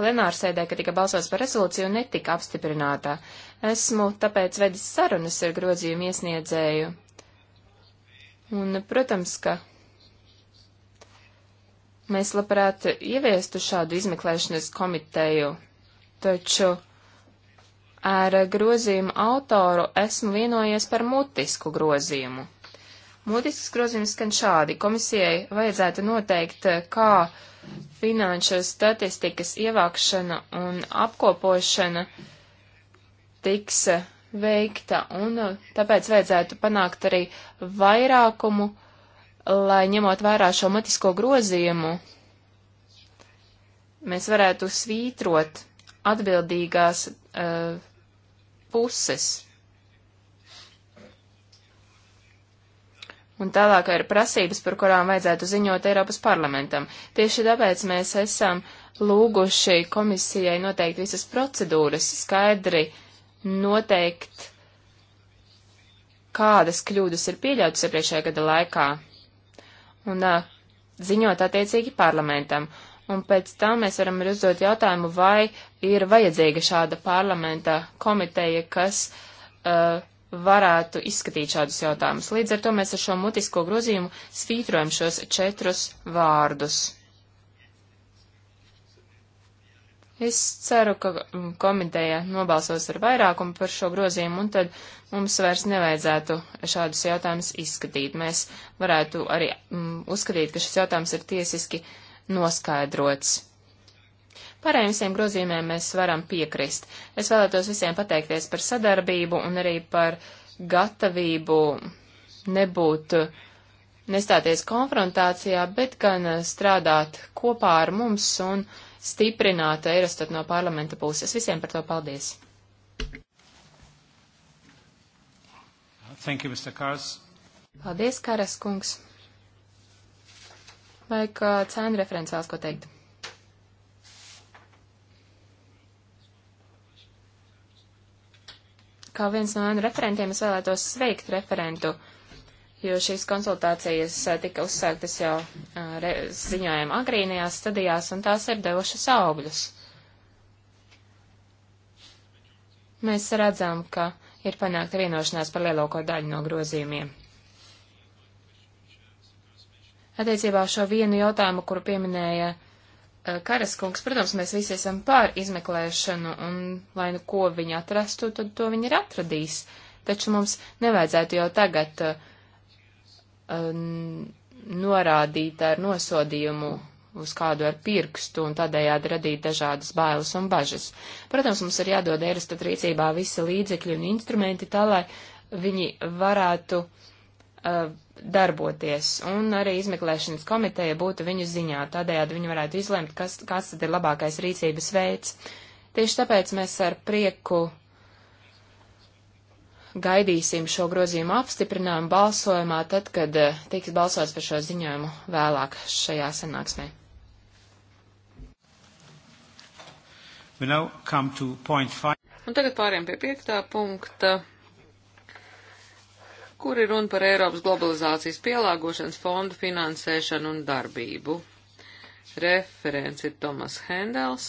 plenārsēdē, ka tika balsots par rezolūciju, netika apstiprināta. Esmu tāpēc vedis sarunas ar grozījumu iesniedzēju. Un, protams, ka mēs labprāt ieviestu šādu izmeklēšanas komiteju, taču ar grozījumu autoru esmu vienojies par mutisku grozījumu. Mutisks grozījums skan šādi. Komisijai vajadzētu noteikt, kā uh, finanšu statistikas ievākšana un apkopošana tiks veikta, un uh, tāpēc vajadzētu panākt arī vairākumu, lai ņemot vērā šo matisko grozījumu, mēs varētu svītrot atbildīgās uh, puses Un tālāk ir prasības, par kurām vajadzētu ziņot Eiropas parlamentam. Tieši tāpēc mēs esam lūguši komisijai noteikt visas procedūras, skaidri noteikt, kādas kļūdas ir pieļautas iepriekšējā gada laikā. Un uh, ziņot attiecīgi parlamentam. Un pēc tam mēs varam arī uzdot jautājumu, vai ir vajadzīga šāda parlamenta komiteja, kas uh, varētu izskatīt šādus jautājumus. Līdz ar to mēs ar šo mutisko grozījumu svītrojam šos četrus vārdus. Es ceru, ka mm, komiteja nobalsos ar vairākumu par šo grozījumu, un tad mums vairs nevajadzētu šādus jautājumus izskatīt. Mēs varētu arī mm, uzskatīt, ka šis jautājums ir tiesiski noskaidrots. Pārējiem visiem grozījumiem mēs varam piekrist. Es vēlētos visiem pateikties par sadarbību un arī par gatavību nebūt, nestāties konfrontācijā, bet gan eh, strādāt kopā ar mums un stiprināt Eirostat eh, no parlamenta puses. Visiem par to paldies! Thank you, Mr. Kārs. Paldies, Kāras kungs. Vai kāds ēnu referents vēlas ko teikt? Kā viens no referentiem es vēlētos sveikt referentu, jo šīs konsultācijas tika uzsāktas jau re, ziņojām agrīnajās stadijās, un tās ir devušas augļus. Mēs redzam, ka ir panākta vienošanās par lielāko daļu no grozījumiem. Attiecībā uz šo vienu jautājumu, kuru pieminēja uh, Eh, Karaskungs, protams, mēs visi esam pār izmeklēšanu, un lai nu ko viņi atrastu, tad to viņi ir atradīs. Taču mums nevajadzētu jau tagad um, norādīt ar nosodījumu uz kādu ar pirkstu un tādējādi radīt dažādas bailes un bažas. Protams, mums ir jādod ērastat rīcībā visi līdzekļi un instrumenti tā, lai viņi varētu uh, darboties, un arī izmeklēšanas komiteja būtu viņu ziņā, tādējādi viņi varētu izlemt, kas, kas tad ir labākais rīcības veids. Tieši tāpēc mēs ar prieku gaidīsim šo grozījumu apstiprinājumu balsojumā, tad, kad eh, tiks balsots par šo ziņojumu vēlāk šajā sanāksmē. Un tagad pāriem pie piektā punkta kur ir runa par Eiropas globalizācijas pielāgošanas fondu finansēšanu un darbību. Referents ir Tomas Hendels.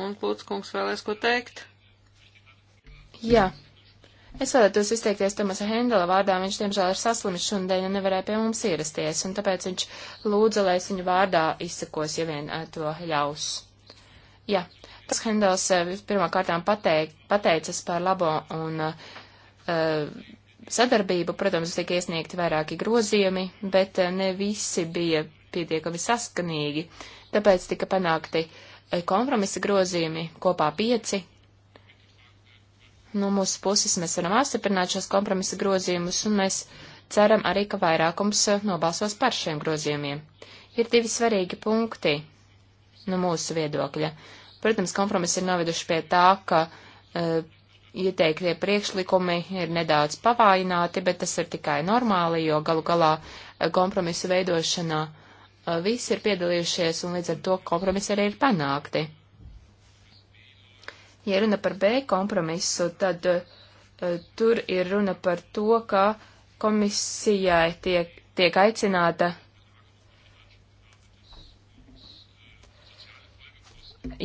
Un Plūtskungs vēlēs ko teikt? Jā. Es vēlētos izteikties Tomasa Hendela vārdā, viņš diemžēl ir saslimis šodien un nevarēja pie mums ierasties, un tāpēc viņš lūdza, lai es viņu vārdā izsakos, ja vien eh, to ļaus. Jā, tas Hendels eh, pirmā kārtām pateik, pateicas par labo un uh, Eh, sadarbību. Protams, tika iesniegti vairāki grozījumi, bet eh, ne visi bija pietiekami saskanīgi, tāpēc tika panākti eh, kompromisa grozījumi kopā pieci. No mūsu puses mēs varam apstiprināt šos kompromisa grozījumus, un mēs ceram arī, ka vairākums nobalsos par šiem grozījumiem. Ir divi svarīgi punkti no mūsu viedokļa. Protams, kompromisi ir noveduši pie tā, ka uh, ieteiktie priekšlikumi ir nedaudz pavājināti, bet tas ir tikai normāli, jo galu galā eh, kompromisu veidošanā eh, visi ir piedalījušies un līdz ar to kompromisi arī ir panākti. Ja runa par B kompromisu, tad uh, tur ir runa par to, ka komisijai tiek, tiek aicināta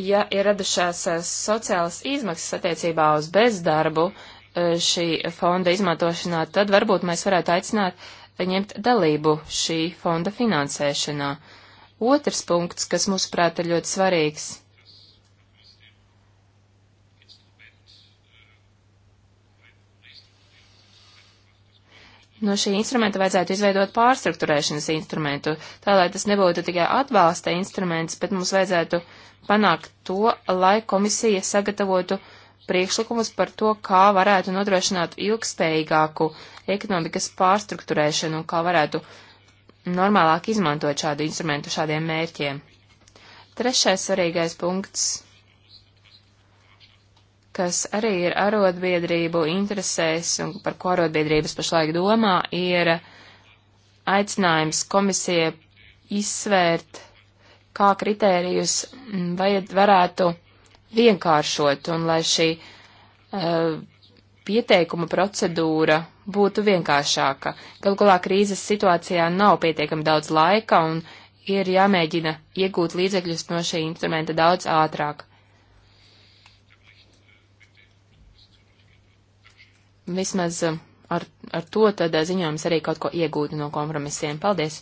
ja ir radušās eh, sociālas izmaksas attiecībā uz bezdarbu eh, šī fonda izmantošanā, tad varbūt mēs varētu aicināt eh, ņemt dalību šī fonda finansēšanā. Otrs punkts, kas mūsuprāt ir ļoti svarīgs no šī instrumenta vajadzētu izveidot pārstruktūrēšanas instrumentu, tā lai tas nebūtu tikai atbalsta instruments, bet mums vajadzētu panākt to, lai komisija sagatavotu priekšlikumus par to, kā varētu nodrošināt ilgspējīgāku ekonomikas pārstruktūrēšanu un kā varētu normālāk izmantot šādu instrumentu šādiem mērķiem. Trešais svarīgais punkts kas arī ir arotbiedrību interesēs un par ko arotbiedrības pašlaik domā, ir aicinājums komisijai izsvērt, kā kritērijus vajad, varētu vienkāršot un lai šī uh, pieteikuma procedūra būtu vienkāršāka. Galu galā krīzes situācijā nav pietiekami daudz laika un ir jāmēģina iegūt līdzekļus no šī instrumenta daudz ātrāk. vismaz um, ar, ar to tad uh, ziņojums arī kaut ko iegūtu no kompromisiem. Paldies!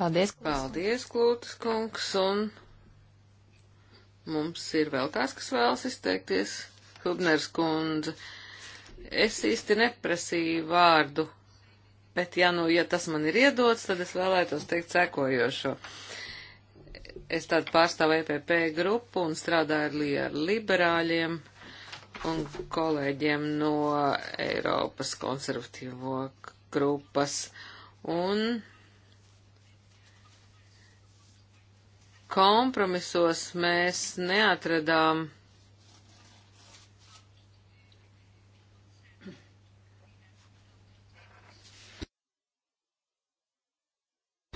Paldies, Klūtis! Paldies, Klūtis kungs, un mums ir vēl kāds, kas vēlas izteikties. Hubners kundze, es īsti neprasīju vārdu, bet ja nu, ja tas man ir iedots, tad es vēlētos teikt sekojošo. Es tādu pārstāvu EPP grupu un strādāju ar liberāļiem. Li un kolēģiem no Eiropas konservatīvo grupas. Un kompromisos mēs neatradām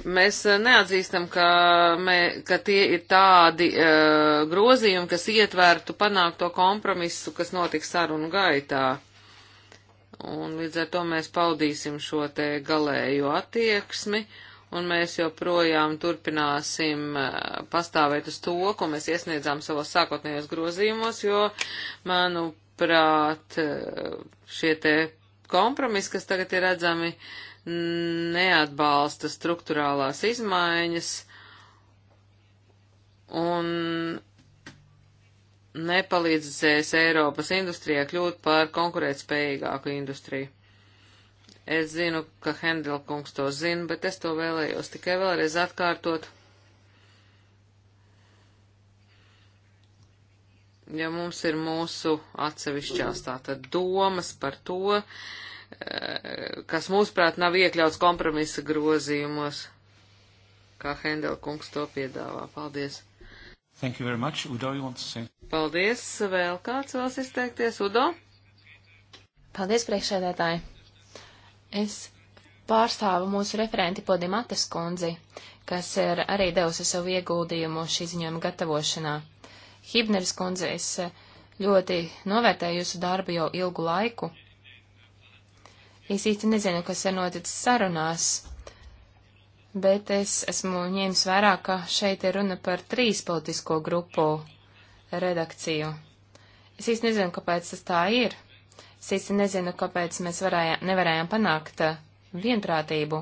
Mēs eh, neatzīstam, ka, mē, ka tie ir tādi uh, grozījumi, kas ietvertu panākto kompromisu, kas notiks sarunu gaitā. Un līdz ar to mēs paudīsim šo te galējo attieksmi, un mēs joprojām turpināsim uh, pastāvēt uz to, ko mēs iesniedzām savos sākotnējos grozījumos, jo, manuprāt, šie te kompromisi, kas tagad ir redzami, uh, neatbalsta struktūrālās izmaiņas un nepalīdzēs Eiropas industrijā kļūt par konkurētspējīgāku industriju. Es zinu, ka Hendelkungs to zina, bet es to vēlējos tikai vēlreiz atkārtot. Ja mums ir mūsu atsevišķās tātad domas par to, uh, kas mūsuprāt nav iekļauts kompromisa grozījumos, kā Hendelkungs to piedāvā. Paldies! Thank you very much. Udo, you want to say? Paldies! Vēl kāds vēlas izteikties? Udo? Paldies, priekšsēdētāji! Es pārstāvu mūsu referenti Podimatas kundzi, kas ir arī devusi savu ieguldījumu šī ziņojuma gatavošanā. Hibneris kundze, es ļoti novērtēju jūsu darbu jau ilgu laiku, Es īsti nezinu, kas ir noticis sarunās, bet es esmu ņēmis vērā, ka šeit ir runa par trīs politisko grupu redakciju. Es īsti nezinu, kāpēc tas tā ir. Es īsti nezinu, kāpēc mēs varējām, nevarējām panākt uh, vienprātību.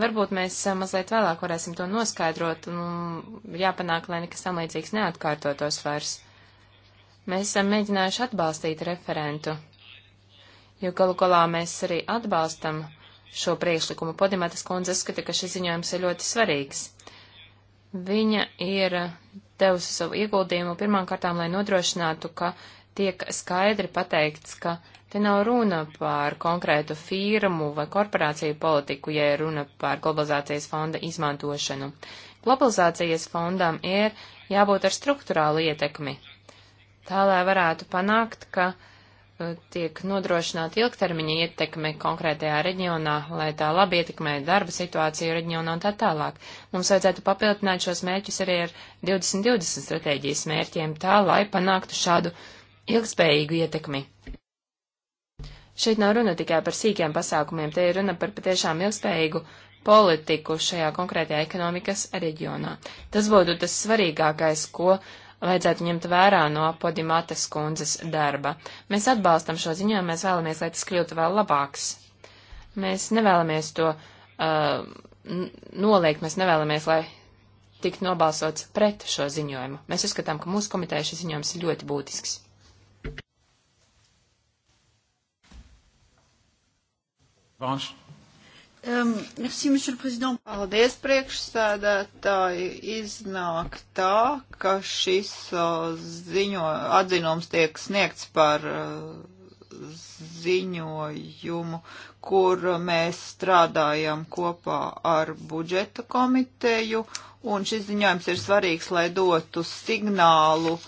Varbūt mēs uh, mazliet vēlāk varēsim to noskaidrot un mm, jāpanāk, lai nekas tam līdzīgs neatkārtotos vairs. Mēs esam uh, mēģinājuši atbalstīt referentu jo galu galā mēs arī atbalstam šo priekšlikumu. Podimētas kundze skata, ka šis ziņojums ir ļoti svarīgs. Viņa ir devusi savu ieguldījumu pirmām kārtām, lai nodrošinātu, ka tiek skaidri pateikts, ka te nav runa par konkrētu firmu vai korporāciju politiku, ja ir runa par globalizācijas fonda izmantošanu. Globalizācijas fondam ir jābūt ar struktūrālu ietekmi, tā lai varētu panākt, ka uh, tiek nodrošināta ilgtermiņa ietekme konkrētajā reģionā, lai tā labi ietekmē darba situāciju reģionā un tā tālāk. Mums vajadzētu papildināt šos mērķus arī ar 2020 stratēģijas mērķiem tā, lai panāktu šādu ilgspējīgu ietekmi. Šeit nav runa tikai par sīkiem pasākumiem, te ir runa par patiešām ilgspējīgu politiku šajā konkrētajā ekonomikas reģionā. Tas būtu tas svarīgākais, ko vajadzētu ņemt vērā no Podimates kundzes darba. Mēs atbalstam šo ziņojumu, mēs vēlamies, lai tas kļūtu vēl labāks. Mēs nevēlamies to uh, noliegt, mēs nevēlamies, lai tikt nobalsots pret šo ziņojumu. Mēs uzskatām, ka mūsu komiteja šis ziņojums ir ļoti būtisks. Vanš. Um, merci, monsieur le président. Paldies, priekšsēdētāji. Iznāk tā, ka šis uh, ziņo, atzinums tiek sniegts par uh, ziņojumu, kur mēs strādājam kopā ar budžeta komiteju, un šis ziņojums ir svarīgs, lai dotu signālu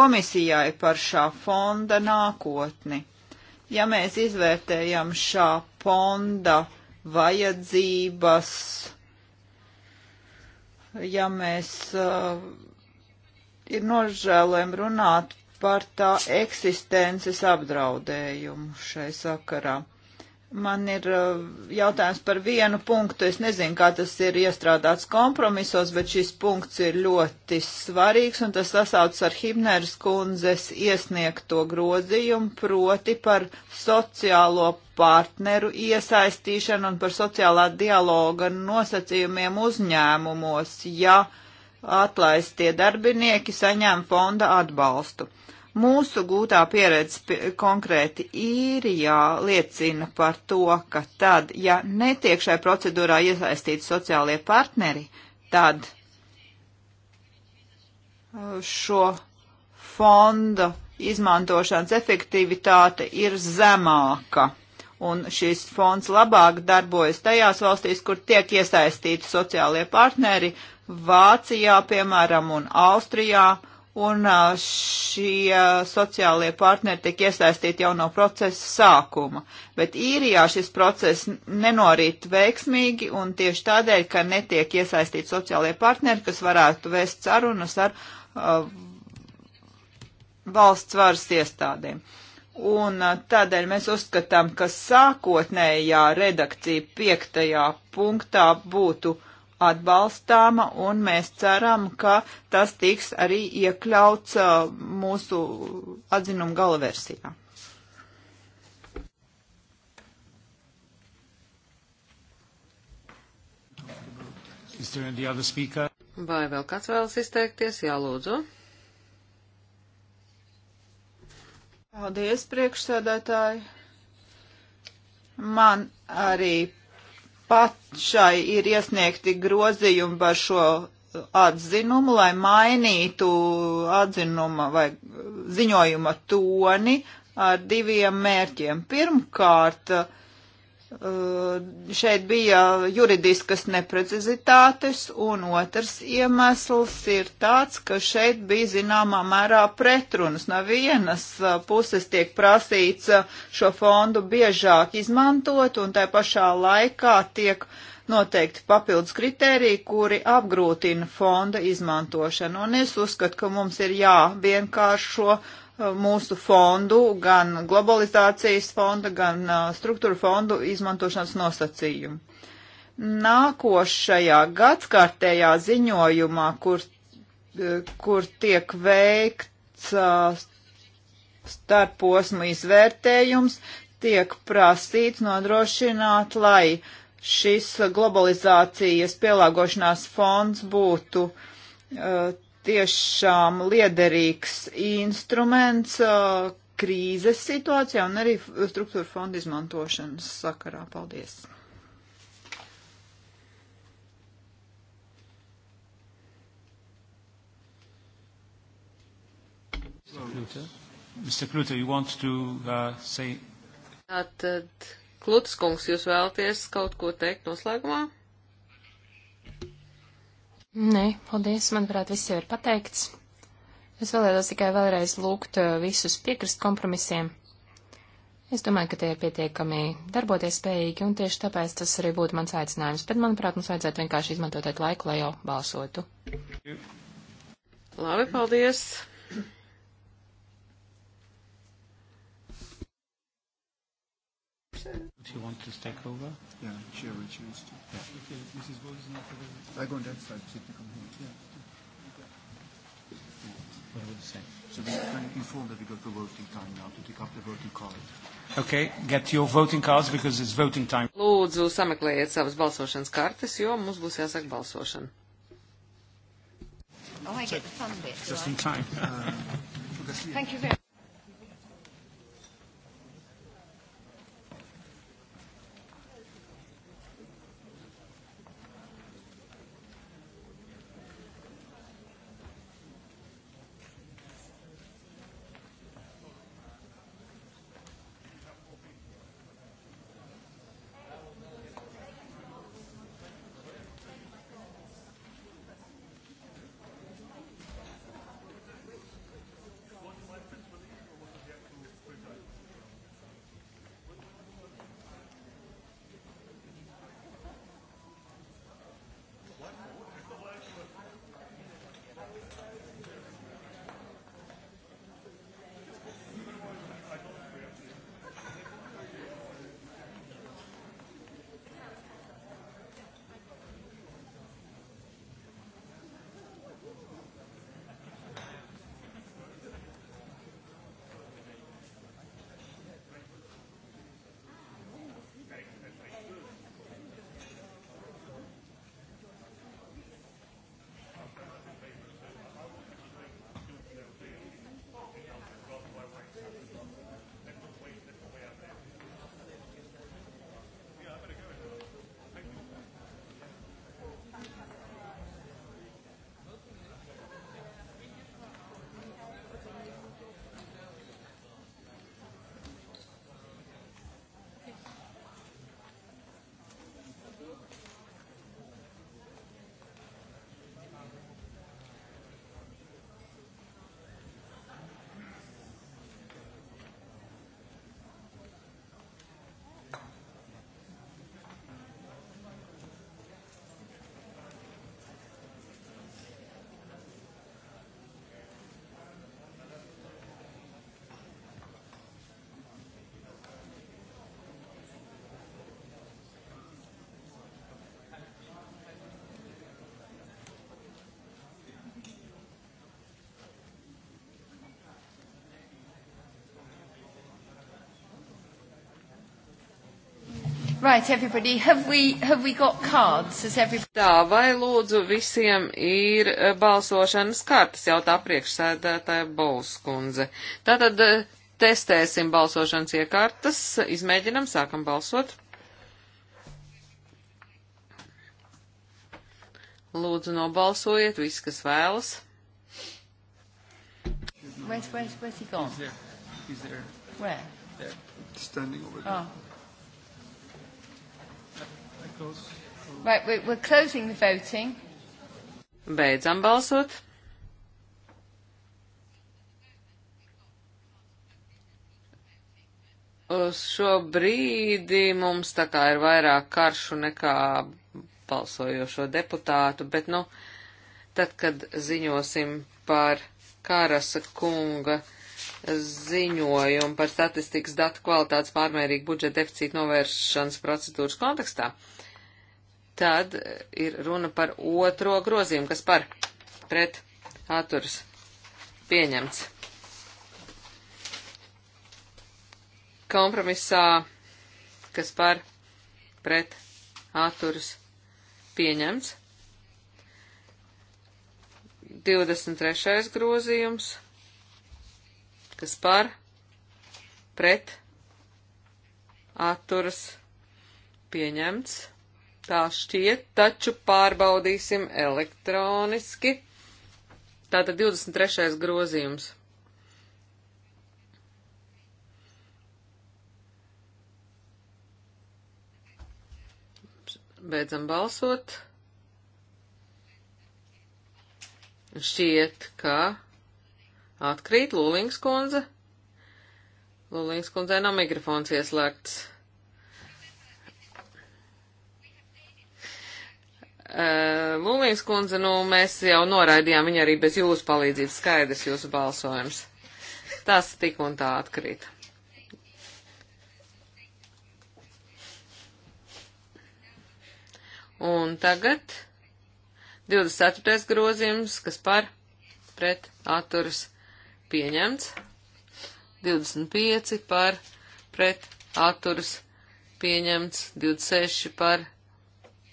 komisijai par šā fonda nākotni Ja mēs izvērtējam šā fonda vajadzības, ja mēs uh, ir nožēlojami runāt par tā eksistences apdraudējumu šai sakarā. Man ir uh, jautājums par vienu punktu. Es nezinu, kā tas ir iestrādāts kompromisos, bet šis punkts ir ļoti svarīgs, un tas sasaucas ar Himneres kundzes iesniegto grozījumu, proti par sociālo partneru iesaistīšanu un par sociālā dialoga nosacījumiem uzņēmumos, ja atlaistie darbinieki saņem fonda atbalstu. Mūsu gūtā pieredze konkrēti īrijā liecina par to, ka tad, ja netiek šai procedūrā iesaistīti sociālie partneri, tad uh, šo fonda izmantošanas efektivitāte ir zemāka. Un šis fonds labāk darbojas tajās valstīs, kur tiek iesaistīti sociālie partneri, Vācijā, piemēram, un Austrijā un šie sociālie partneri tiek iesaistīti jau no procesa sākuma. Bet īrijā šis process nenorīt veiksmīgi un tieši tādēļ, ka netiek iesaistīti sociālie partneri, kas varētu vēst sarunas ar uh, valsts varas iestādēm. Un tādēļ mēs uzskatām, ka sākotnējā redakcija piektajā punktā būtu atbalstāma un mēs ceram, ka tas tiks arī iekļauts uh, mūsu atzinuma galaversijā. Vai vēl kāds vēlas izteikties? Jā, lūdzu. Paldies, priekšsēdētāji. Man arī pašai ir iesniegti grozījumi par šo atzinumu, lai mainītu atzinuma vai ziņojuma toni ar diviem mērķiem. Pirmkārt, uh, Eh, šeit bija juridiskas neprecizitātes, un otrs iemesls ir tāds, ka šeit bija zināmā mērā pretrunas. No vienas eh, puses tiek prasīts eh, šo fondu biežāk izmantot, un tai pašā laikā tiek noteikti papildus kritēriji, kuri apgrūtina fonda izmantošanu. Un es uzskatu, ka mums ir jāvienkāršo šo Eh, mūsu fondu, gan globalizācijas fonda, gan eh, struktūra fondu izmantošanas nosacījumu. Nākošajā gadskārtējā ziņojumā, kur, eh, kur tiek veikts starposmu izvērtējums, tiek prasīts nodrošināt, lai šis globalizācijas pielāgošanās fonds būtu uh, tiešām liederīgs instruments uh, krīzes situācijā un arī struktūra fonda izmantošanas sakarā. Paldies! Kluta. Mr. Kluta, you want to uh, say? Tātad, Klutas kungs, jūs vēlaties kaut ko teikt noslēgumā? Nē, paldies, manuprāt, viss jau ir pateikts. Es vēlētos tikai vēlreiz lūgt eh, visus piekrist kompromisiem. Es domāju, ka tie ir pietiekami darboties spējīgi, un tieši tāpēc tas arī būtu mans aicinājums. Bet, manuprāt, mums vajadzētu vienkārši izmantot laiku, lai jau balsotu. Labi, paldies! Do you want to take over? Yeah, chair will change too. Yeah. Okay, Mrs. Bose is not available. I go on that side, see if you come here. Yeah. yeah. What would you say? So we can inform that we got the voting time now to take up the voting card. Okay, get your voting cards because it's voting time. Lūdzu, sameklējiet savas balsošanas kartes, jo mums būs jāsāk balsošana. Oh, I get the fun bit. Just in time. Uh, Thank you very much. Right, everybody, have we, have we got cards? Has everybody... Tā, vai lūdzu visiem ir eh, balsošanas kartas, jautā priekšsēdētāja Bolskundze. Tātad eh, testēsim balsošanas iekārtas, izmēģinam, sākam balsot. Lūdzu, nobalsojiet, viss, kas vēlas. Where's, where's, where's he gone? He's there. He's there. Where? There. Standing over there. Oh. Right, we're closing the voting. Beidzam balsot. Uz šo brīdi mums tā kā ir vairāk karšu nekā balsojošo deputātu, bet, nu, tad, kad ziņosim par Karasa kunga ziņojumu par statistikas datu kvalitātes pārmērīgu budžeta deficītu novēršanas procedūras kontekstā, uh, Tad ir runa par otro grozījumu, kas par pret atturas pieņemts. Kompromisā, kas par pret atturas pieņemts. 23. grozījums, kas par pret atturas pieņemts. Tā šķiet, taču pārbaudīsim elektroniski. Tātad 23. grozījums. Beidzam balsot. Šķiet, ka atkrīt Lūlīngas kundze. Lūlīngas kundzei nav mikrofons ieslēgts. Eh, Lūlīns kundze, nu, mēs jau noraidījām viņu arī bez jūsu palīdzības skaidrs jūsu balsojums. Tas tik un tā atkrīt. Un tagad 24. grozījums, kas par pret atturas pieņemts. 25 par pret atturas pieņemts. 26 par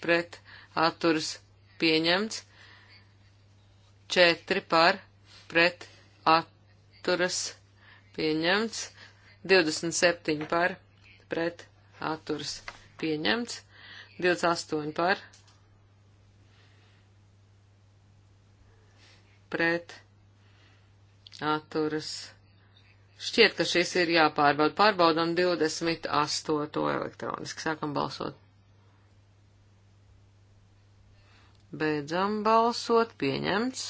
pret atturas pieņemts, 4 par pret atturas pieņemts, 27 par pret atturas pieņemts, 28 par pret atturas pieņemts. Šķiet, ka šis ir jāpārbauda. Pārbaudam 28. elektroniski. Sākam balsot. Beidzam balsot. Pieņemts.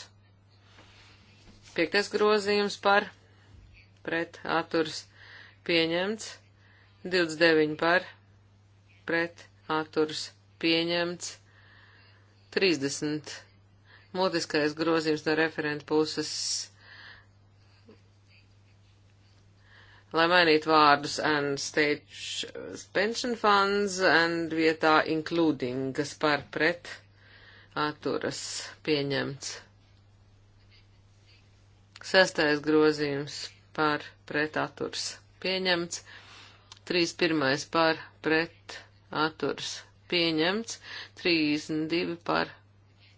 Piektais grozījums par pret atturs pieņemts. 29 par pret atturs pieņemts. 30. Mutiskais grozījums no referenta puses. lai mainītu vārdus and stage uh, pension funds and vietā including, kas par pret atturas pieņemts. Sestais grozījums par pretaturs pieņemts. Trīs pirmais par pretaturs pieņemts. Trīs divi par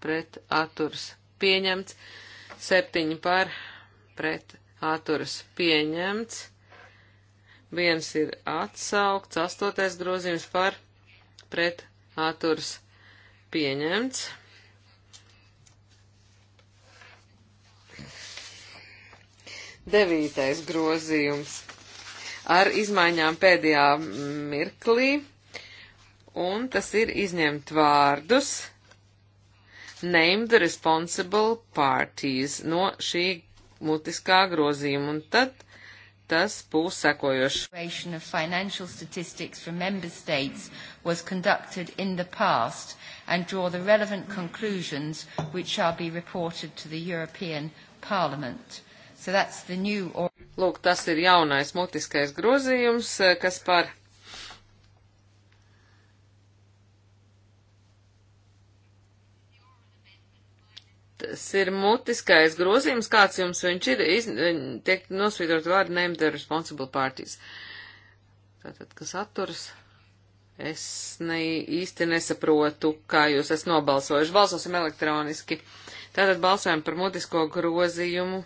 pretaturs pieņemts. Septiņi par pretaturs pieņemts. Viens ir atsaukts. Astotais grozījums par pretaturs pieņemts pieņemts. Devītais grozījums ar izmaiņām pēdējā mirklī, un tas ir izņemt vārdus name the responsible parties no šī mutiskā grozījuma, un tad tas būs sekojoši. financial statistics from member states was conducted in the past and draw the relevant conclusions which shall be reported to the European Parliament. So that's the new or... Lūk, tas ir jaunais mutiskais grozījums, eh, kas par. Tas ir mutiskais grozījums, kāds jums viņš ir, iz, eh, tiek nosvītrot vārdu name the responsible parties. Tātad, kas atturas? Es ne, īsti nesaprotu, kā jūs esat nobalsojuši. Balsosim elektroniski. Tātad balsojam par mutisko grozījumu.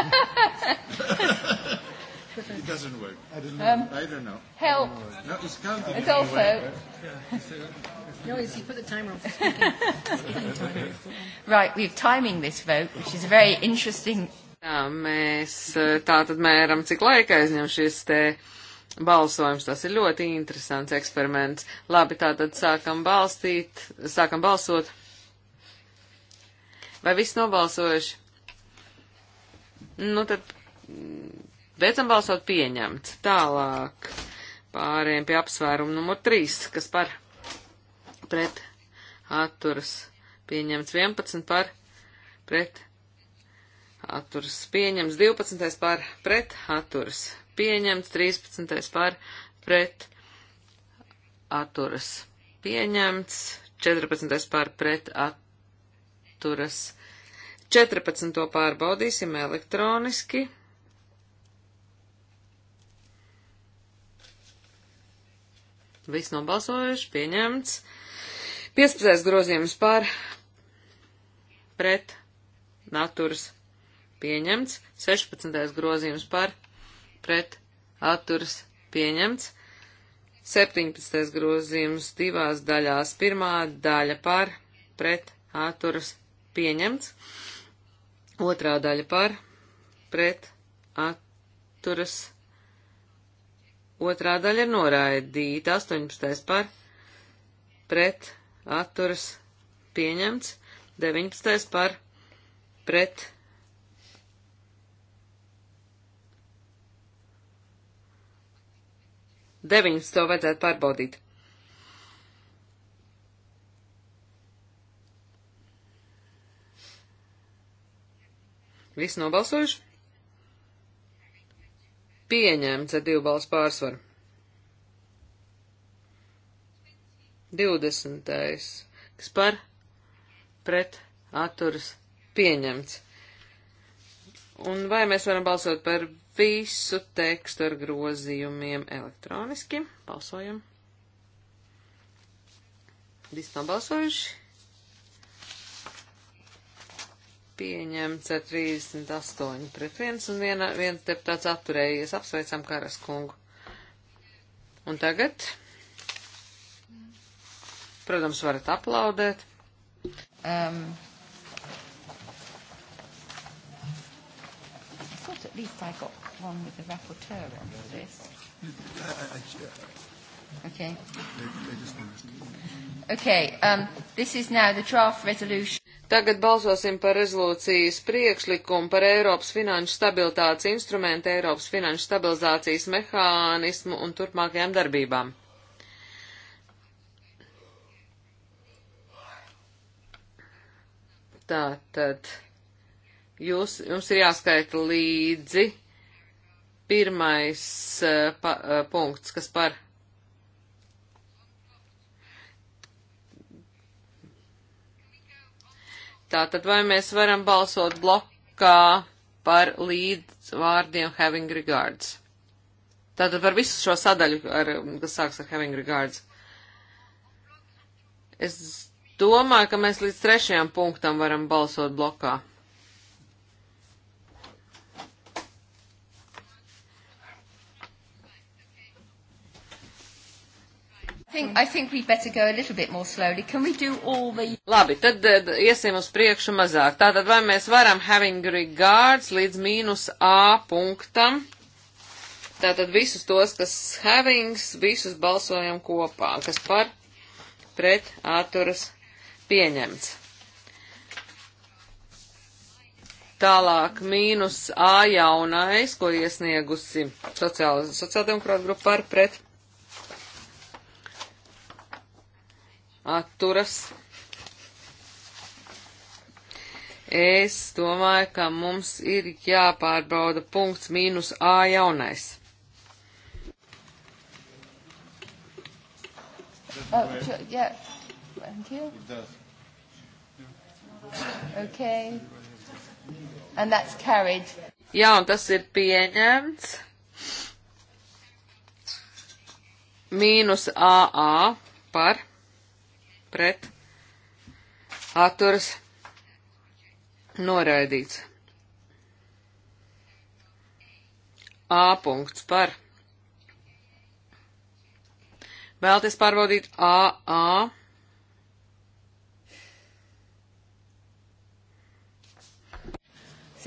it doesn't work. I don't know. Um, I don't know. Help. No, it's counting. It's also. Way, no, it's you put the timer on. right, we're timing this vote, which is very interesting. Jā, mēs eh, tā tad mēram, cik laika aizņem šis te balsojums. Tas ir ļoti interesants eksperiments. Labi, tā tad sākam balstīt, sākam balsot. Vai viss nobalsojuši? Nu tad mm, beidzam balsot pieņemt. Tālāk pārējiem pie apsvērumu numur 3, kas par pret atturas pieņemts 11 par pret atturas pieņemts 12 par pret atturas pieņemts 13 par pret atturas pieņemts 14 par pret atturas pieņemts 14. pārbaudīsim elektroniski. Viss nobalsojuši, pieņemts. 15. grozījums par pret naturas pieņemts. 16. grozījums par pret atturas pieņemts. 17. grozījums divās daļās. Pirmā daļa par pret atturas pieņemts. Otrā daļa par, pret, atturas. Otrā daļa ir noraidīta. 18. par, pret, atturas, pieņemts. 19. par, pret. Deviņus to vajadzētu pārbaudīt. Visi nobalsojuši? Pieņemts ar divu balsu pārsvaru. 20. kas par pret atturas pieņemts. Un vai mēs varam balsot par visu tekstu ar grozījumiem elektroniski? Balsojam. Viss nobalsojuši. pieņemts ar 38 pret 1 un viena, viens deputāts atturējies. Apsveicam Karas kungu. Un tagad, protams, varat aplaudēt. Um. At least I got one with the rapporteur on this. Okay. Okay. Um, this is now the draft resolution. Tagad balsosim par rezolūcijas priekšlikumu par Eiropas finanšu stabilitātes instrumentu, Eiropas finanšu stabilizācijas mehānismu un turpmākajām darbībām. Tātad jūs, jums ir jāskaita līdzi pirmais uh, pa, uh, punkts, kas par Tātad vai mēs varam balsot blokā par līdz vārdiem having regards? Tātad par visu šo sadaļu, ar, um, kas sāks ar having regards. Es domāju, ka mēs līdz trešajam punktam varam balsot blokā. I think, I think the... Labi, tad eh, iesim uz priekšu mazāk. Tātad vai mēs varam having regards līdz mīnus A punktam? Tātad visus tos, kas havings, visus balsojam kopā, kas par pret atturas pieņemts. Tālāk mīnus A jaunais, ko iesniegusi sociāldemokrāta grupa par pret atturas. Es domāju, ka mums ir jāpārbauda punkts mīnus A jaunais. Oh, yeah. Thank you. It does. Okay. And that's carried. Jā, un tas ir pieņemts. Mīnus AA par pret atturas noraidīts. A punkts par. Vēlties pārbaudīt AA.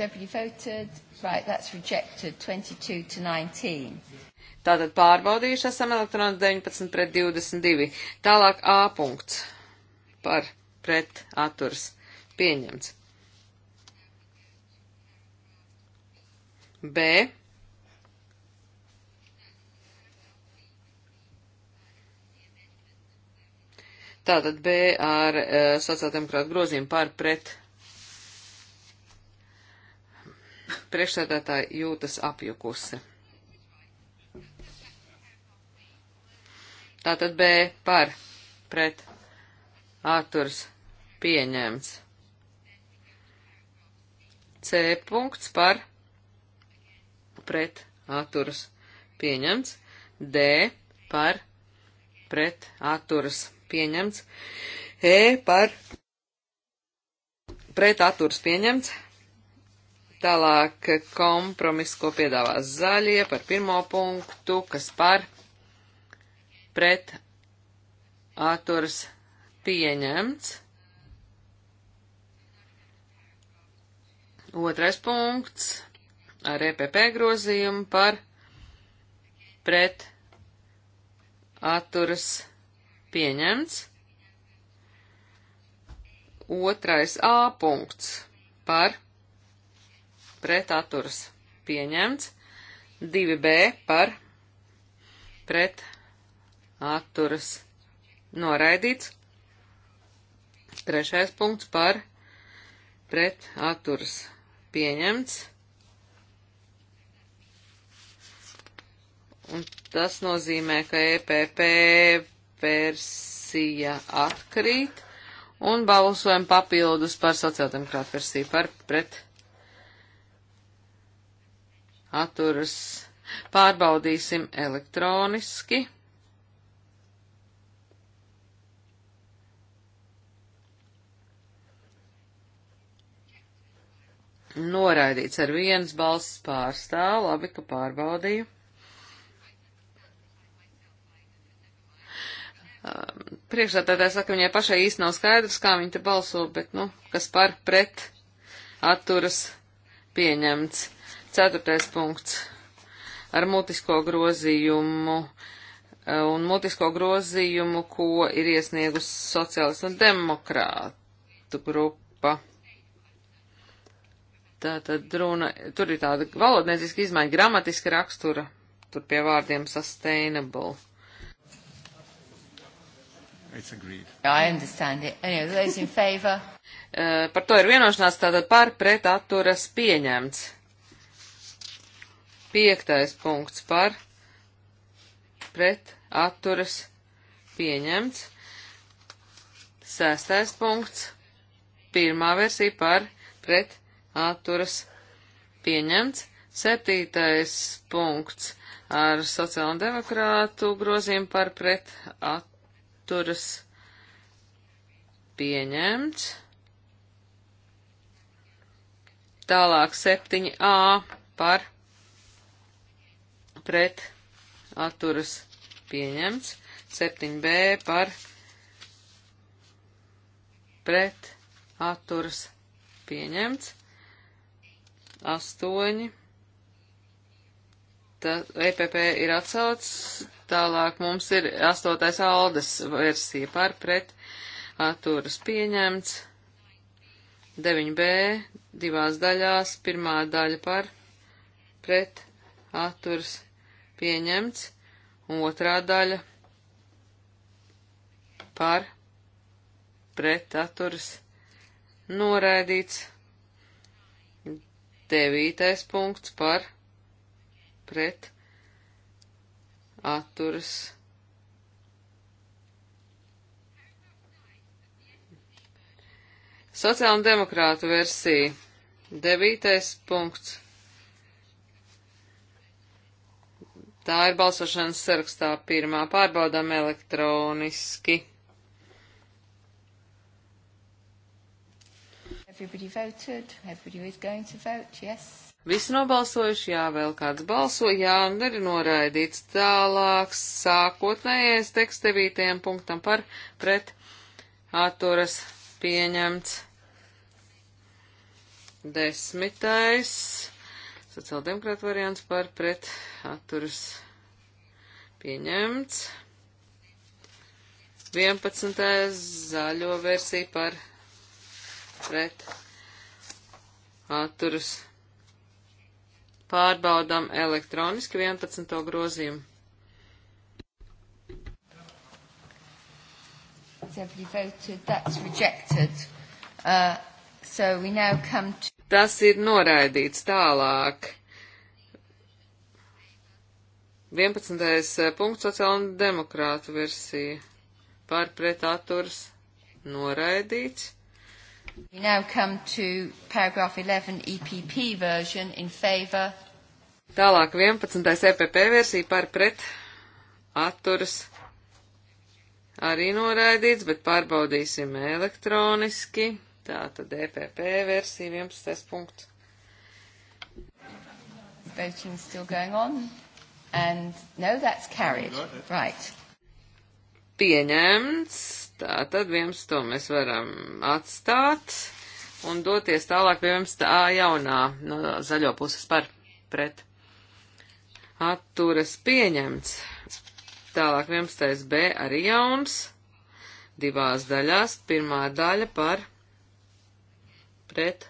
Everybody voted. Right, that's rejected. 22 to 19. Tātad pārbaudījuši esam elektrons 19 pret 22. Tālāk A punkts par pret atturs pieņemts. B. Tātad B ar uh, sociāldemokrātu grozījumu par pret priekšsēdētāji jūtas apjukusi. Tātad B par pret atturs pieņemts. C punkts par pret atturs pieņemts. D par pret atturs pieņemts. E par pret atturs pieņemts. Tālāk kompromiss, ko piedāvās zaļie par pirmo punktu, kas par pret pret atturs pieņemts. Otrais punkts ar EPP grozījumu par pret atturas pieņemts. Otrais A punkts par pret atturas pieņemts. 2B par pret atturas atturas noraidīts. Trešais punkts par pret atturas pieņemts. Un tas nozīmē, ka EPP versija atkrīt un balsojam papildus par sociāldemokrātu versiju par pret atturas. Pārbaudīsim elektroniski. Noraidīts ar vienas balss pārstāv, labi, ka pārbaudīju. Um, priekšsēdētāji saka, viņai pašai īsti nav skaidrs, kā viņa te balso, bet, nu, kas par pret atturas pieņemts. Ceturtais punkts ar mutisko grozījumu uh, un mutisko grozījumu, ko ir iesniegusi sociālistu un demokrātu grupa. Tātad runa, tur ir tāda valodnieciska izmaiņa, gramatiska rakstura, tur pie vārdiem sustainable. It's agreed. I understand it. Anyway, those in favor. Uh, eh, par to ir vienošanās tātad par pret atturas pieņemts. Piektais punkts par pret atturas pieņemts. Sestais punkts. Pirmā versija par pret atturas pieņemts. Septītais punkts ar sociālu demokrātu grozījumu par pret atturas pieņemts. Tālāk 7a par pret atturas pieņemts. 7b par pret atturas pieņemts. 8. Tā, EPP ir atsaucis. Tālāk mums ir 8. aldas versija par pret atturas pieņemts. 9b divās daļās. Pirmā daļa par pret atturas pieņemts. Un otrā daļa par pret atturas noraidīts. Devītais punkts par pret atturas. Sociāla un demokrātu versija. Devītais punkts. Tā ir balsošanas sarakstā pirmā. Pārbaudām elektroniski. Everybody voted. Everybody is going to vote. Yes. Visi nobalsojuši, jā, vēl kāds balso, jā, un ir noraidīts tālāk sākotnējais teksts devītajam punktam par pret atturas pieņemts. Desmitais sociāldemokrāta variants par pret atturas pieņemts. 11. zaļo versija par pret atturas. Pārbaudām elektroniski 11. grozījumu. Uh, so to... Tas ir noraidīts tālāk. 11. Eh, punkts sociāla un demokrāta versija. Pār pret atturs noraidīts. We now come to paragraph 11 EPP version in favor. Tālāk 11. EPP versija par pret atturas arī noraidīts, bet pārbaudīsim elektroniski. Tātad EPP versija 11. punkts. Voting still going on. And no, that's carried. Right. Pieņemts. Tā tad 11. mēs varam atstāt un doties tālāk pie 11. jaunā no zaļo puses par pret. Atturas pieņemts. Tālāk 11. B arī jauns. Divās daļās. Pirmā daļa par pret.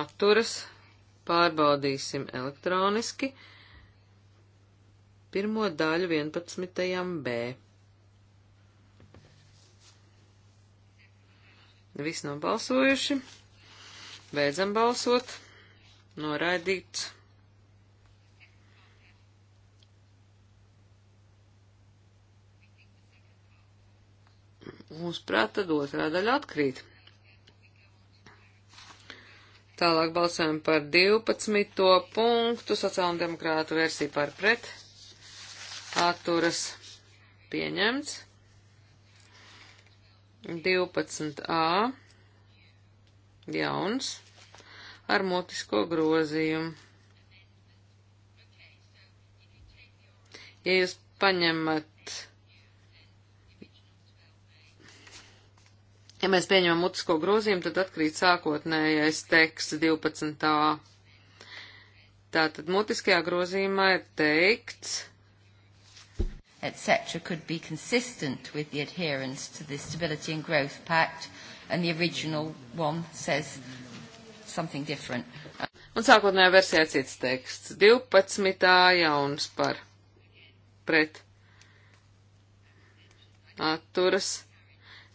Atturas pārbaudīsim elektroniski. Pirmo daļu 11. B. Viss nav balsojuši. Beidzam balsot. Noraidīts. Mums prāt, tad otrā daļa atkrīt. Tālāk balsojam par 12. punktu sociāldemokrātu versiju par pret. Atturas pieņemts. 12a jauns ar mutisko grozījumu. Ja jūs paņemat, ja mēs pieņemam mutisko grozījumu, tad atkrīt sākotnējais teksts 12a. Tātad mutiskajā grozījumā ir teikts, etc., could be consistent with the adherence to the Stability and Growth Pact, and the original one says something different. Un sākotnējā versijā cits teksts. 12. jauns par pret atturas.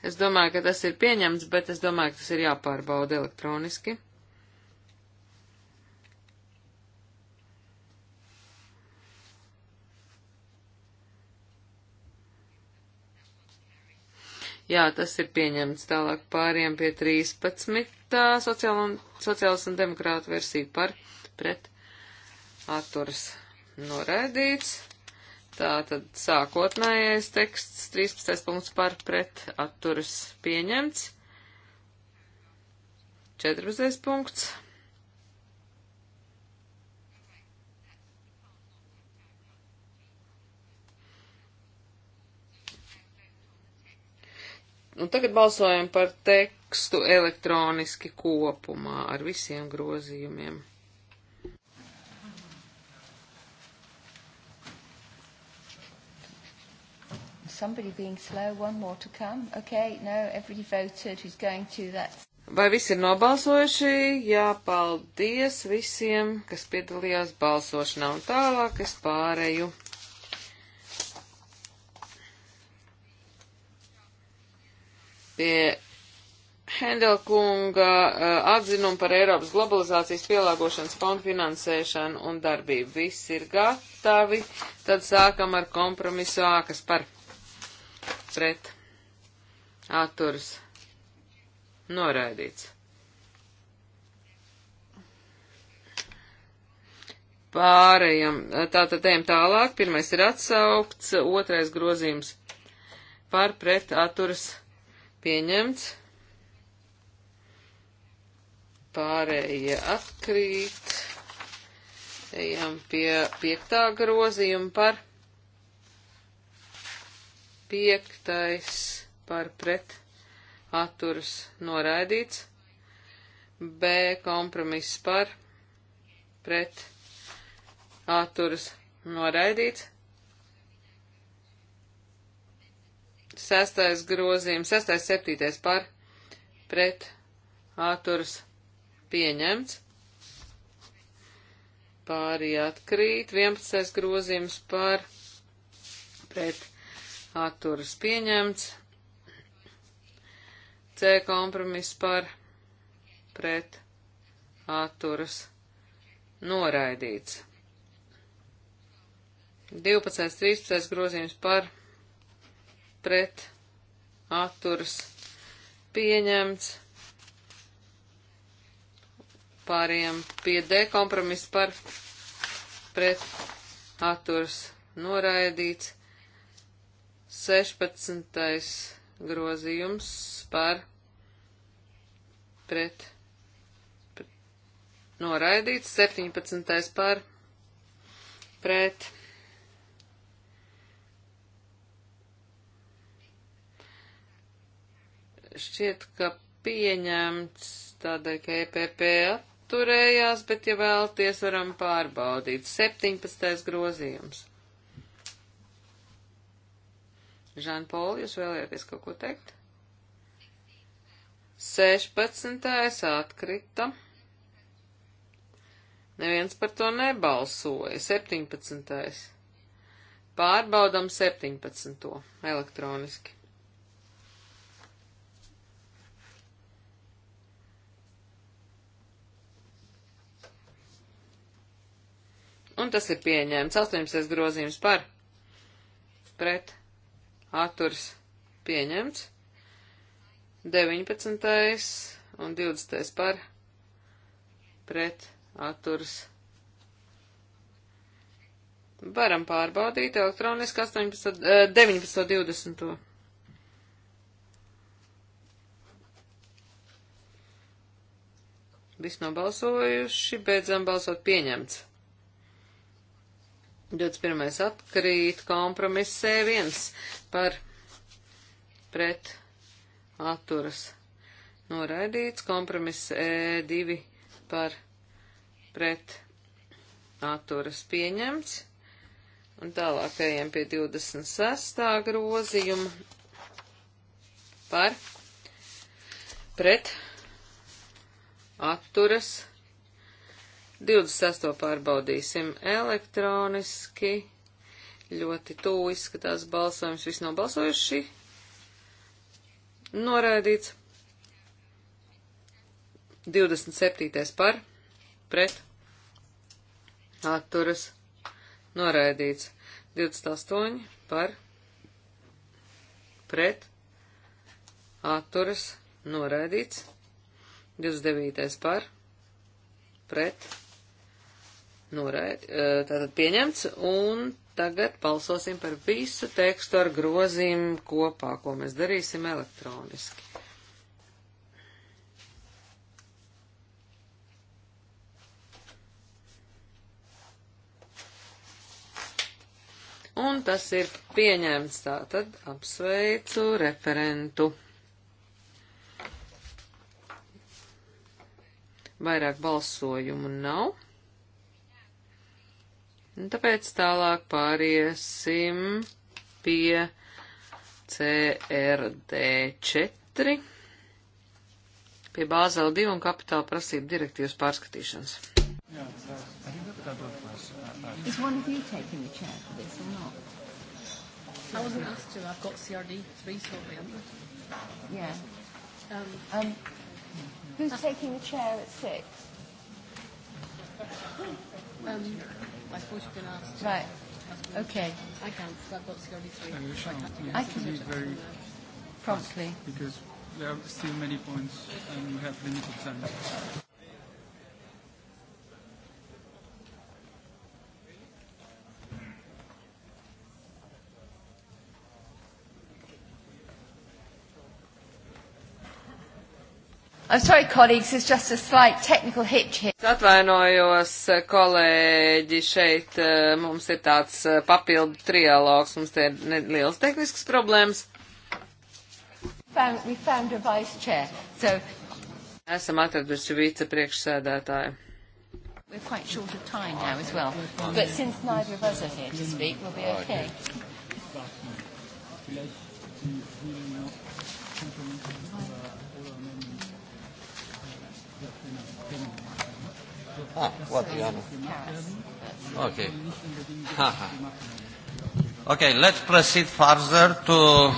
Es domāju, ka tas ir pieņemts, bet es domāju, ka tas ir jāpārbauda elektroniski. 12. Jā, tas ir pieņemts. Tālāk pāriem pie 13. Sociāla un, sociālas un demokrāta versija par pret atturas noraidīts. Tātad sākotnējais teksts 13. punkts par pret atturas pieņemts. 14. punkts Un nu, tagad balsojam par tekstu elektroniski kopumā ar visiem grozījumiem. Somebody being slow, one more to come. Okay, no, everybody voted who's going to that. Vai visi ir nobalsojuši? Jā, paldies visiem, kas piedalījās balsošanā un tālāk es pārēju pie Hendel kunga eh, atzinumu par Eiropas globalizācijas pielāgošanas fondu finansēšanu un darbību. Viss ir gatavi, tad sākam ar kompromisu A, kas par pret atturs noraidīts. Pārējam, eh, tātad ejam tālāk, pirmais ir atsaukts, otrais grozījums par pret atturas noraidīts pieņemts. Pārējie atkrīt. Ejam pie piektā grozījuma par piektais par pret atturas noraidīts. B kompromiss par pret atturas noraidīts. Sestais grozījums, sestais septītais par pret āturs pieņemts. Pārī atkrīt, 11. grozījums par pret atturas pieņemts, C kompromiss par pret atturas noraidīts. 12. 13. grozījums par pret pret atturas pieņemts. Pāriem pie D kompromiss par pret atturas noraidīts. 16. grozījums par pret, pret noraidīts. 17. par pret Šķiet, ka pieņemts tādēļ, ka EPP atturējās, bet, ja vēlties, varam pārbaudīt. 17. grozījums. Žanpol, jūs vēlēties kaut ko teikt? 16. atkrita. Neviens par to nebalsoja. 17. Pārbaudam 17. elektroniski. Un tas ir pieņēmts. 18. grozījums par pret atturs pieņemts. 19. un 20. par pret atturs. Varam pārbaudīt elektroniski 18, 19, 20. Viss nobalsojuši, beidzam balsot pieņemts. 21. atkrīt, kompromiss C1 e par pret atturas noraidīts, kompromiss E2 par pret atturas pieņemts. Un tālāk ejam pie 26. grozījuma par pret atturas noraidīts 26. pārbaudīsim elektroniski. Ļoti tūlīt izskatās balsojums. Viss nav balsojuši. Noraidīts. 27. par. Pret. Atturas. Noraidīts. 28. par. Pret. Atturas. Noraidīts. 29. par. Pret noraid, eh, tātad pieņemts, un tagad balsosim par visu tekstu ar grozīm kopā, ko mēs darīsim elektroniski. Un tas ir pieņemts, tātad apsveicu referentu. Vairāk balsojumu nav. Un nu, tāpēc tālāk pāriesim pie CRD4, pie Bāzela 2 un kapitāla prasību direktīvas pārskatīšanas. Yeah, Is one of you taking the chair for this or not? I wasn't asked to. I've got CRD three shortly, haven't I? Yeah. Um, um, who's taking the chair at six? Um, By quarter past. Right. Okay. I can't, so I've got to go to three. And we shall. I can be very promptly. Because there are still many points and we have limited time. I'm sorry, colleagues, it's just a slight technical hitch here. Atvainojos, eh, kolēģi, šeit eh, mums ir tāds eh, papildu trialogs, mums te ir nelielas tehniskas problēmas. Found, we found a vice chair, so... Esam atraduši vicepriekšsēdētāju. We're quite short of time now as well, but since neither of us are here to speak, we'll be okay. okay. Ah, what we are. Okay. okay, let's proceed further to.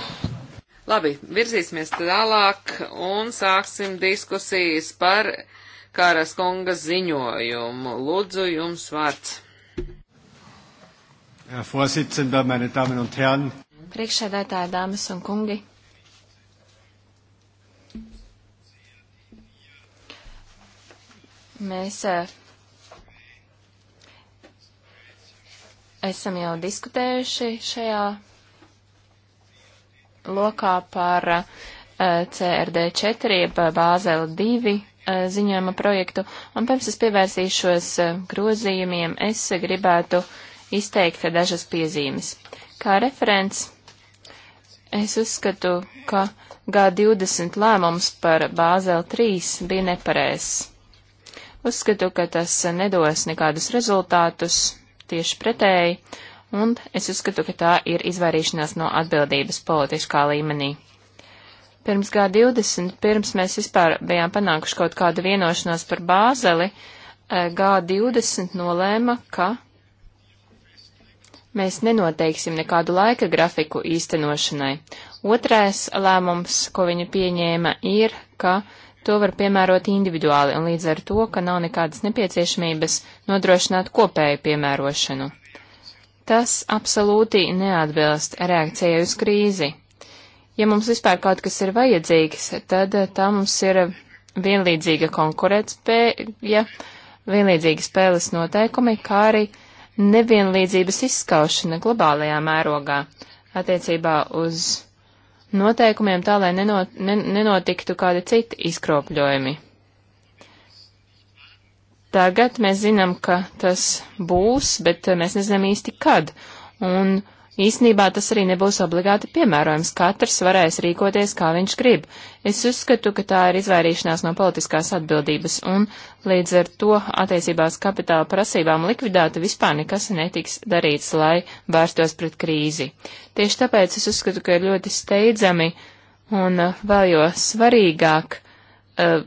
Labi, virzīsimies tālāk un sāksim diskusijas par Kāras kunga ziņojumu. Lūdzu, jums vārds. Herr Vorsitzender, meine Damen und Herren. Priekšsēdētāji, dāmas un kungi. Mēs eh, esam jau diskutējuši šajā lokā par uh, eh, CRD4, par Bāzeli 2 uh, eh, ziņojuma projektu, un pirms es pievērsīšos uh, grozījumiem, es gribētu izteikt dažas piezīmes. Kā referents, es uzskatu, ka G20 lēmums par Bāzeli 3 bija nepareizs. Uzskatu, ka tas nedos nekādus rezultātus tieši pretēji, un es uzskatu, ka tā ir izvairīšanās no atbildības politiskā līmenī. Pirms G20, pirms mēs vispār bijām panākuši kaut kādu vienošanos par bāzeli, eh, G20 nolēma, ka mēs nenoteiksim nekādu laika grafiku īstenošanai. Otrais lēmums, ko viņa pieņēma, ir, ka uh, to var piemērot individuāli un līdz ar to, ka nav nekādas nepieciešamības nodrošināt kopēju piemērošanu. Tas absolūti neatbilst reakcijai uz krīzi. Ja mums vispār kaut kas ir vajadzīgs, tad eh, tā mums ir vienlīdzīga konkurētspēja, vienlīdzīgi spēles noteikumi, kā arī nevienlīdzības izskaušana globālajā mērogā attiecībā uz noteikumiem tā, lai nenot, ne, nenotiktu kādi citi izkropļojumi. Tagad mēs zinām, ka tas būs, bet mēs nezinām īsti kad. Un uh, Īsnībā tas arī nebūs obligāti piemērojams, katrs varēs rīkoties, kā viņš grib. Es uzskatu, ka tā ir izvairīšanās no politiskās atbildības, un līdz ar to attiecībās kapitāla prasībām likvidāta vispār nekas netiks darīts, lai vērstos pret krīzi. Tieši tāpēc es uzskatu, ka ir ļoti steidzami un eh, vēl jo svarīgāk, uh,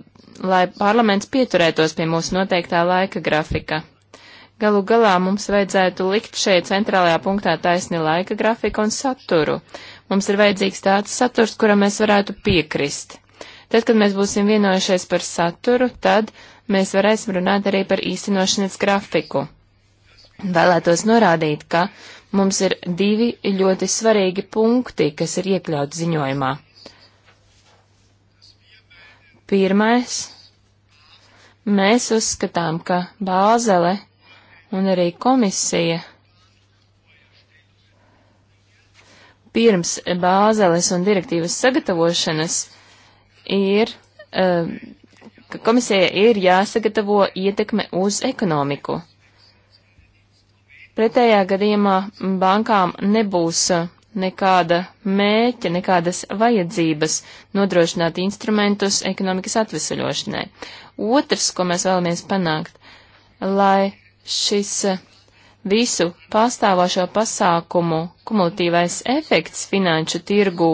lai parlaments pieturētos pie mūsu noteiktā laika grafika. Galu galā mums vajadzētu likt šeit centrālajā punktā taisni laika grafiku un saturu. Mums ir vajadzīgs tāds saturs, kuram mēs varētu piekrist. Tad, kad mēs būsim vienojušies par saturu, tad mēs varēsim runāt arī par īstenošanas grafiku. Vēlētos norādīt, ka mums ir divi ļoti svarīgi punkti, kas ir iekļauti ziņojumā. Pirmais. Mēs uzskatām, ka Bāzele un arī komisija pirms bāzeles un direktīvas sagatavošanas ir, eh, ka komisija ir jāsagatavo ietekme uz ekonomiku. Pretējā gadījumā bankām nebūs nekāda mēķa, nekādas vajadzības nodrošināt instrumentus ekonomikas atvesaļošanai. Otrs, ko mēs vēlamies panākt, lai šis eh, visu pastāvošo pasākumu kumulatīvais efekts finanšu tirgū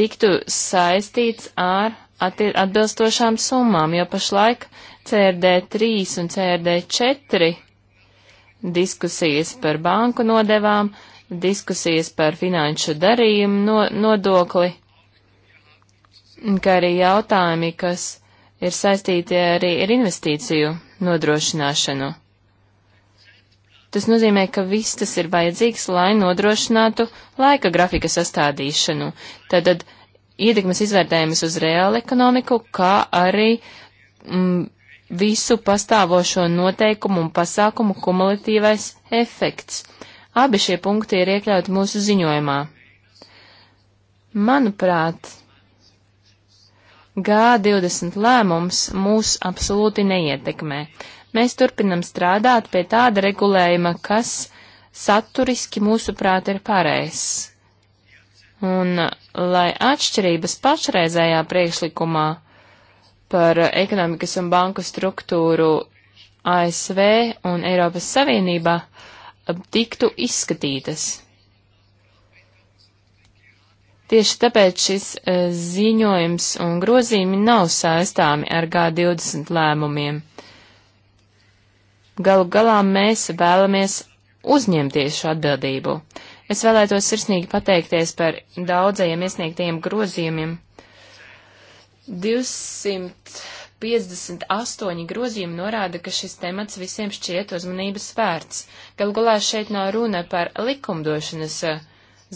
tiktu saistīts ar atbilstošām summām, jo pašlaik CRD3 un CRD4 diskusijas par banku nodevām, diskusijas par finanšu darījumu no, nodokli, kā arī jautājumi, kas ir saistīti arī ar investīciju nodrošināšanu. Tas nozīmē, ka viss tas ir vajadzīgs, lai nodrošinātu laika grafika sastādīšanu. Tātad ietekmes izvērtējumus uz reālu ekonomiku, kā arī mm, visu pastāvošo noteikumu un pasākumu kumulatīvais efekts. Abi šie punkti ir iekļauti mūsu ziņojumā. Manuprāt, G20 lēmums mūs absolūti neietekmē. Mēs turpinam strādāt pie tāda regulējuma, kas saturiski mūsuprāt ir pareizs. Un, lai atšķirības pašreizējā priekšlikumā par ekonomikas un banku struktūru ASV un Eiropas Savienībā tiktu izskatītas. Tieši tāpēc šis e, ziņojums un grozījumi nav saistāmi ar G20 lēmumiem. Galu galā mēs vēlamies uzņemties šo atbildību. Es vēlētos sirsnīgi pateikties par daudzajiem iesniegtajiem grozījumiem. 258 grozījumi norāda, ka šis temats visiem šķiet uzmanības vērts. Galu galā šeit nav runa par likumdošanas uh,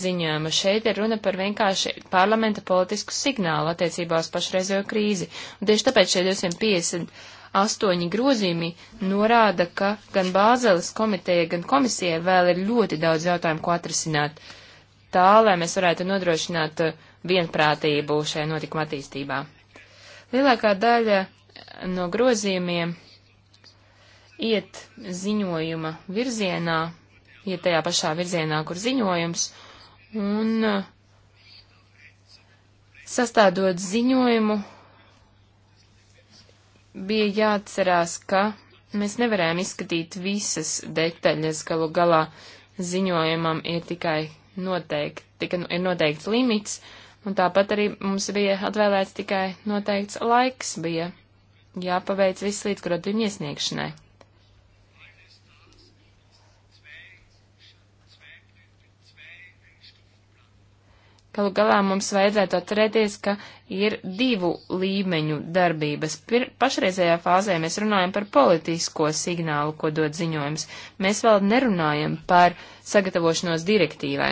ziņojumu. Šeit ir runa par vienkārši parlamenta politisku signālu attiecībā uz pašreizējo krīzi. Un tieši tāpēc šie 258 grozījumi norāda, ka gan Bāzeles komiteja, gan komisija vēl ir ļoti daudz jautājumu, ko atrisināt tā, lai mēs varētu nodrošināt uh, vienprātību šajā notikuma attīstībā. Lielākā daļa uh, no grozījumiem iet ziņojuma virzienā, iet tajā pašā virzienā, kur ziņojums, Un uh, sastādot ziņojumu, bija jāatcerās, ka mēs nevarējām izskatīt visas detaļas galu galā. Ziņojumam ir tikai noteikti, tika, ir noteikts limits, un tāpat arī mums bija atvēlēts tikai noteikts laiks, bija jāpaveic viss līdz grotījumu iesniegšanai. Galu galā mums vajadzētu atcerēties, ka ir divu līmeņu darbības. Pir pašreizējā fāzē mēs runājam par politisko signālu, ko dod ziņojums. Mēs vēl nerunājam par sagatavošanos direktīvai.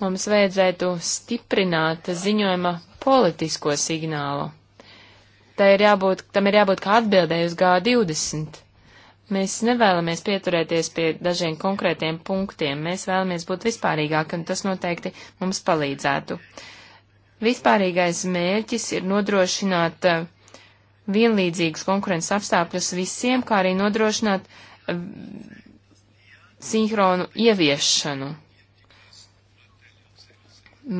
Mums vajadzētu stiprināt ziņojuma politisko signālu. Tā ir jābūt, tam ir jābūt kā atbildēji uz G20. Mēs nevēlamies pieturēties pie dažiem konkrētiem punktiem, mēs vēlamies būt vispārīgāki, un tas noteikti mums palīdzētu. Vispārīgais mērķis ir nodrošināt eh, vienlīdzīgus konkurences apstākļus visiem, kā arī nodrošināt eh, sinhronu ieviešanu.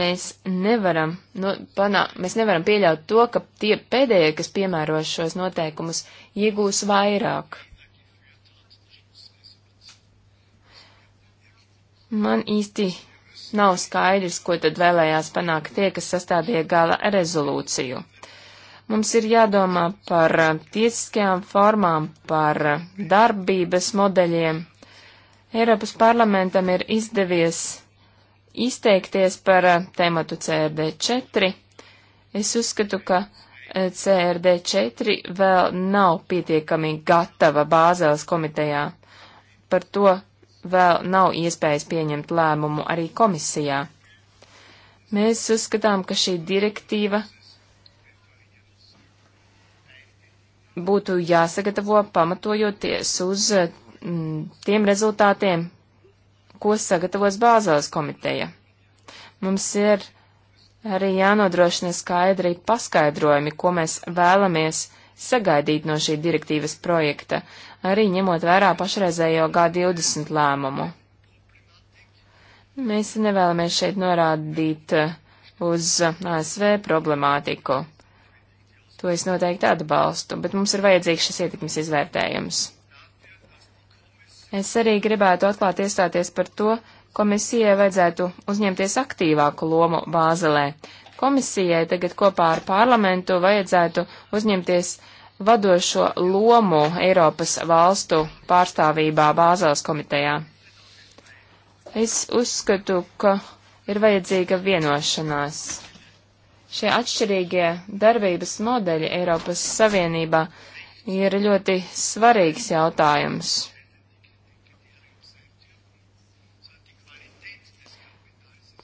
Mēs nevaram, no, panā, mēs nevaram pieļaut to, ka tie pēdējie, kas piemēro šos noteikumus, iegūs vairāk. Man īsti nav skaidrs, ko tad vēlējās panākt tie, kas sastādīja gala rezolūciju. Mums ir jādomā par eh, tiesiskajām formām, par eh, darbības modeļiem. Eiropas parlamentam ir izdevies izteikties par eh, tematu CRD4. Es uzskatu, ka CRD4 vēl nav pietiekami gatava Bāzeles komitejā. Par to vēl nav iespējas pieņemt lēmumu arī komisijā. Mēs uzskatām, ka šī direktīva būtu jāsagatavo pamatojoties uz mm, tiem rezultātiem, ko sagatavos Bāzeles komiteja. Mums ir arī jānodrošina skaidri paskaidrojumi, ko mēs vēlamies sagaidīt no šī direktīvas projekta, arī ņemot vērā pašreizējo G20 lēmumu. Mēs nevēlamies šeit norādīt uh, uz uh, ASV problemātiku. To es noteikti atbalstu, bet mums ir vajadzīgs šis ietekmes izvērtējums. Es arī gribētu atklāt iestāties par to, komisijai vajadzētu uzņemties aktīvāku lomu Bāzelē. Komisijai tagad kopā ar parlamentu vajadzētu uzņemties uh, vadošo lomu Eiropas valstu pārstāvībā Bāzēlas komitejā. Es uzskatu, ka ir vajadzīga vienošanās. Šie atšķirīgie darbības modeļi Eiropas Savienībā ir ļoti svarīgs jautājums.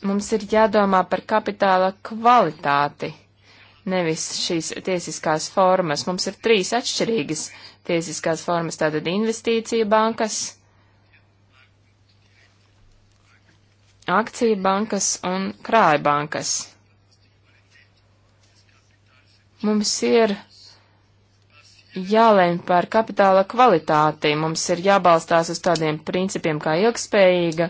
Mums ir jādomā par kapitāla kvalitāti nevis šīs tiesiskās formas. Mums ir trīs atšķirīgas tiesiskās formas, tātad investīcija bankas, akciju bankas un krāja bankas. Mums ir jālēm par kapitāla kvalitāti, mums ir jābalstās uz tādiem principiem kā ilgspējīga,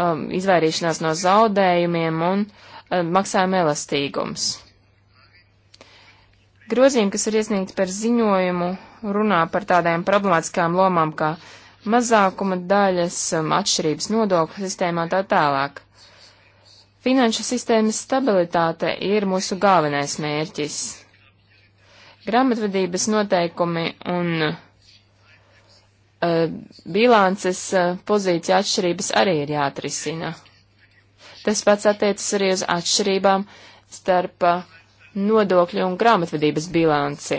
um, izvairīšanās no zaudējumiem un um, maksājuma elastīgums. Grozījumi, kas ir iesniegti par ziņojumu, runā par tādām problemātiskām lomām kā mazākuma daļas, um, atšķirības nodokļu sistēmā tā tālāk. Finanšu sistēmas stabilitāte ir mūsu galvenais mērķis. Grāmatvedības noteikumi un uh, bilances uh, pozīcija atšķirības arī ir jāatrisina. Tas pats attiecas arī uz atšķirībām starp uh, nodokļu un grāmatvedības bilanci.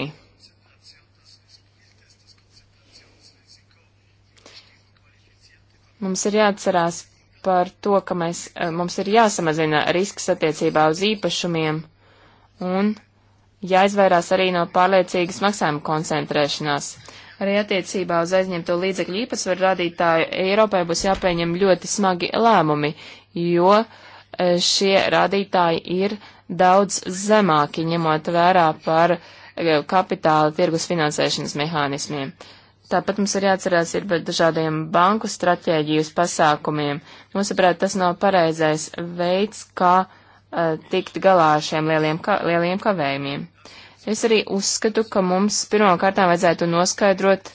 Mums ir jāatcerās par to, ka mēs, eh, mums ir jāsamazina risks attiecībā uz īpašumiem un jāizvairās arī no pārliecīgas maksājuma koncentrēšanās. Arī attiecībā uz aizņemto līdzekļu īpatsvaru rādītāju Eiropai būs jāpieņem ļoti smagi lēmumi, jo eh, šie rādītāji ir daudz zemāki, ņemot vērā par e, kapitāla tirgus finansēšanas mehānismiem. Tāpat mums ir jāatcerās ir par dažādiem banku stratēģijas pasākumiem. Mūsuprāt, tas nav pareizais veids, kā uh, tikt galā ar šiem lieliem, ka, lieliem kavējumiem. Es arī uzskatu, ka mums pirmkārtām vajadzētu noskaidrot,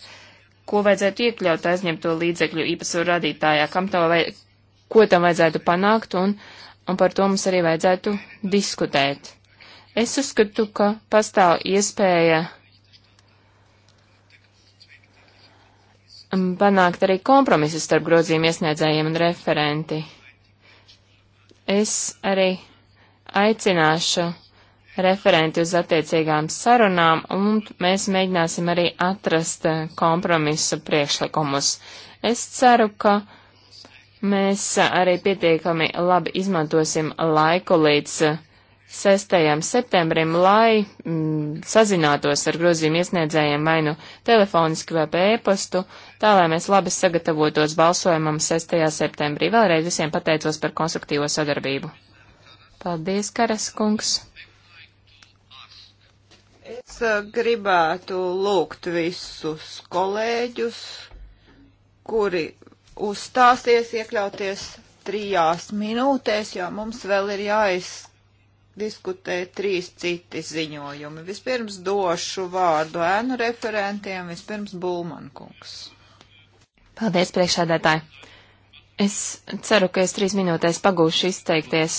ko vajadzētu iekļaut aizņemto līdzekļu īpatsvaru radītājā, kam tam vai, ko tam vajadzētu panākt un uh, un par to mums arī vajadzētu diskutēt. Es uzskatu, ka pastāv iespēja um, panākt arī kompromisu starp grozījumu iesniedzējiem un referenti. Es arī aicināšu referenti uz attiecīgām sarunām, un mēs mēģināsim arī atrast uh, kompromisu priekšlikumus. Es ceru, ka mēs arī pietiekami labi izmantosim laiku līdz 6. Eh, septembrim, lai mm, sazinātos ar grozījumu iesniedzējiem vai nu telefoniski vai pa e-pastu, tā lai mēs labi sagatavotos balsojumam 6. septembrī. Vēlreiz visiem pateicos par konstruktīvo sadarbību. Paldies, Karas kungs! Es eh, gribētu lūgt visus kolēģus, kuri uzstāsies, iekļauties trijās minūtēs, jo mums vēl ir jāizdiskutē trīs citi ziņojumi. Vispirms došu vārdu ēnu referentiem, vispirms Bulmankungs. Paldies, priekšādētāji. Es ceru, ka es trīs minūtēs pagūšu izteikties.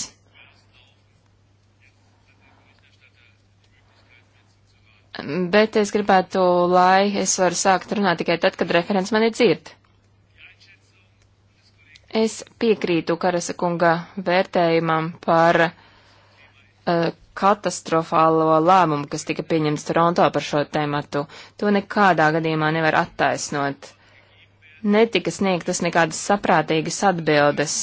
Bet es gribētu, lai es varu sākt runāt tikai tad, kad referents mani dzird. Es piekrītu Karasa kunga vērtējumam par uh, katastrofālo lēmumu, kas tika pieņemts Toronto par šo tēmatu. To nekādā gadījumā nevar attaisnot. Netika sniegtas nekādas saprātīgas atbildes.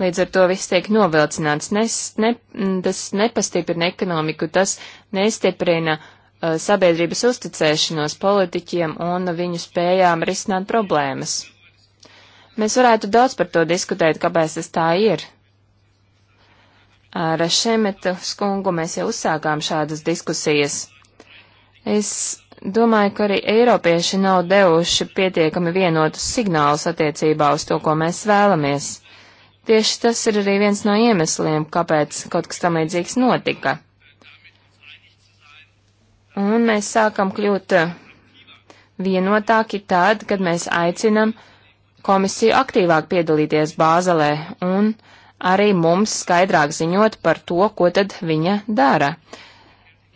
Līdz ar to viss tiek novilcināts. Nes, ne, tas nepastiprina ekonomiku, tas nestiprina uh, sabiedrības uzticēšanos politiķiem un viņu spējām risināt problēmas. Mēs varētu daudz par to diskutēt, kāpēc tas tā ir. Ar Šemetu skungu mēs jau uzsākām šādas diskusijas. Es domāju, ka arī eiropieši nav devuši pietiekami vienotus signālus attiecībā uz to, ko mēs vēlamies. Tieši tas ir arī viens no iemesliem, kāpēc kaut kas tam līdzīgs notika. Un mēs sākam kļūt vienotāki tad, kad mēs aicinam uh, komisiju aktīvāk piedalīties Bāzelē un arī mums skaidrāk ziņot par to, ko tad viņa dara.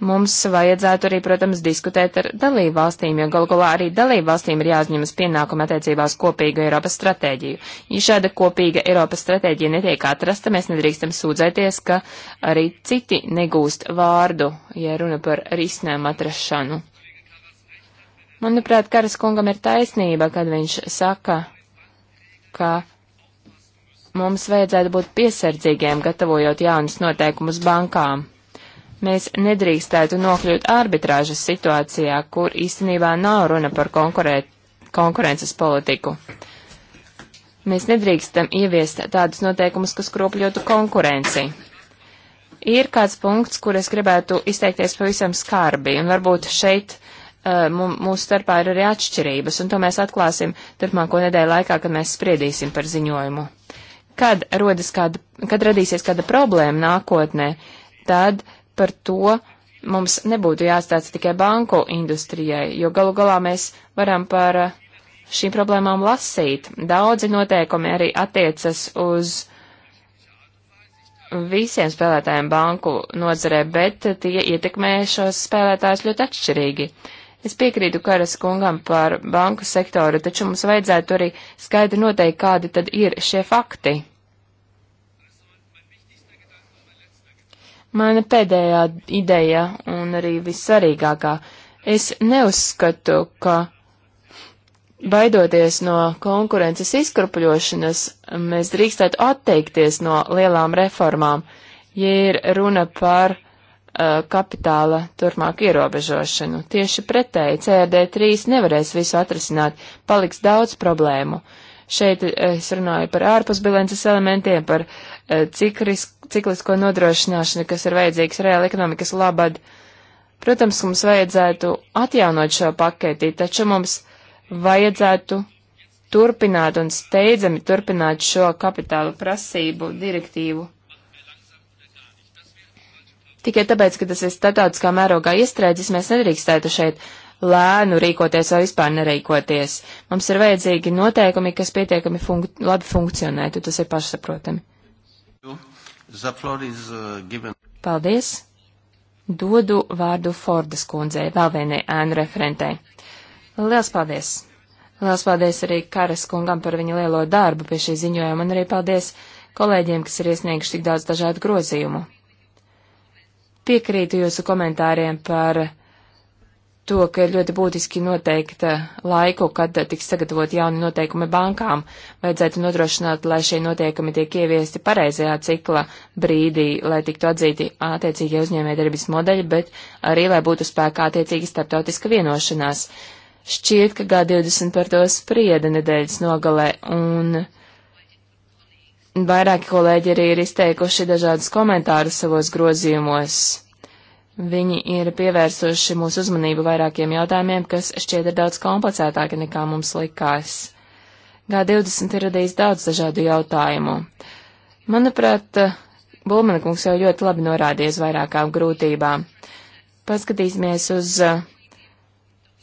Mums vajadzētu arī, protams, diskutēt ar dalību valstīm, jo galu galā arī dalību valstīm ir jāuzņemas pienākuma attiecībās kopīgu Eiropas stratēģiju. Ja šāda kopīga Eiropas stratēģija netiek atrasta, mēs nedrīkstam sūdzēties, ka arī citi negūst vārdu, ja runa par risinājumu atrašanu. Manuprāt, Karas kungam ir taisnība, kad viņš saka, ka mums vajadzētu būt piesardzīgiem, gatavojot jaunus noteikumus bankām. Mēs nedrīkstētu nokļūt arbitrāžas situācijā, kur īstenībā nav runa par konkurēt, konkurences politiku. Mēs nedrīkstam ieviest tādus noteikumus, kas kropļotu konkurenci. Ir kāds punkts, kur es gribētu izteikties pavisam skarbi, un varbūt šeit uh, Eh, mūsu starpā ir arī atšķirības, un to mēs atklāsim turpmāko nedēļu laikā, kad mēs spriedīsim par ziņojumu. Kad, kāda, kad radīsies kāda problēma nākotnē, tad par to mums nebūtu jāstāsta tikai banku industrijai, jo galu galā mēs varam par eh, šīm problēmām lasīt. Daudzi noteikumi arī attiecas uz visiem spēlētājiem banku nozarē, bet tie ietekmē šos spēlētājus ļoti atšķirīgi. Uh, Es piekrītu Karas kungam par banku sektoru, taču mums vajadzētu arī skaidri noteikt, kādi tad ir šie fakti. Mana pēdējā ideja un arī vissvarīgākā. Es neuzskatu, ka baidoties no konkurences izkrupuļošanas, mēs drīkstētu atteikties no lielām reformām, ja ir runa par Uh, kapitāla turpmāku ierobežošanu. Tieši pretēji, CRD3 nevarēs visu atrisināt, paliks daudz problēmu. Šeit uh, es runāju par ārpusbilances elementiem, par uh, cikris, ciklisko nodrošināšanu, kas ir vajadzīgs reāli ekonomikas labad. Protams, mums vajadzētu atjaunot šo paketi, taču mums vajadzētu turpināt un steidzami turpināt šo kapitāla prasību direktīvu Tikai tāpēc, ka tas ir starptautiskā mērogā iestrēdzis, mēs nedrīkstētu šeit lēnu rīkoties vai vispār nerīkoties. Mums ir vajadzīgi noteikumi, kas pietiekami funk labi funkcionētu, tas ir pašsaprotami. Uh, paldies! Dodu vārdu Fordas kundzei, vēl vienai ēnu referentei. Liels paldies! Liels paldies arī Karas kungam par viņa lielo darbu pie šī ziņojuma, un arī paldies kolēģiem, kas ir iesnieguši tik daudz dažādu grozījumu. Piekrītu jūsu komentāriem par to, ka ir ļoti būtiski noteikt eh, laiku, kad tiks sagatavot jauni noteikumi bankām. Vajadzētu nodrošināt, lai šie noteikumi tiek ieviesti pareizajā cikla brīdī, lai tiktu atzīti attiecīgie uzņēmējdarbības modeļi, bet arī, lai būtu spēkā attiecīgi starptautiska vienošanās. Šķiet, ka G20 par to sprieda nedēļas nogalē, un Vairāki kolēģi arī ir izteikuši dažādus komentārus savos grozījumos. Viņi ir pievērsuši mūsu uzmanību vairākiem jautājumiem, kas šķiet ir daudz komplicētāki nekā mums likās. G20 ir radījis daudz dažādu jautājumu. Manuprāt, Bulmana kungs jau ļoti labi norādījis vairākām grūtībām. Paskatīsimies uz uh,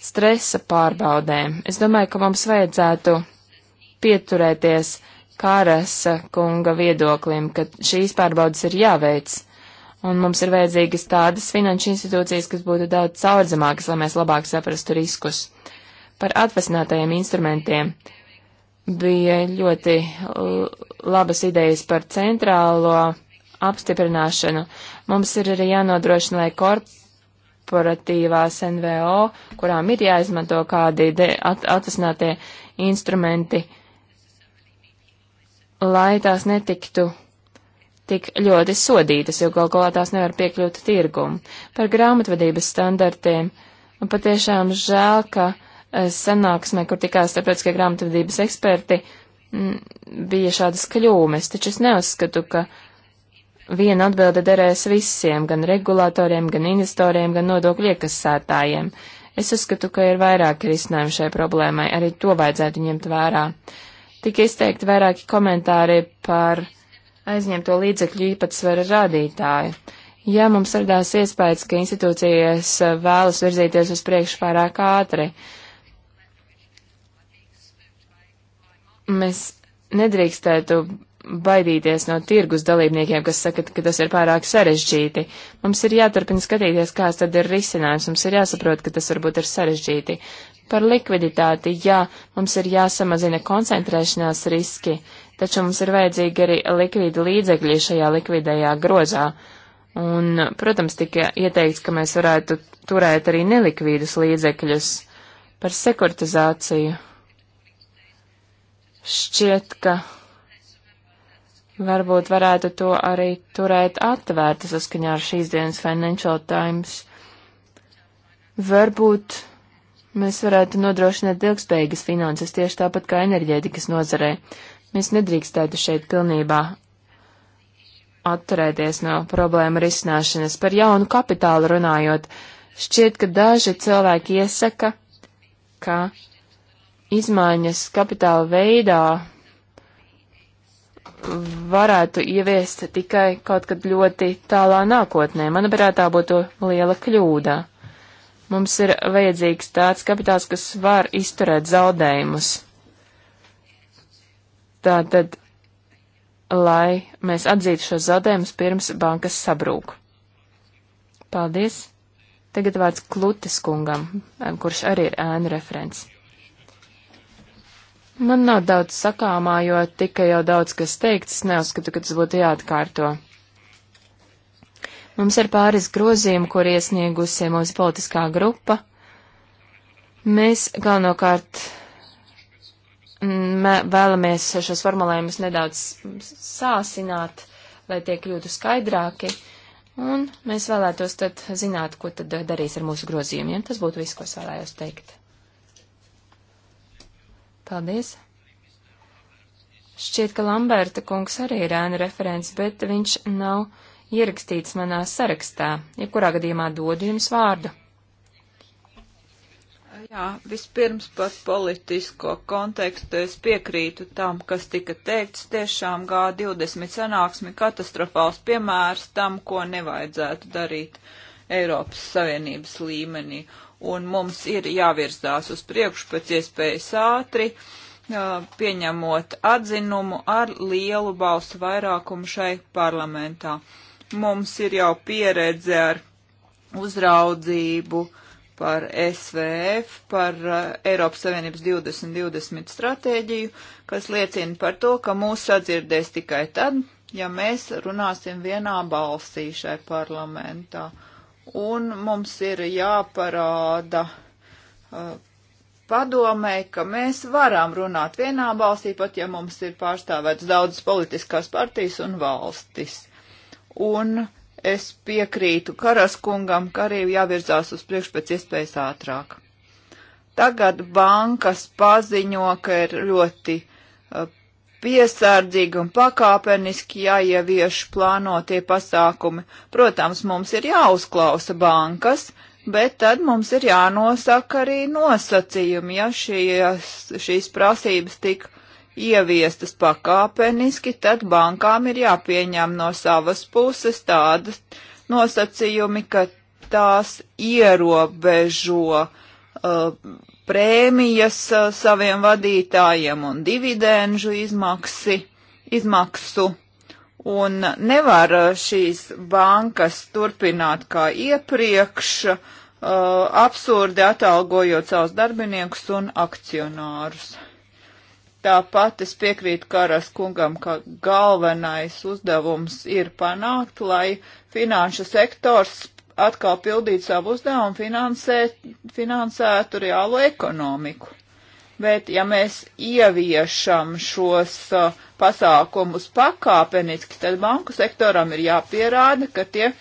stresa pārbaudēm. Es domāju, ka mums vajadzētu pieturēties Kārasa eh, kunga viedoklim, ka šīs pārbaudas ir jāveic, un mums ir vajadzīgas tādas finanšu institūcijas, kas būtu daudz caurdzamākas, lai mēs labāk saprastu riskus. Par atvesinātajiem instrumentiem bija ļoti eh, labas idejas par centrālo apstiprināšanu. Mums ir arī jānodrošina, lai korporatīvās NVO, kurām ir jāizmanto kādi at atvesinātie instrumenti, uh, lai tās netiktu tik ļoti sodītas, jo gal galā tās nevar piekļūt tirgumu. Par grāmatvedības standartiem patiešām žēl, ka e, sanāksmē, kur tikās starptautiskie grāmatvedības eksperti, m, bija šādas kļūmes, taču es neuzskatu, ka viena atbilde derēs visiem, gan regulātoriem, gan investoriem, gan nodokļu iekasētājiem. Es uzskatu, ka ir vairāk risinājumu šai problēmai, arī to vajadzētu ņemt vērā. Uh, Tik izteikti vairāki komentāri par aizņemto līdzekļu īpatsvara rādītāju. Ja mums radās iespējas, ka institūcijas vēlas virzīties uz priekšu pārāk ātri, mēs nedrīkstētu baidīties no tirgus dalībniekiem, kas saka, ka tas ir pārāk sarežģīti. Mums ir jāturpina skatīties, kāds tad ir risinājums, mums ir jāsaprot, ka tas varbūt ir sarežģīti par likviditāti. Jā, mums ir jāsamazina koncentrēšanās riski, taču mums ir vajadzīgi arī likvīdi līdzekļi šajā likvidējā grozā. Un, protams, tika ieteikts, ka mēs varētu turēt arī nelikvīdus līdzekļus par sekurtizāciju. Šķiet, ka varbūt varētu to arī turēt atvērtu saskaņā ar šīs dienas Financial Times. Varbūt Mēs varētu nodrošināt ilgspējīgas finanses tieši tāpat kā enerģētikas nozarē. Mēs nedrīkstētu šeit pilnībā atturēties no problēmu risināšanas. Par jaunu kapitālu runājot, šķiet, ka daži cilvēki iesaka, ka izmaiņas kapitāla veidā varētu ieviest tikai kaut kad ļoti tālā nākotnē. Manuprāt, tā būtu liela kļūda. Mums ir vajadzīgs tāds kapitāls, kas var izturēt zaudējumus. Tātad, lai mēs atzītu šos zaudējumus pirms bankas sabrūk. Paldies! Tagad vārds Klutis kungam, kurš arī ir ēnu referents. Man nav daudz sakāmā, jo tika jau daudz kas teikts, neuzskatu, ka tas būtu jāatkārto. Mums ir pāris grozījumi, kur iesniegusi mūsu politiskā grupa. Mēs galvenokārt mm, vēlamies šos formulējumus nedaudz sāsināt, lai tie kļūtu skaidrāki, un mēs vēlētos tad zināt, ko tad darīs ar mūsu grozījumiem. Tas būtu viss, ko es vēlējos teikt. Paldies! Šķiet, ka Lamberta kungs arī ir ēna referents, bet viņš nav ierakstīts manā sarakstā. Jebkurā ja gadījumā dodu jums vārdu. Jā, vispirms par politisko kontekstu es piekrītu tam, kas tika teikts. Tiešām G20 sanāksmi katastrofāls piemērs tam, ko nevajadzētu darīt Eiropas Savienības līmenī. Un mums ir jāvirzās uz priekšu pēc iespējas ātri, pieņemot atzinumu ar lielu balsu vairākumu šai parlamentā. Mums ir jau pieredze ar uzraudzību par SVF, par uh, Eiropas Savienības 2020 stratēģiju, kas liecina par to, ka mūs sadzirdēs tikai tad, ja mēs runāsim vienā balsī šai parlamentā. Un mums ir jāparāda uh, padomē, ka mēs varam runāt vienā balsī, pat ja mums ir pārstāvēts daudzas politiskās partijas un valstis un es piekrītu Karaskungam, ka arī jāvirzās uz priekšu pēc iespējas ātrāk. Tagad bankas paziņo, ka ir ļoti uh, piesardzīgi un pakāpeniski jāievieš plānotie pasākumi. Protams, mums ir jāuzklausa bankas, bet tad mums ir jānosaka arī nosacījumi, ja šīs, šīs prasības tik uh, ieviestas pakāpeniski, tad bankām ir jāpieņem no savas puses tādas nosacījumi, ka tās ierobežo uh, prēmijas uh, saviem vadītājiem un dividēnžu izmaksi, izmaksu. Un nevar uh, šīs bankas turpināt kā iepriekš, uh, absurdi atalgojot savus darbiniekus un akcionārus. Tāpat es piekrītu Karas kungam, ka galvenais uzdevums ir panākt, lai finanšu sektors atkal pildītu savu uzdevumu finansēt, finansētu reālo ekonomiku. Bet ja mēs ieviešam šos uh, pasākumus pakāpeniski, tad banku sektoram ir jāpierāda, ka, tie,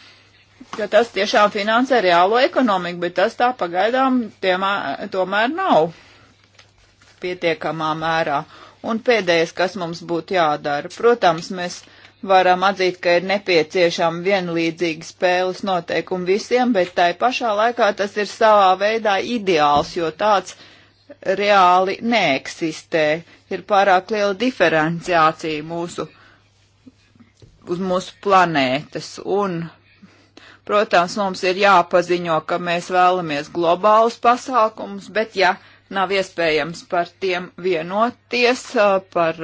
ka tas tiešām finansē reālo ekonomiku, bet tas tā pagaidām tiemā, tomēr nav pietiekamā mērā. Un pēdējais, kas mums būtu jādara, protams, mēs varam atzīt, ka ir nepieciešama vienlīdzīga spēles noteikumi visiem, bet tai pašā laikā tas ir savā veidā ideāls, jo tāds reāli neeksistē. Ir pārāk liela diferenciācija mūsu, uz mūsu planētas. Un, protams, mums ir jāpaziņo, ka mēs vēlamies globālus pasākumus, bet ja nav iespējams par tiem vienoties, par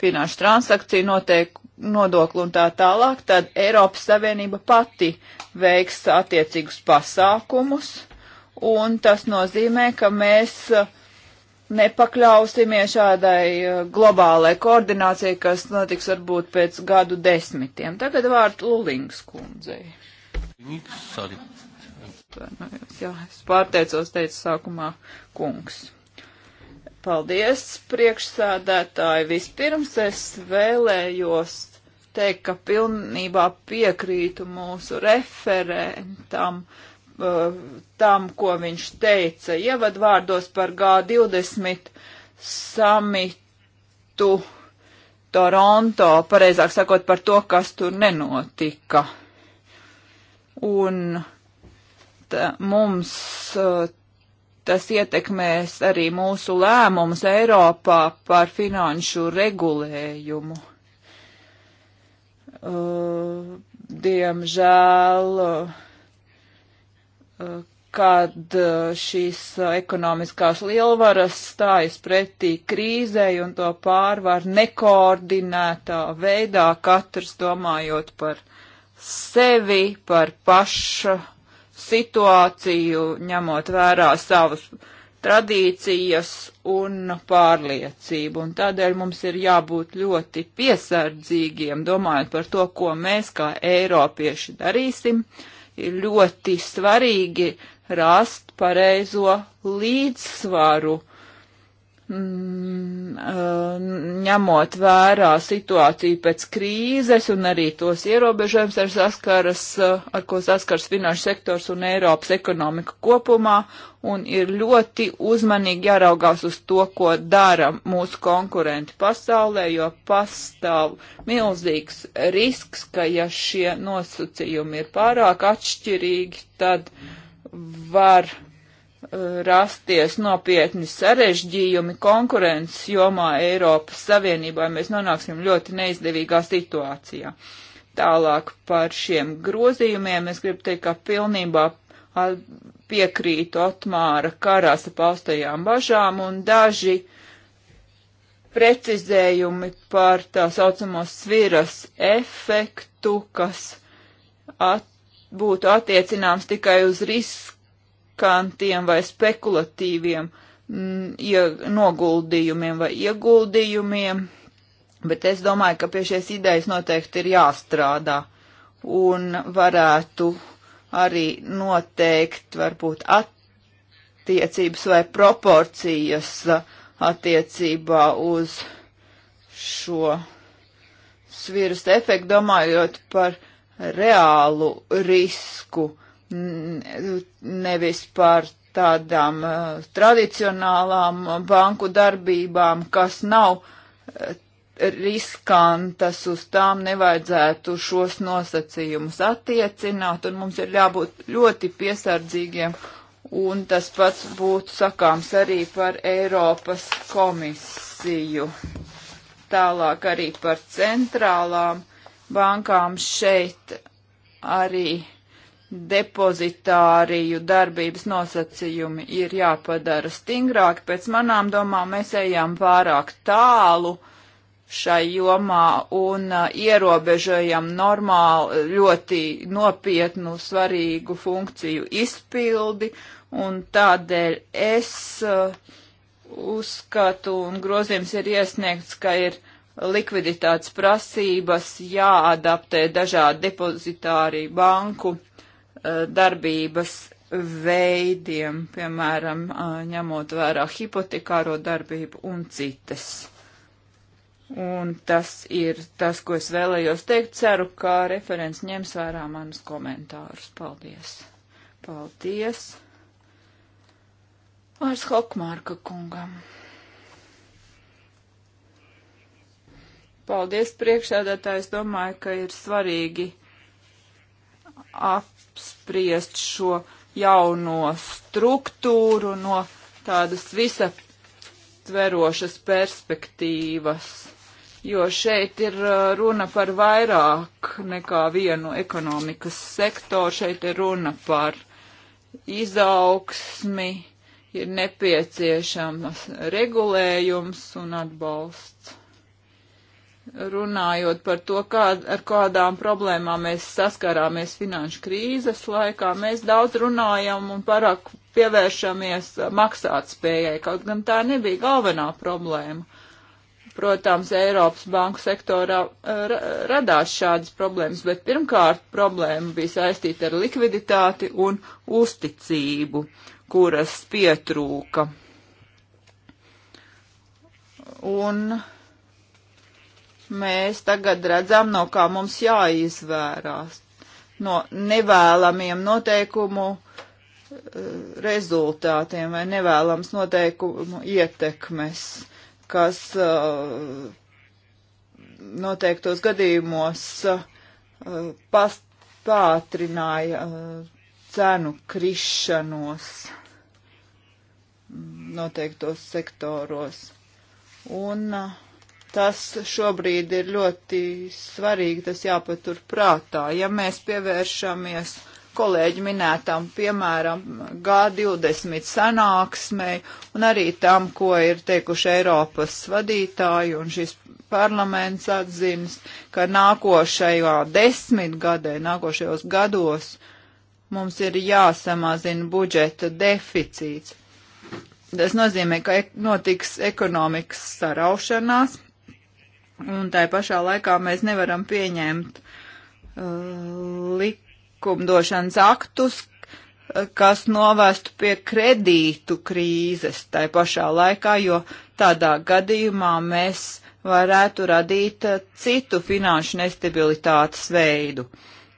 finanšu transakciju noteikumu nodokli un tā tālāk, tad Eiropas Savienība pati veiks attiecīgus pasākumus, un tas nozīmē, ka mēs nepakļausimies šādai globālai koordinācijai, kas notiks varbūt pēc gadu desmitiem. Tagad vārds Lulings kundzei. Sorry nu, jā, es pārteicos, teicu sākumā kungs. Paldies, priekšsēdētāji. Vispirms es vēlējos teikt, ka pilnībā piekrītu mūsu referentam uh, tam, ko viņš teica ievadvārdos par G20 samitu Toronto, pareizāk sakot par to, kas tur nenotika. Un Eh, mums eh, tas ietekmēs arī mūsu lēmumus Eiropā par finanšu regulējumu. Eh, diemžēl, kad šīs ekonomiskās lielvaras stājas pretī krīzei un to pārvar nekoordinētā veidā, katrs domājot par sevi, par paša situāciju, ņemot vērā savas tradīcijas un pārliecību. Un tādēļ mums ir jābūt ļoti piesardzīgiem, domājot par to, ko mēs kā eiropieši darīsim. Ir ļoti svarīgi rast pareizo līdzsvaru Mm, uh, ņemot vērā situāciju pēc krīzes un arī tos ierobežojums, ar, saskaras, uh, ar ko saskars finanšu sektors un Eiropas ekonomika kopumā, un ir ļoti uzmanīgi jāraugās uz to, ko dara mūsu konkurenti pasaulē, jo pastāv milzīgs risks, ka ja šie nosacījumi ir pārāk atšķirīgi, tad var rasties nopietni sarežģījumi konkurences jomā Eiropas Savienībā, mēs nonāksim ļoti neizdevīgā situācijā. Tālāk par šiem grozījumiem es gribu teikt, ka pilnībā piekrītu Otmāra karāsa paustajām bažām un daži precizējumi par tā saucamo sviras efektu, kas at, būtu attiecināms tikai uz risku riskantiem vai spekulatīviem mm, ie, noguldījumiem vai ieguldījumiem, bet es domāju, ka pie šīs idejas noteikti ir jāstrādā un varētu arī noteikt varbūt attiecības vai proporcijas attiecībā uz šo svirus efektu, domājot par reālu risku nevis par tādām uh, tradicionālām banku darbībām, kas nav uh, riskantas, uz tām nevajadzētu šos nosacījumus attiecināt, un mums ir jābūt ļoti piesardzīgiem, un tas pats būtu sakāms arī par Eiropas komisiju. Tālāk arī par centrālām bankām šeit arī depozitāriju darbības nosacījumi ir jāpadara stingrāki. Pēc manām domām mēs ejam pārāk tālu šai jomā un uh, ierobežojam normāli ļoti nopietnu svarīgu funkciju izpildi, un tādēļ es uh, uzskatu, un grozījums ir iesniegts, ka ir likviditātes prasības jāadaptē dažādu depozitāri banku Uh, darbības veidiem, piemēram, uh, ņemot vērā hipotekāro darbību un citas. Un tas ir tas, ko es vēlējos teikt. Ceru, ka referents ņems vērā manus komentārus. Paldies! Paldies! Vārds Hokmārka kungam. Paldies priekšsēdētāji. Es domāju, ka ir svarīgi ap apspriest šo jauno struktūru no tādas visaptverošas perspektīvas, jo šeit ir uh, runa par vairāk nekā vienu ekonomikas sektoru, šeit ir runa par izaugsmi, ir nepieciešams regulējums un atbalsts runājot par to, kā, ar kādām problēmām mēs saskarāmies finanšu krīzes laikā, mēs daudz runājam un parāk pievēršamies maksātspējai, kaut gan tā nebija galvenā problēma. Protams, Eiropas banku sektorā eh, ra radās šādas problēmas, bet pirmkārt problēma bija saistīta ar likviditāti un uzticību, kuras pietrūka. Un uh, mēs tagad redzam, no kā mums jāizvērās, no nevēlamiem noteikumu eh, rezultātiem vai nevēlams noteikumu ietekmes, kas eh, noteiktos gadījumos eh, pātrināja cenu krišanos noteiktos sektoros. Un uh, Tas šobrīd ir ļoti svarīgi, tas jāpatur prātā. Ja mēs pievēršamies kolēģi minētam, piemēram, G20 sanāksmei un arī tam, ko ir teikuši Eiropas vadītāji un šis parlaments atzīmes, ka nākošajā desmitgadē, nākošajos gados mums ir jāsamazina budžeta deficīts. Tas nozīmē, ka notiks ekonomikas saraušanās Un tai pašā laikā mēs nevaram pieņemt uh, likumdošanas aktus, uh, kas novestu pie kredītu krīzes tai pašā laikā, jo tādā gadījumā mēs varētu radīt uh, citu finanšu nestabilitātes veidu.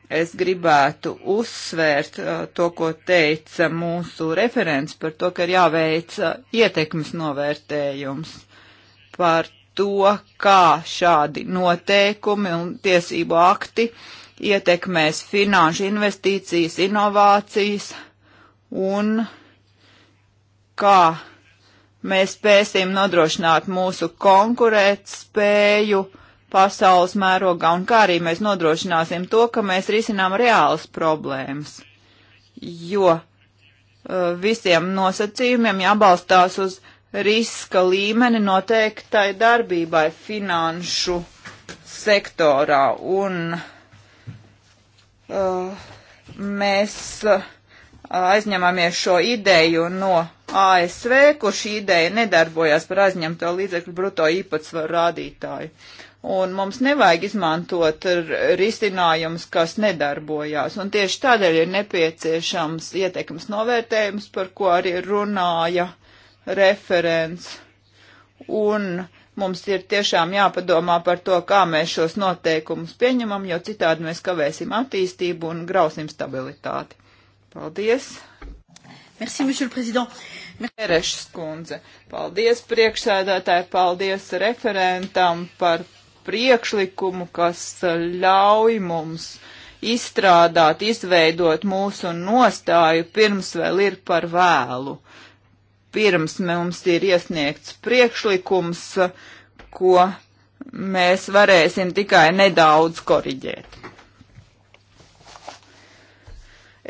Es gribētu uzsvērt uh, to, ko teica mūsu referents par to, ka ir jāveic uh, ietekmes novērtējums par to, kā šādi noteikumi un tiesību akti ietekmēs finanšu investīcijas, inovācijas un kā mēs spēsim nodrošināt mūsu konkurētspēju pasaules mērogā un kā arī mēs nodrošināsim to, ka mēs risinām reālas problēmas. Jo uh, visiem nosacījumiem jābalstās uz uh, riska līmeni noteiktai darbībai finanšu sektorā. Un uh, mēs uh, aizņemamies šo ideju no ASV, kur šī ideja nedarbojās par aizņemto līdzekļu bruto īpatsvaru rādītāju. Un mums nevajag izmantot risinājumus, kas nedarbojās. Un tieši tādēļ ir nepieciešams ietekmes novērtējums, par ko arī runāja uh, referents. Un mums ir tiešām jāpadomā par to, kā mēs šos noteikumus pieņemam, jo citādi mēs kavēsim attīstību un grausim stabilitāti. Paldies! Merci, monsieur le président. Erešs kundze, paldies priekšsēdētāji, paldies referentam par priekšlikumu, kas ļauj mums izstrādāt, izveidot mūsu nostāju pirms vēl ir par vēlu pirms mums ir iesniegts priekšlikums, ko mēs varēsim tikai nedaudz koriģēt.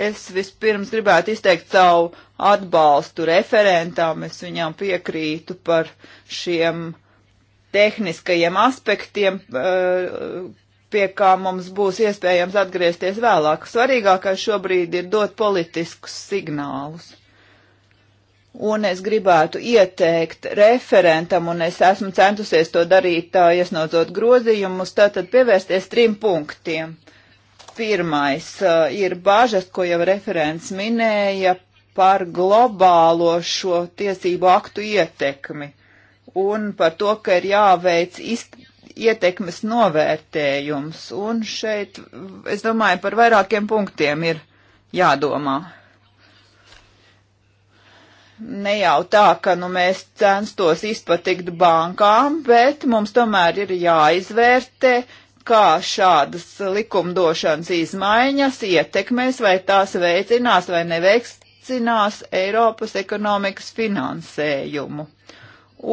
Es vispirms gribētu izteikt savu atbalstu referentam, es viņam piekrītu par šiem tehniskajiem aspektiem, eh, pie kā mums būs iespējams atgriezties vēlāk. Svarīgākais šobrīd ir dot politiskus signālus. Un es gribētu ieteikt referentam, un es esmu centusies to darīt, iesnodot grozījumus, tātad pievērsties trim punktiem. Pirmais uh, ir bāžas, ko jau referents minēja par globālo šo tiesību aktu ietekmi un par to, ka ir jāveic izt, ietekmes novērtējums. Un šeit, es domāju, par vairākiem punktiem ir jādomā ne jau tā, ka nu, mēs censtos izpatikt bankām, bet mums tomēr ir jāizvērtē, kā šādas likumdošanas izmaiņas ietekmēs, vai tās veicinās vai neveicinās Eiropas ekonomikas finansējumu.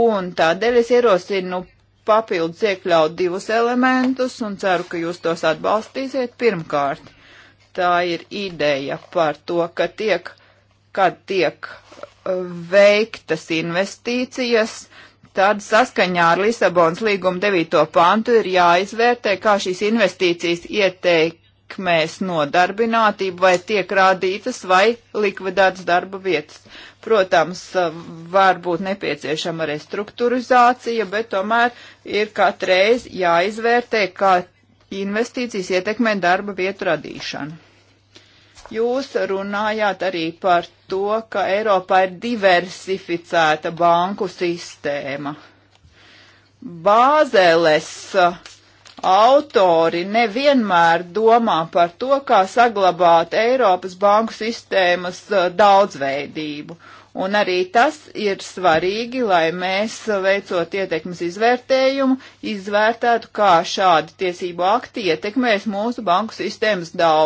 Un tādēļ es ierosinu papildus iekļaut divus elementus un ceru, ka jūs tos atbalstīsiet. Pirmkārt, tā ir ideja par to, ka tiek, kad tiek veiktas investīcijas, tad saskaņā ar Lisabonas līguma 9. pantu ir jāizvērtē, kā šīs investīcijas ietekmēs nodarbinātību, vai tiek rādītas vai likvidētas darba vietas. Protams, var būt nepieciešama restruktūrizācija, bet tomēr ir katreiz jāizvērtē, kā investīcijas ietekmē darba vietu radīšanu. Jūs runājāt arī par to, ka Eiropā ir diversificēta banku sistēma. Bāzeles uh, autori nevienmēr domā par to, kā saglabāt Eiropas banku sistēmas uh, daudzveidību. Un arī tas ir svarīgi, lai mēs, uh, veicot ietekmes izvērtējumu, izvērtētu, kā šādi tiesību akti ietekmēs mūsu banku sistēmas daudz.